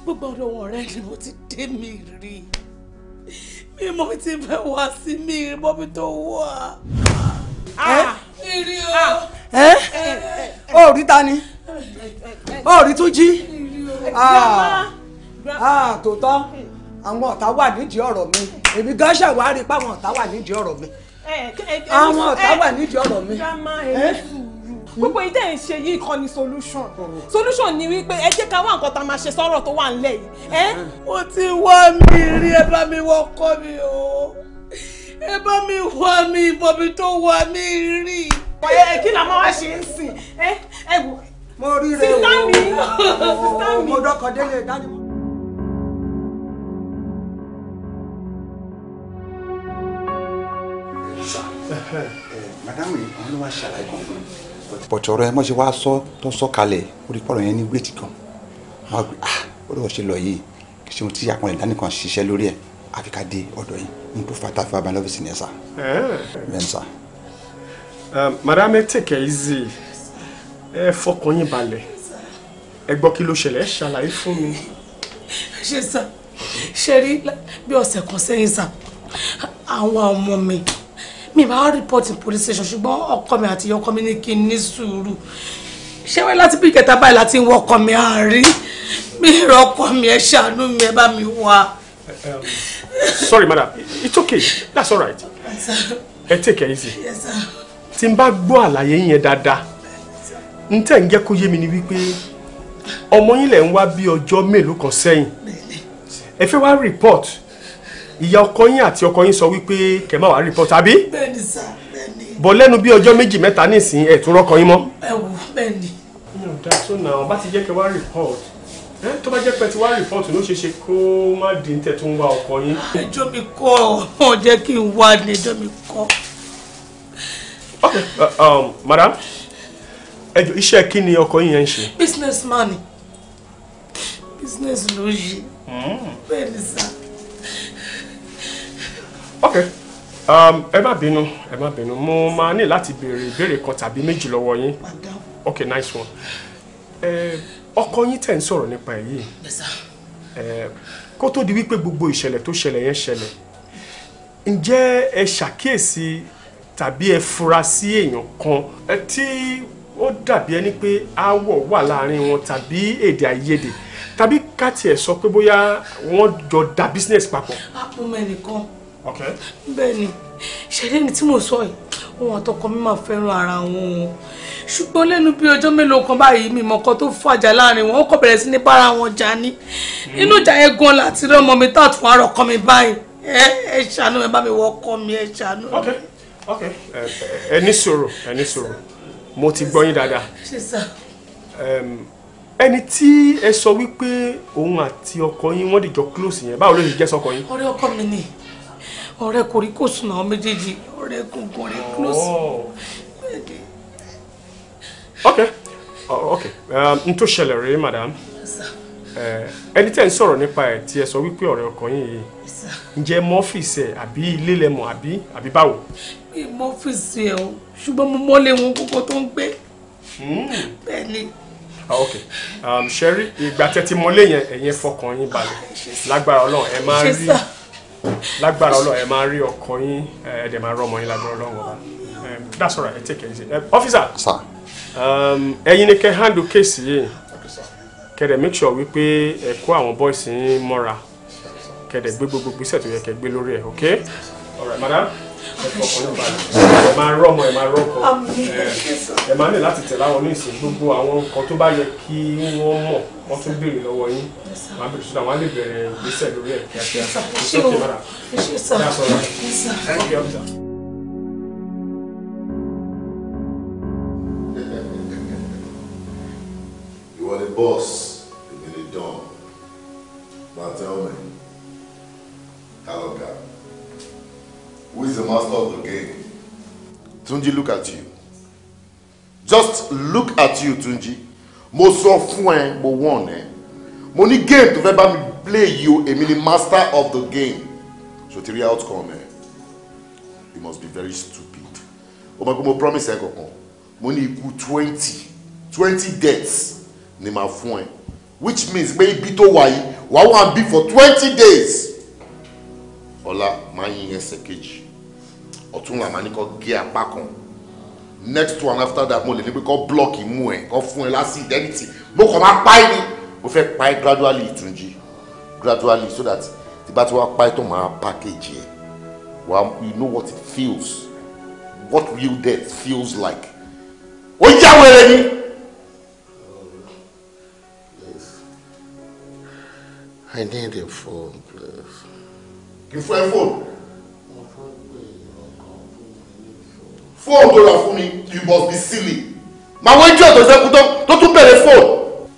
gbogbo ọ̀dọ̀ wọn ni mo ti dé mi rí mi mo ti bẹ̀ wá sí mi mọ́bí tó wà. ìrì ah! ah! o. Ah! ẹ ò eh, eh, eh. rí ta ni ò rí tún jí tòótọ́ àwọn ọ̀tá wà nídìí ọ̀rọ̀ mi èmi gan ṣàwárí pé àwọn ọ̀tá wà nídìí ọ̀rọ̀ mi àwọn ọ̀tá wà nídìí ọ̀rọ̀ mi. drama ẹ̀ sùúrù gbogbo ìdẹ́ ẹ̀ ṣe yìí kọ́ ni solution oh. solution ni wípé ẹ jẹ́ ká wá nǹkan tá a máa ṣe sọ́rọ̀ tó wà nílẹ̀ yìí. ó uh-huh. ti wá mi rí ẹ bá mi wọ ọkọ mi o ẹ bá mi wá mi ìbọ̀bí tó wà mí rí. ẹ kí la máa wá ṣe ń sìn ẹ wò. mo rí rẹ o sísá mi sísá mi. mo dọkọ délé dájú. madam yìí àwọn ló wá ṣàlàyé kan fún mi. bọ̀tọ̀ ọ̀rọ̀ ẹ mọ̀ ṣe wá sọ tó sọ kalẹ̀ orí pọ̀rọ̀ yẹn ní wéètì kan wọn gbé ah ó lọ́wọ́ ṣe lọ yìí kì í ṣe ohun tí àwọn ẹ̀dá nìkan ṣiṣẹ́ lórí ẹ̀ àfi ká dé ọ̀dọ̀ yìí n tó fa táfà bá lọ́fíìsì ní ẹ̀ sà. Eh. bẹ́ẹ̀ sà. Um, madam ẹ tẹ̀kẹ̀ easy ẹ fọkàn yín balẹ̀ ẹ gbọ́ kí ló ṣẹlẹ̀ ẹ ṣàlàyé fún mi. ṣe sà ṣe rí bí ọ̀sẹ̀ kan sẹ́yìn sà àwọn ọmọ mi mi máa wá rìpọ́tì police station ṣùgbọ́n ọkọ mi àti ọkọ mi ní kí n ní sùúrù ṣé láti bí ìkẹta báyìí láti wọ ọkọ mi àárín mi rọ ọkọ mi ẹ ṣàánú mi ẹ bá mi wá. sorry madam it's okay that's all right ẹ take it easy tí n bá gbọ́ àlàyé yẹn dáadáa n tẹ̀ ń jẹ́ kó yé mi ni wípé ọmọ yín lẹ̀ ń wá bí ọjọ́ mélòó kan sẹ́yìn ẹ fẹ́ wá report ìyá ọkọ yín àti ọkọ yín sọ wípé kẹ má wàá report àbí. bẹ́ẹ̀ni sá bẹ́ẹ̀ni. bọ lẹ́nu bí ọjọ́ méjì mẹ́ta nísìnyí ẹ tún rọkọ yín mọ́. ẹ wò bẹ́ẹ̀ni. mi dá tó nà ọ bá ti jẹ́ kẹ wá report tó bá jẹ́ pé ti wá report ló ṣe ṣe kó má di ń tẹ̀ tó ń wá ọkọ yín. ẹjọ́ mi kọ́ ọ jẹ́ kí n wá ní ẹjọ́ mi kọ́. ok uh, um, madam ẹjọ iṣẹ́ kí ni ọkọ yín yẹn ń ṣe. business man business ló ṣe hmm. bẹ́ẹ̀ ni ok um, ẹ má bínú ẹ má bínú mo máa ní láti béèrè ìbéèrè kan tàbí méjì lọ́wọ́ yín ok nice one ọkọ yín tẹ̀ ń sọ̀rọ̀ nípa ẹ̀ yìí kó tó di wípé gbogbo ìṣẹ̀lẹ̀ tó ṣẹlẹ̀ yẹn ṣẹlẹ̀ ǹjẹ́ ẹ ṣàkíyèsí tàbí ẹ fura sí èèyàn kan tí ó dàbí ẹni pé aáwọ̀ wà láàrin wọn tàbí èdè àìyedè tàbí ká tiẹ̀ sọ pé bóyá wọ́n jọ da business papọ̀. àpò mẹ́nìkan bẹ́ẹ̀ ni ṣẹlẹ̀ ni tí mo sọ yìí òun àtọkọ mi máa fẹ́ràn ara wọn o ṣùgbọ́n lẹ́nu bí ọjọ́ mélòó kan báyìí mi mọ̀kàn tó fàjà láàrin wọn ó kọ̀ bẹ̀rẹ̀ sí ní bára wọn jà ní hmm. inú ìjà yẹn gan láti rí ọmọ mi tààtù àárọ̀ kan mi báyìí ẹ ẹ ṣàánú ẹ bá mi wọ ọkọ mi ẹ ṣàánú. okay okay ẹ ní sọ̀rọ̀ ẹ ní sọ̀rọ̀ mo ti gbọ́ yín dáadáa ẹni tí ẹ sọ wípé òun àti ọkọ yín wọ́n dìjọ close yẹn báwo ló ṣe jẹ́ sọ́kọ yín. ọ̀rẹ́ ọkọ mi ni ọ̀rẹ́ kòríkòsùn náà méjèèjì ọ̀rẹ́ gungun ọ̀rẹ́ close. ok oh, ok um, n tó ṣẹlẹ̀ rèé madam eh, ẹni tẹ́ ń sọ̀rọ̀ nípa ẹ̀ tí ẹ sọ wípé ọ̀rẹ́ ọkàn yín yìí ǹjẹ́ mọ ọ́fíìsì ẹ̀ àbí ilé lẹ́mọ̀ àbí àbí báwo. mi mọ ọ́fíìsì ẹ o ṣùgbọ́n mo mọ́lé wọn kókó tó ń gbé. Hmm. bẹ́ẹ̀ ni. Ah, ok um, ṣẹ́rí ìgbà tẹ́tí mọ́lé yẹn ẹ̀yin fọkàn yín balẹ̀ lágbára ọlọ́run ẹ máa rí lágbára Ọlọ́run ẹ máa rí ọkọ yín ẹ dẹ̀ máa rọmọ yín lágbára Ọlọ́run ọba that's all right ẹ take it easy officer um, ẹ̀yin ni kẹ́ handle case yìí kẹ́dẹ̀ make sure wípé ẹ kó àwọn boys yín mọ́ra kẹ́dẹ̀ gbé gbogbo gbèsè tó yẹ kẹ́ gbé lórí ẹ̀ Okay, all right madam ẹ máa rọ́mọ ẹ máa rọ́kọ ẹ máa ní láti tẹ̀lé àwọn oníṣẹ́ gbogbo àwọn nǹkan tó bá yẹ kí wọ́n mọ̀ wọ́n tún béèrè lọ́wọ́ yín máa bèrè sódà wọ́n á lè bẹ̀rẹ̀ ìgbésẹ̀ lórí ẹ̀ kíákíá ṣé o ṣe sọ ẹ sọ. ìwọ ni bọ́ọ̀sì èmi ni dán máa who is the master of the game. Tunji, look at you. Just look at you, Tunji. Mo sọ fún ẹ, mo wọ̀n ẹ. Mo ní game to fẹ́ bá mi play you, èmi ni master of the game. So ti rí outcome ẹ. You must be very stupid. O mọ̀ pé mo promise ẹ kankan. Mo ní ikú twenty twenty deaths ni màá fún ẹ which means pé ibi tó wà yìí wàá wà bí for twenty days ọ̀la máa yin ẹsẹ̀ kejì ọ̀tún làmá ní kọ́ gé apá kan next one after that mo lè ní pé kọ́ blọ́ọ̀kì mú ẹ̀ kọ́ fún ẹ lásì identity mo kàn máa pa ẹ́ mo fẹ́ pa ẹ́ gradually ìtúnjí gradually so that tí bá ti wá pa ẹ́ tó máa package ẹ̀ you know what it feels what real death feels like ó yá wẹ̀rẹ̀ ni. I need a phone, please. You find phone? fóònù tó rà fún mi you must be silly màá wọ́n jẹ́ ọ̀tọ̀ sẹ́kù tó tún bẹ̀rẹ̀ fóònù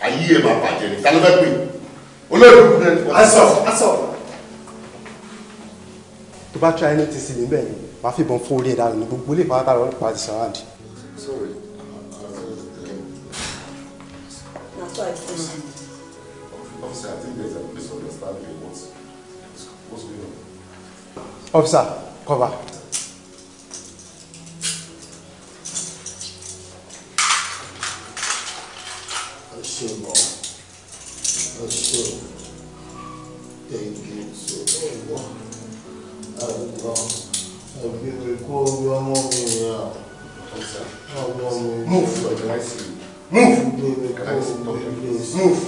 ayé ẹ̀ máa bàjẹ́ ni ta ló fẹ́ pè olóòtú kù náà nípa. aṣọ aṣọ. tó bá try anything sí mi bẹ́ẹ̀ ni màá fìbọn fún orí ẹ̀ dànù ní gbogbo ilé ìpàdé àwọn ọlọ́pàá ti sọ̀rọ̀ àǹdí. sorry. na so i feel. Officer, I think there's a misunderstanding. What's, going on? Officer, cover. Sumo. Assume. Uh, Thank you so much. Àgbà àgbègbè kó orí ọmọ mi rà. Ọmọ mi. Move. Move. Move. Move. Move.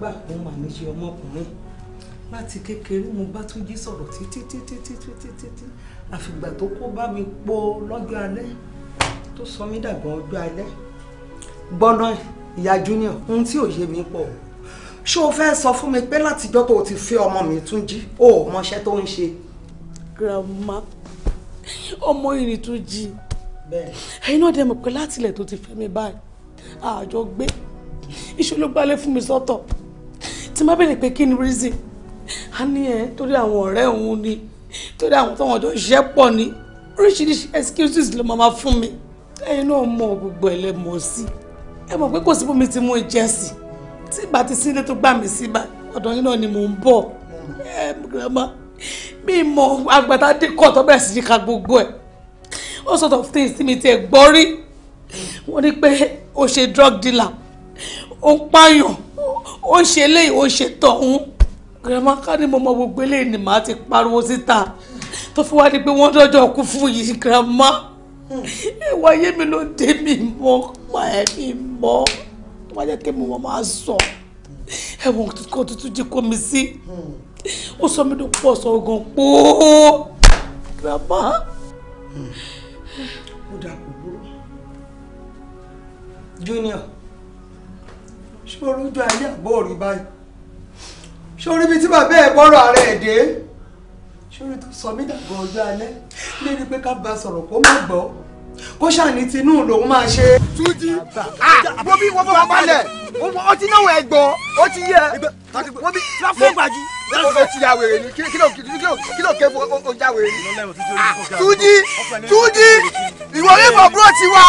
gbà òun mà ní ṣe ọmọkùnrin láti kékeré mo bá tún jí sọ̀rọ̀ títí títí títí títí àfìgbà tó kó bá mi po lọ́jọ́ alẹ́ tó sọ mí dàgbà ọjọ́ alẹ́ gbọ́nà ìyá junior ohun tí ò yé mi pọ̀ ṣé o fẹ́ sọ fún mi pé látijọ́ tó o ti fẹ́ ọmọ mi tún jí o ò mọṣẹ́ tó ń ṣe. grandma ọmọ ìrìn tún jí ẹ̀yin náà dẹ̀ mọ̀ pé látilẹ̀ tó ti fẹ́ mi báyìí àjọ gbé ìṣòlógbálẹ̀ fún mi sọ́tọ̀. So tí má bèrè pé kí ni reason a ní ẹ torí àwọn ọ̀rẹ́ òun ni torí àwọn tó wọn jọ ṣiṣẹ́ pọ̀ ni oríṣiríṣi excuses ló máa fún mi ẹ̀yin náà mọ gbogbo ẹ̀ lẹ́mọ̀ sí ẹ mọ̀ pé kò sí bómi ti mú ìjẹ́ sí tí ìgbà ti sílé tó gbà mí síbà ọ̀dọ̀ yín náà ni mò ń bọ̀ ẹ gírámà mi mọ agbada dínkọ̀ tó bẹ̀rẹ̀ sí ní ka gbogbo ẹ̀ all sort of things tí mi ti ẹ̀ gbọ́ rí wọ́n ní pé ó ṣe drug dealer ó ń pààyàn ó ṣe eléyìí ó ṣe tọ̀hún grandma ká mo mọ gbogbo eléyìí ni màá ti pariwo síta tó fi wá ní pé wọ́n dọ́jọ́ kú fún yìí grandma ìwà ayé mi ló dé mi mọ́ pa ẹ̀mí mọ́ wọ́n jẹ́ kí mi wọ́n máa sọ ẹ̀wọ̀n kan tuntun jí kó mi sí ó sọ mi ló pọ̀ sọ gan póó grandma. junior ṣé orójú ayé àbọ̀ rí báyìí ṣé orí bíi tí bàbá ẹ̀ bọ́rọ̀ ara ẹ̀ dé ṣé orí tó sọ mí dàgbọ́ ọjọ́ alẹ́ lérí pé ká bá sọ̀rọ̀ kó má gbọ́ kó ṣàní tinú lòun máa ṣe. túnjí wọ́n bí wọ́n bá balẹ̀ ó ti náwó ẹ̀ gbọ́ ó ti yẹ wọ́n láfún gbàjú. o ti ya wèrè ni kí ló kí ló ké wèrè ni. túnjí túnjí ìwọ ní bọ̀ búrò tiwa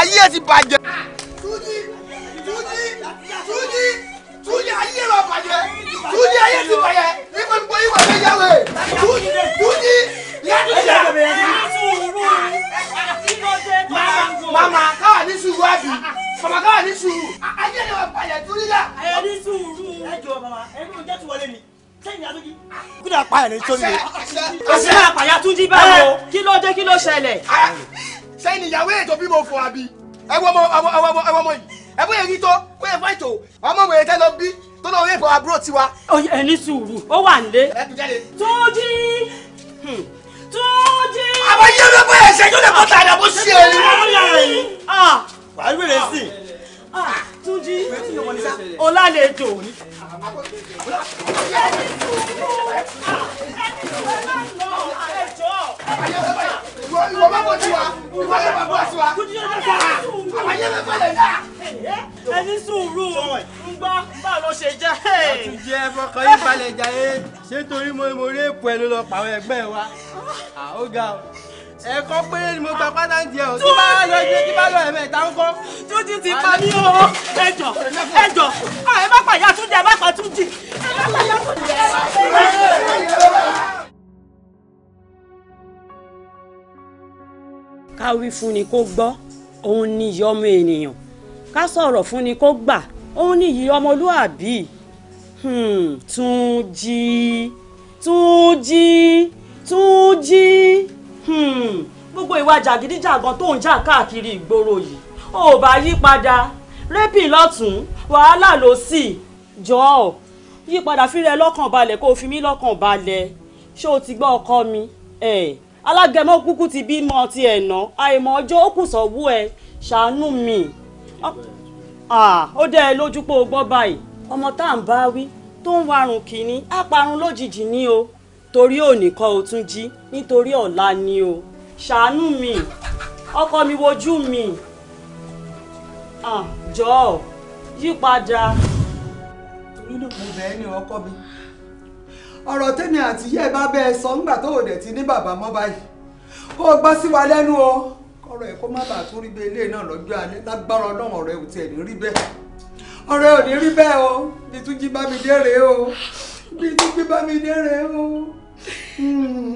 ayé ti bàjẹ́. túnjí jí túnjẹ ayé ma bàjẹ́ túnjẹ ayé ti bàjẹ́ nípa gbogbo yìí wà lẹ́yà wẹ̀ túnjẹ yàtú jà. mama káwa ní sùúrù àbí mama káwa ní sùúrù ayé ni wà bàjẹ́ túnjẹ jà. ayé ní sùúrù ẹ jọ mama ẹ ní o jẹ́ tiwọlé ni kí ló apàyà ní tóbi àṣẹ àpàyà tún jí báwo kí ló dé kí ló ṣẹlẹ̀. sẹ́yìn ìyàwó ètò bímọ fún àbí ẹ wọ́n ọmọ yìí ẹ bóyá èyí tó bóyá fáìtò ọmọ wèrè tẹ́ lọ bí tó lọ rí ìfọwọ́ àbúrò tiwa. ẹ ní sùúrù ó wà nílé. ẹ tún jáde. Túnjí hmm, Túnjí. àwọn yẹn ló bóyá ẹsẹ yóò lè kọta àdàbò sí ẹ. Ah, wàá wèrè sí i. Túnjí ọlálejò. Ìwọ ìwọ bá bọ̀ tiwa, ìwọ yóò bá bọ̀ tiwa, àbáyé bẹ fọlẹ̀ náà ẹni sùúrù ń gbọ́ bá lọ ṣe jẹ́. ọtún jẹ fọkàn yín balẹ̀ jàre ṣé torí mo mo rí èpò ẹ ló lọ pàwọn ẹgbẹ́ wa ó ga o ẹ̀kọ́ péré ni mo gba pátá ń tiẹ̀ o tí bá lọ ṣe tí bá lọ ẹ̀mẹ́ ń kọ́. túnjí ti pa mí o ẹjọ ẹjọ ẹ má pàyà túnjí ẹ má pa túnjí ẹ má pàyà túnjí ẹ má pàyà. ká wí fún ni kó gbọ́ òun ni ìyá ọmọ ènìyàn ká sọ̀rọ̀ fún ni kó gbà òun nìyí ọmọlúàbí hmm, Túnjí Túnjí Túnjí hmm, gbogbo ìwà jàgídíjàgan tó ń jà káàkiri ìgboro yìí ò bá yí padà rẹ́pì lọ́tún wàhálà ló sì jọ̀ọ́ yí padà fírẹ lọ́kàn balẹ̀ kó o fi mí lọ́kàn balẹ̀ ṣé o ti gbọ́ ọkọ mi alágẹmọ kúkú ti bímọ ti ẹ̀ ná àìmọ̀ ọjọ́ ó kù sọ́wọ́ ẹ ṣàánú mi. Ah, ó dẹ́ ẹ lójú pé o gbọ́ báyìí ọmọ tá à ń bá wí tó ń warùn kìíní á parun lójijì ní o torí òní kọ́ o tún jí nítorí ọ̀la ni o ṣàánú mi ọkọ mi wojú mi ah, jọ̀ọ́ yípadà. torí náà mo bẹ̀ ẹ́ ní ọkọ mi ọ̀rọ̀ tèmi àti yẹ́ ẹ bá bẹ́ ẹ sọ ńgbà tó ò dẹ̀ ti ní bàbá mọ́ báyìí ó gbọ́ sí wa lẹ́nu o ọ̀rọ̀ ẹ̀ kó má bàa tún rí bẹ́ẹ̀ ilé náà lọ́jọ́ alẹ́ lágbára ọlọ́run ọ̀rọ̀ ẹ̀ ò tiẹ̀ ní rí bẹ́ẹ̀ ọ̀rọ̀ ẹ̀ ò ní rí bẹ́ẹ̀ o bí túnjí bá mi dé rèé o bí túnjí bá mi dé rèé o. Hmm.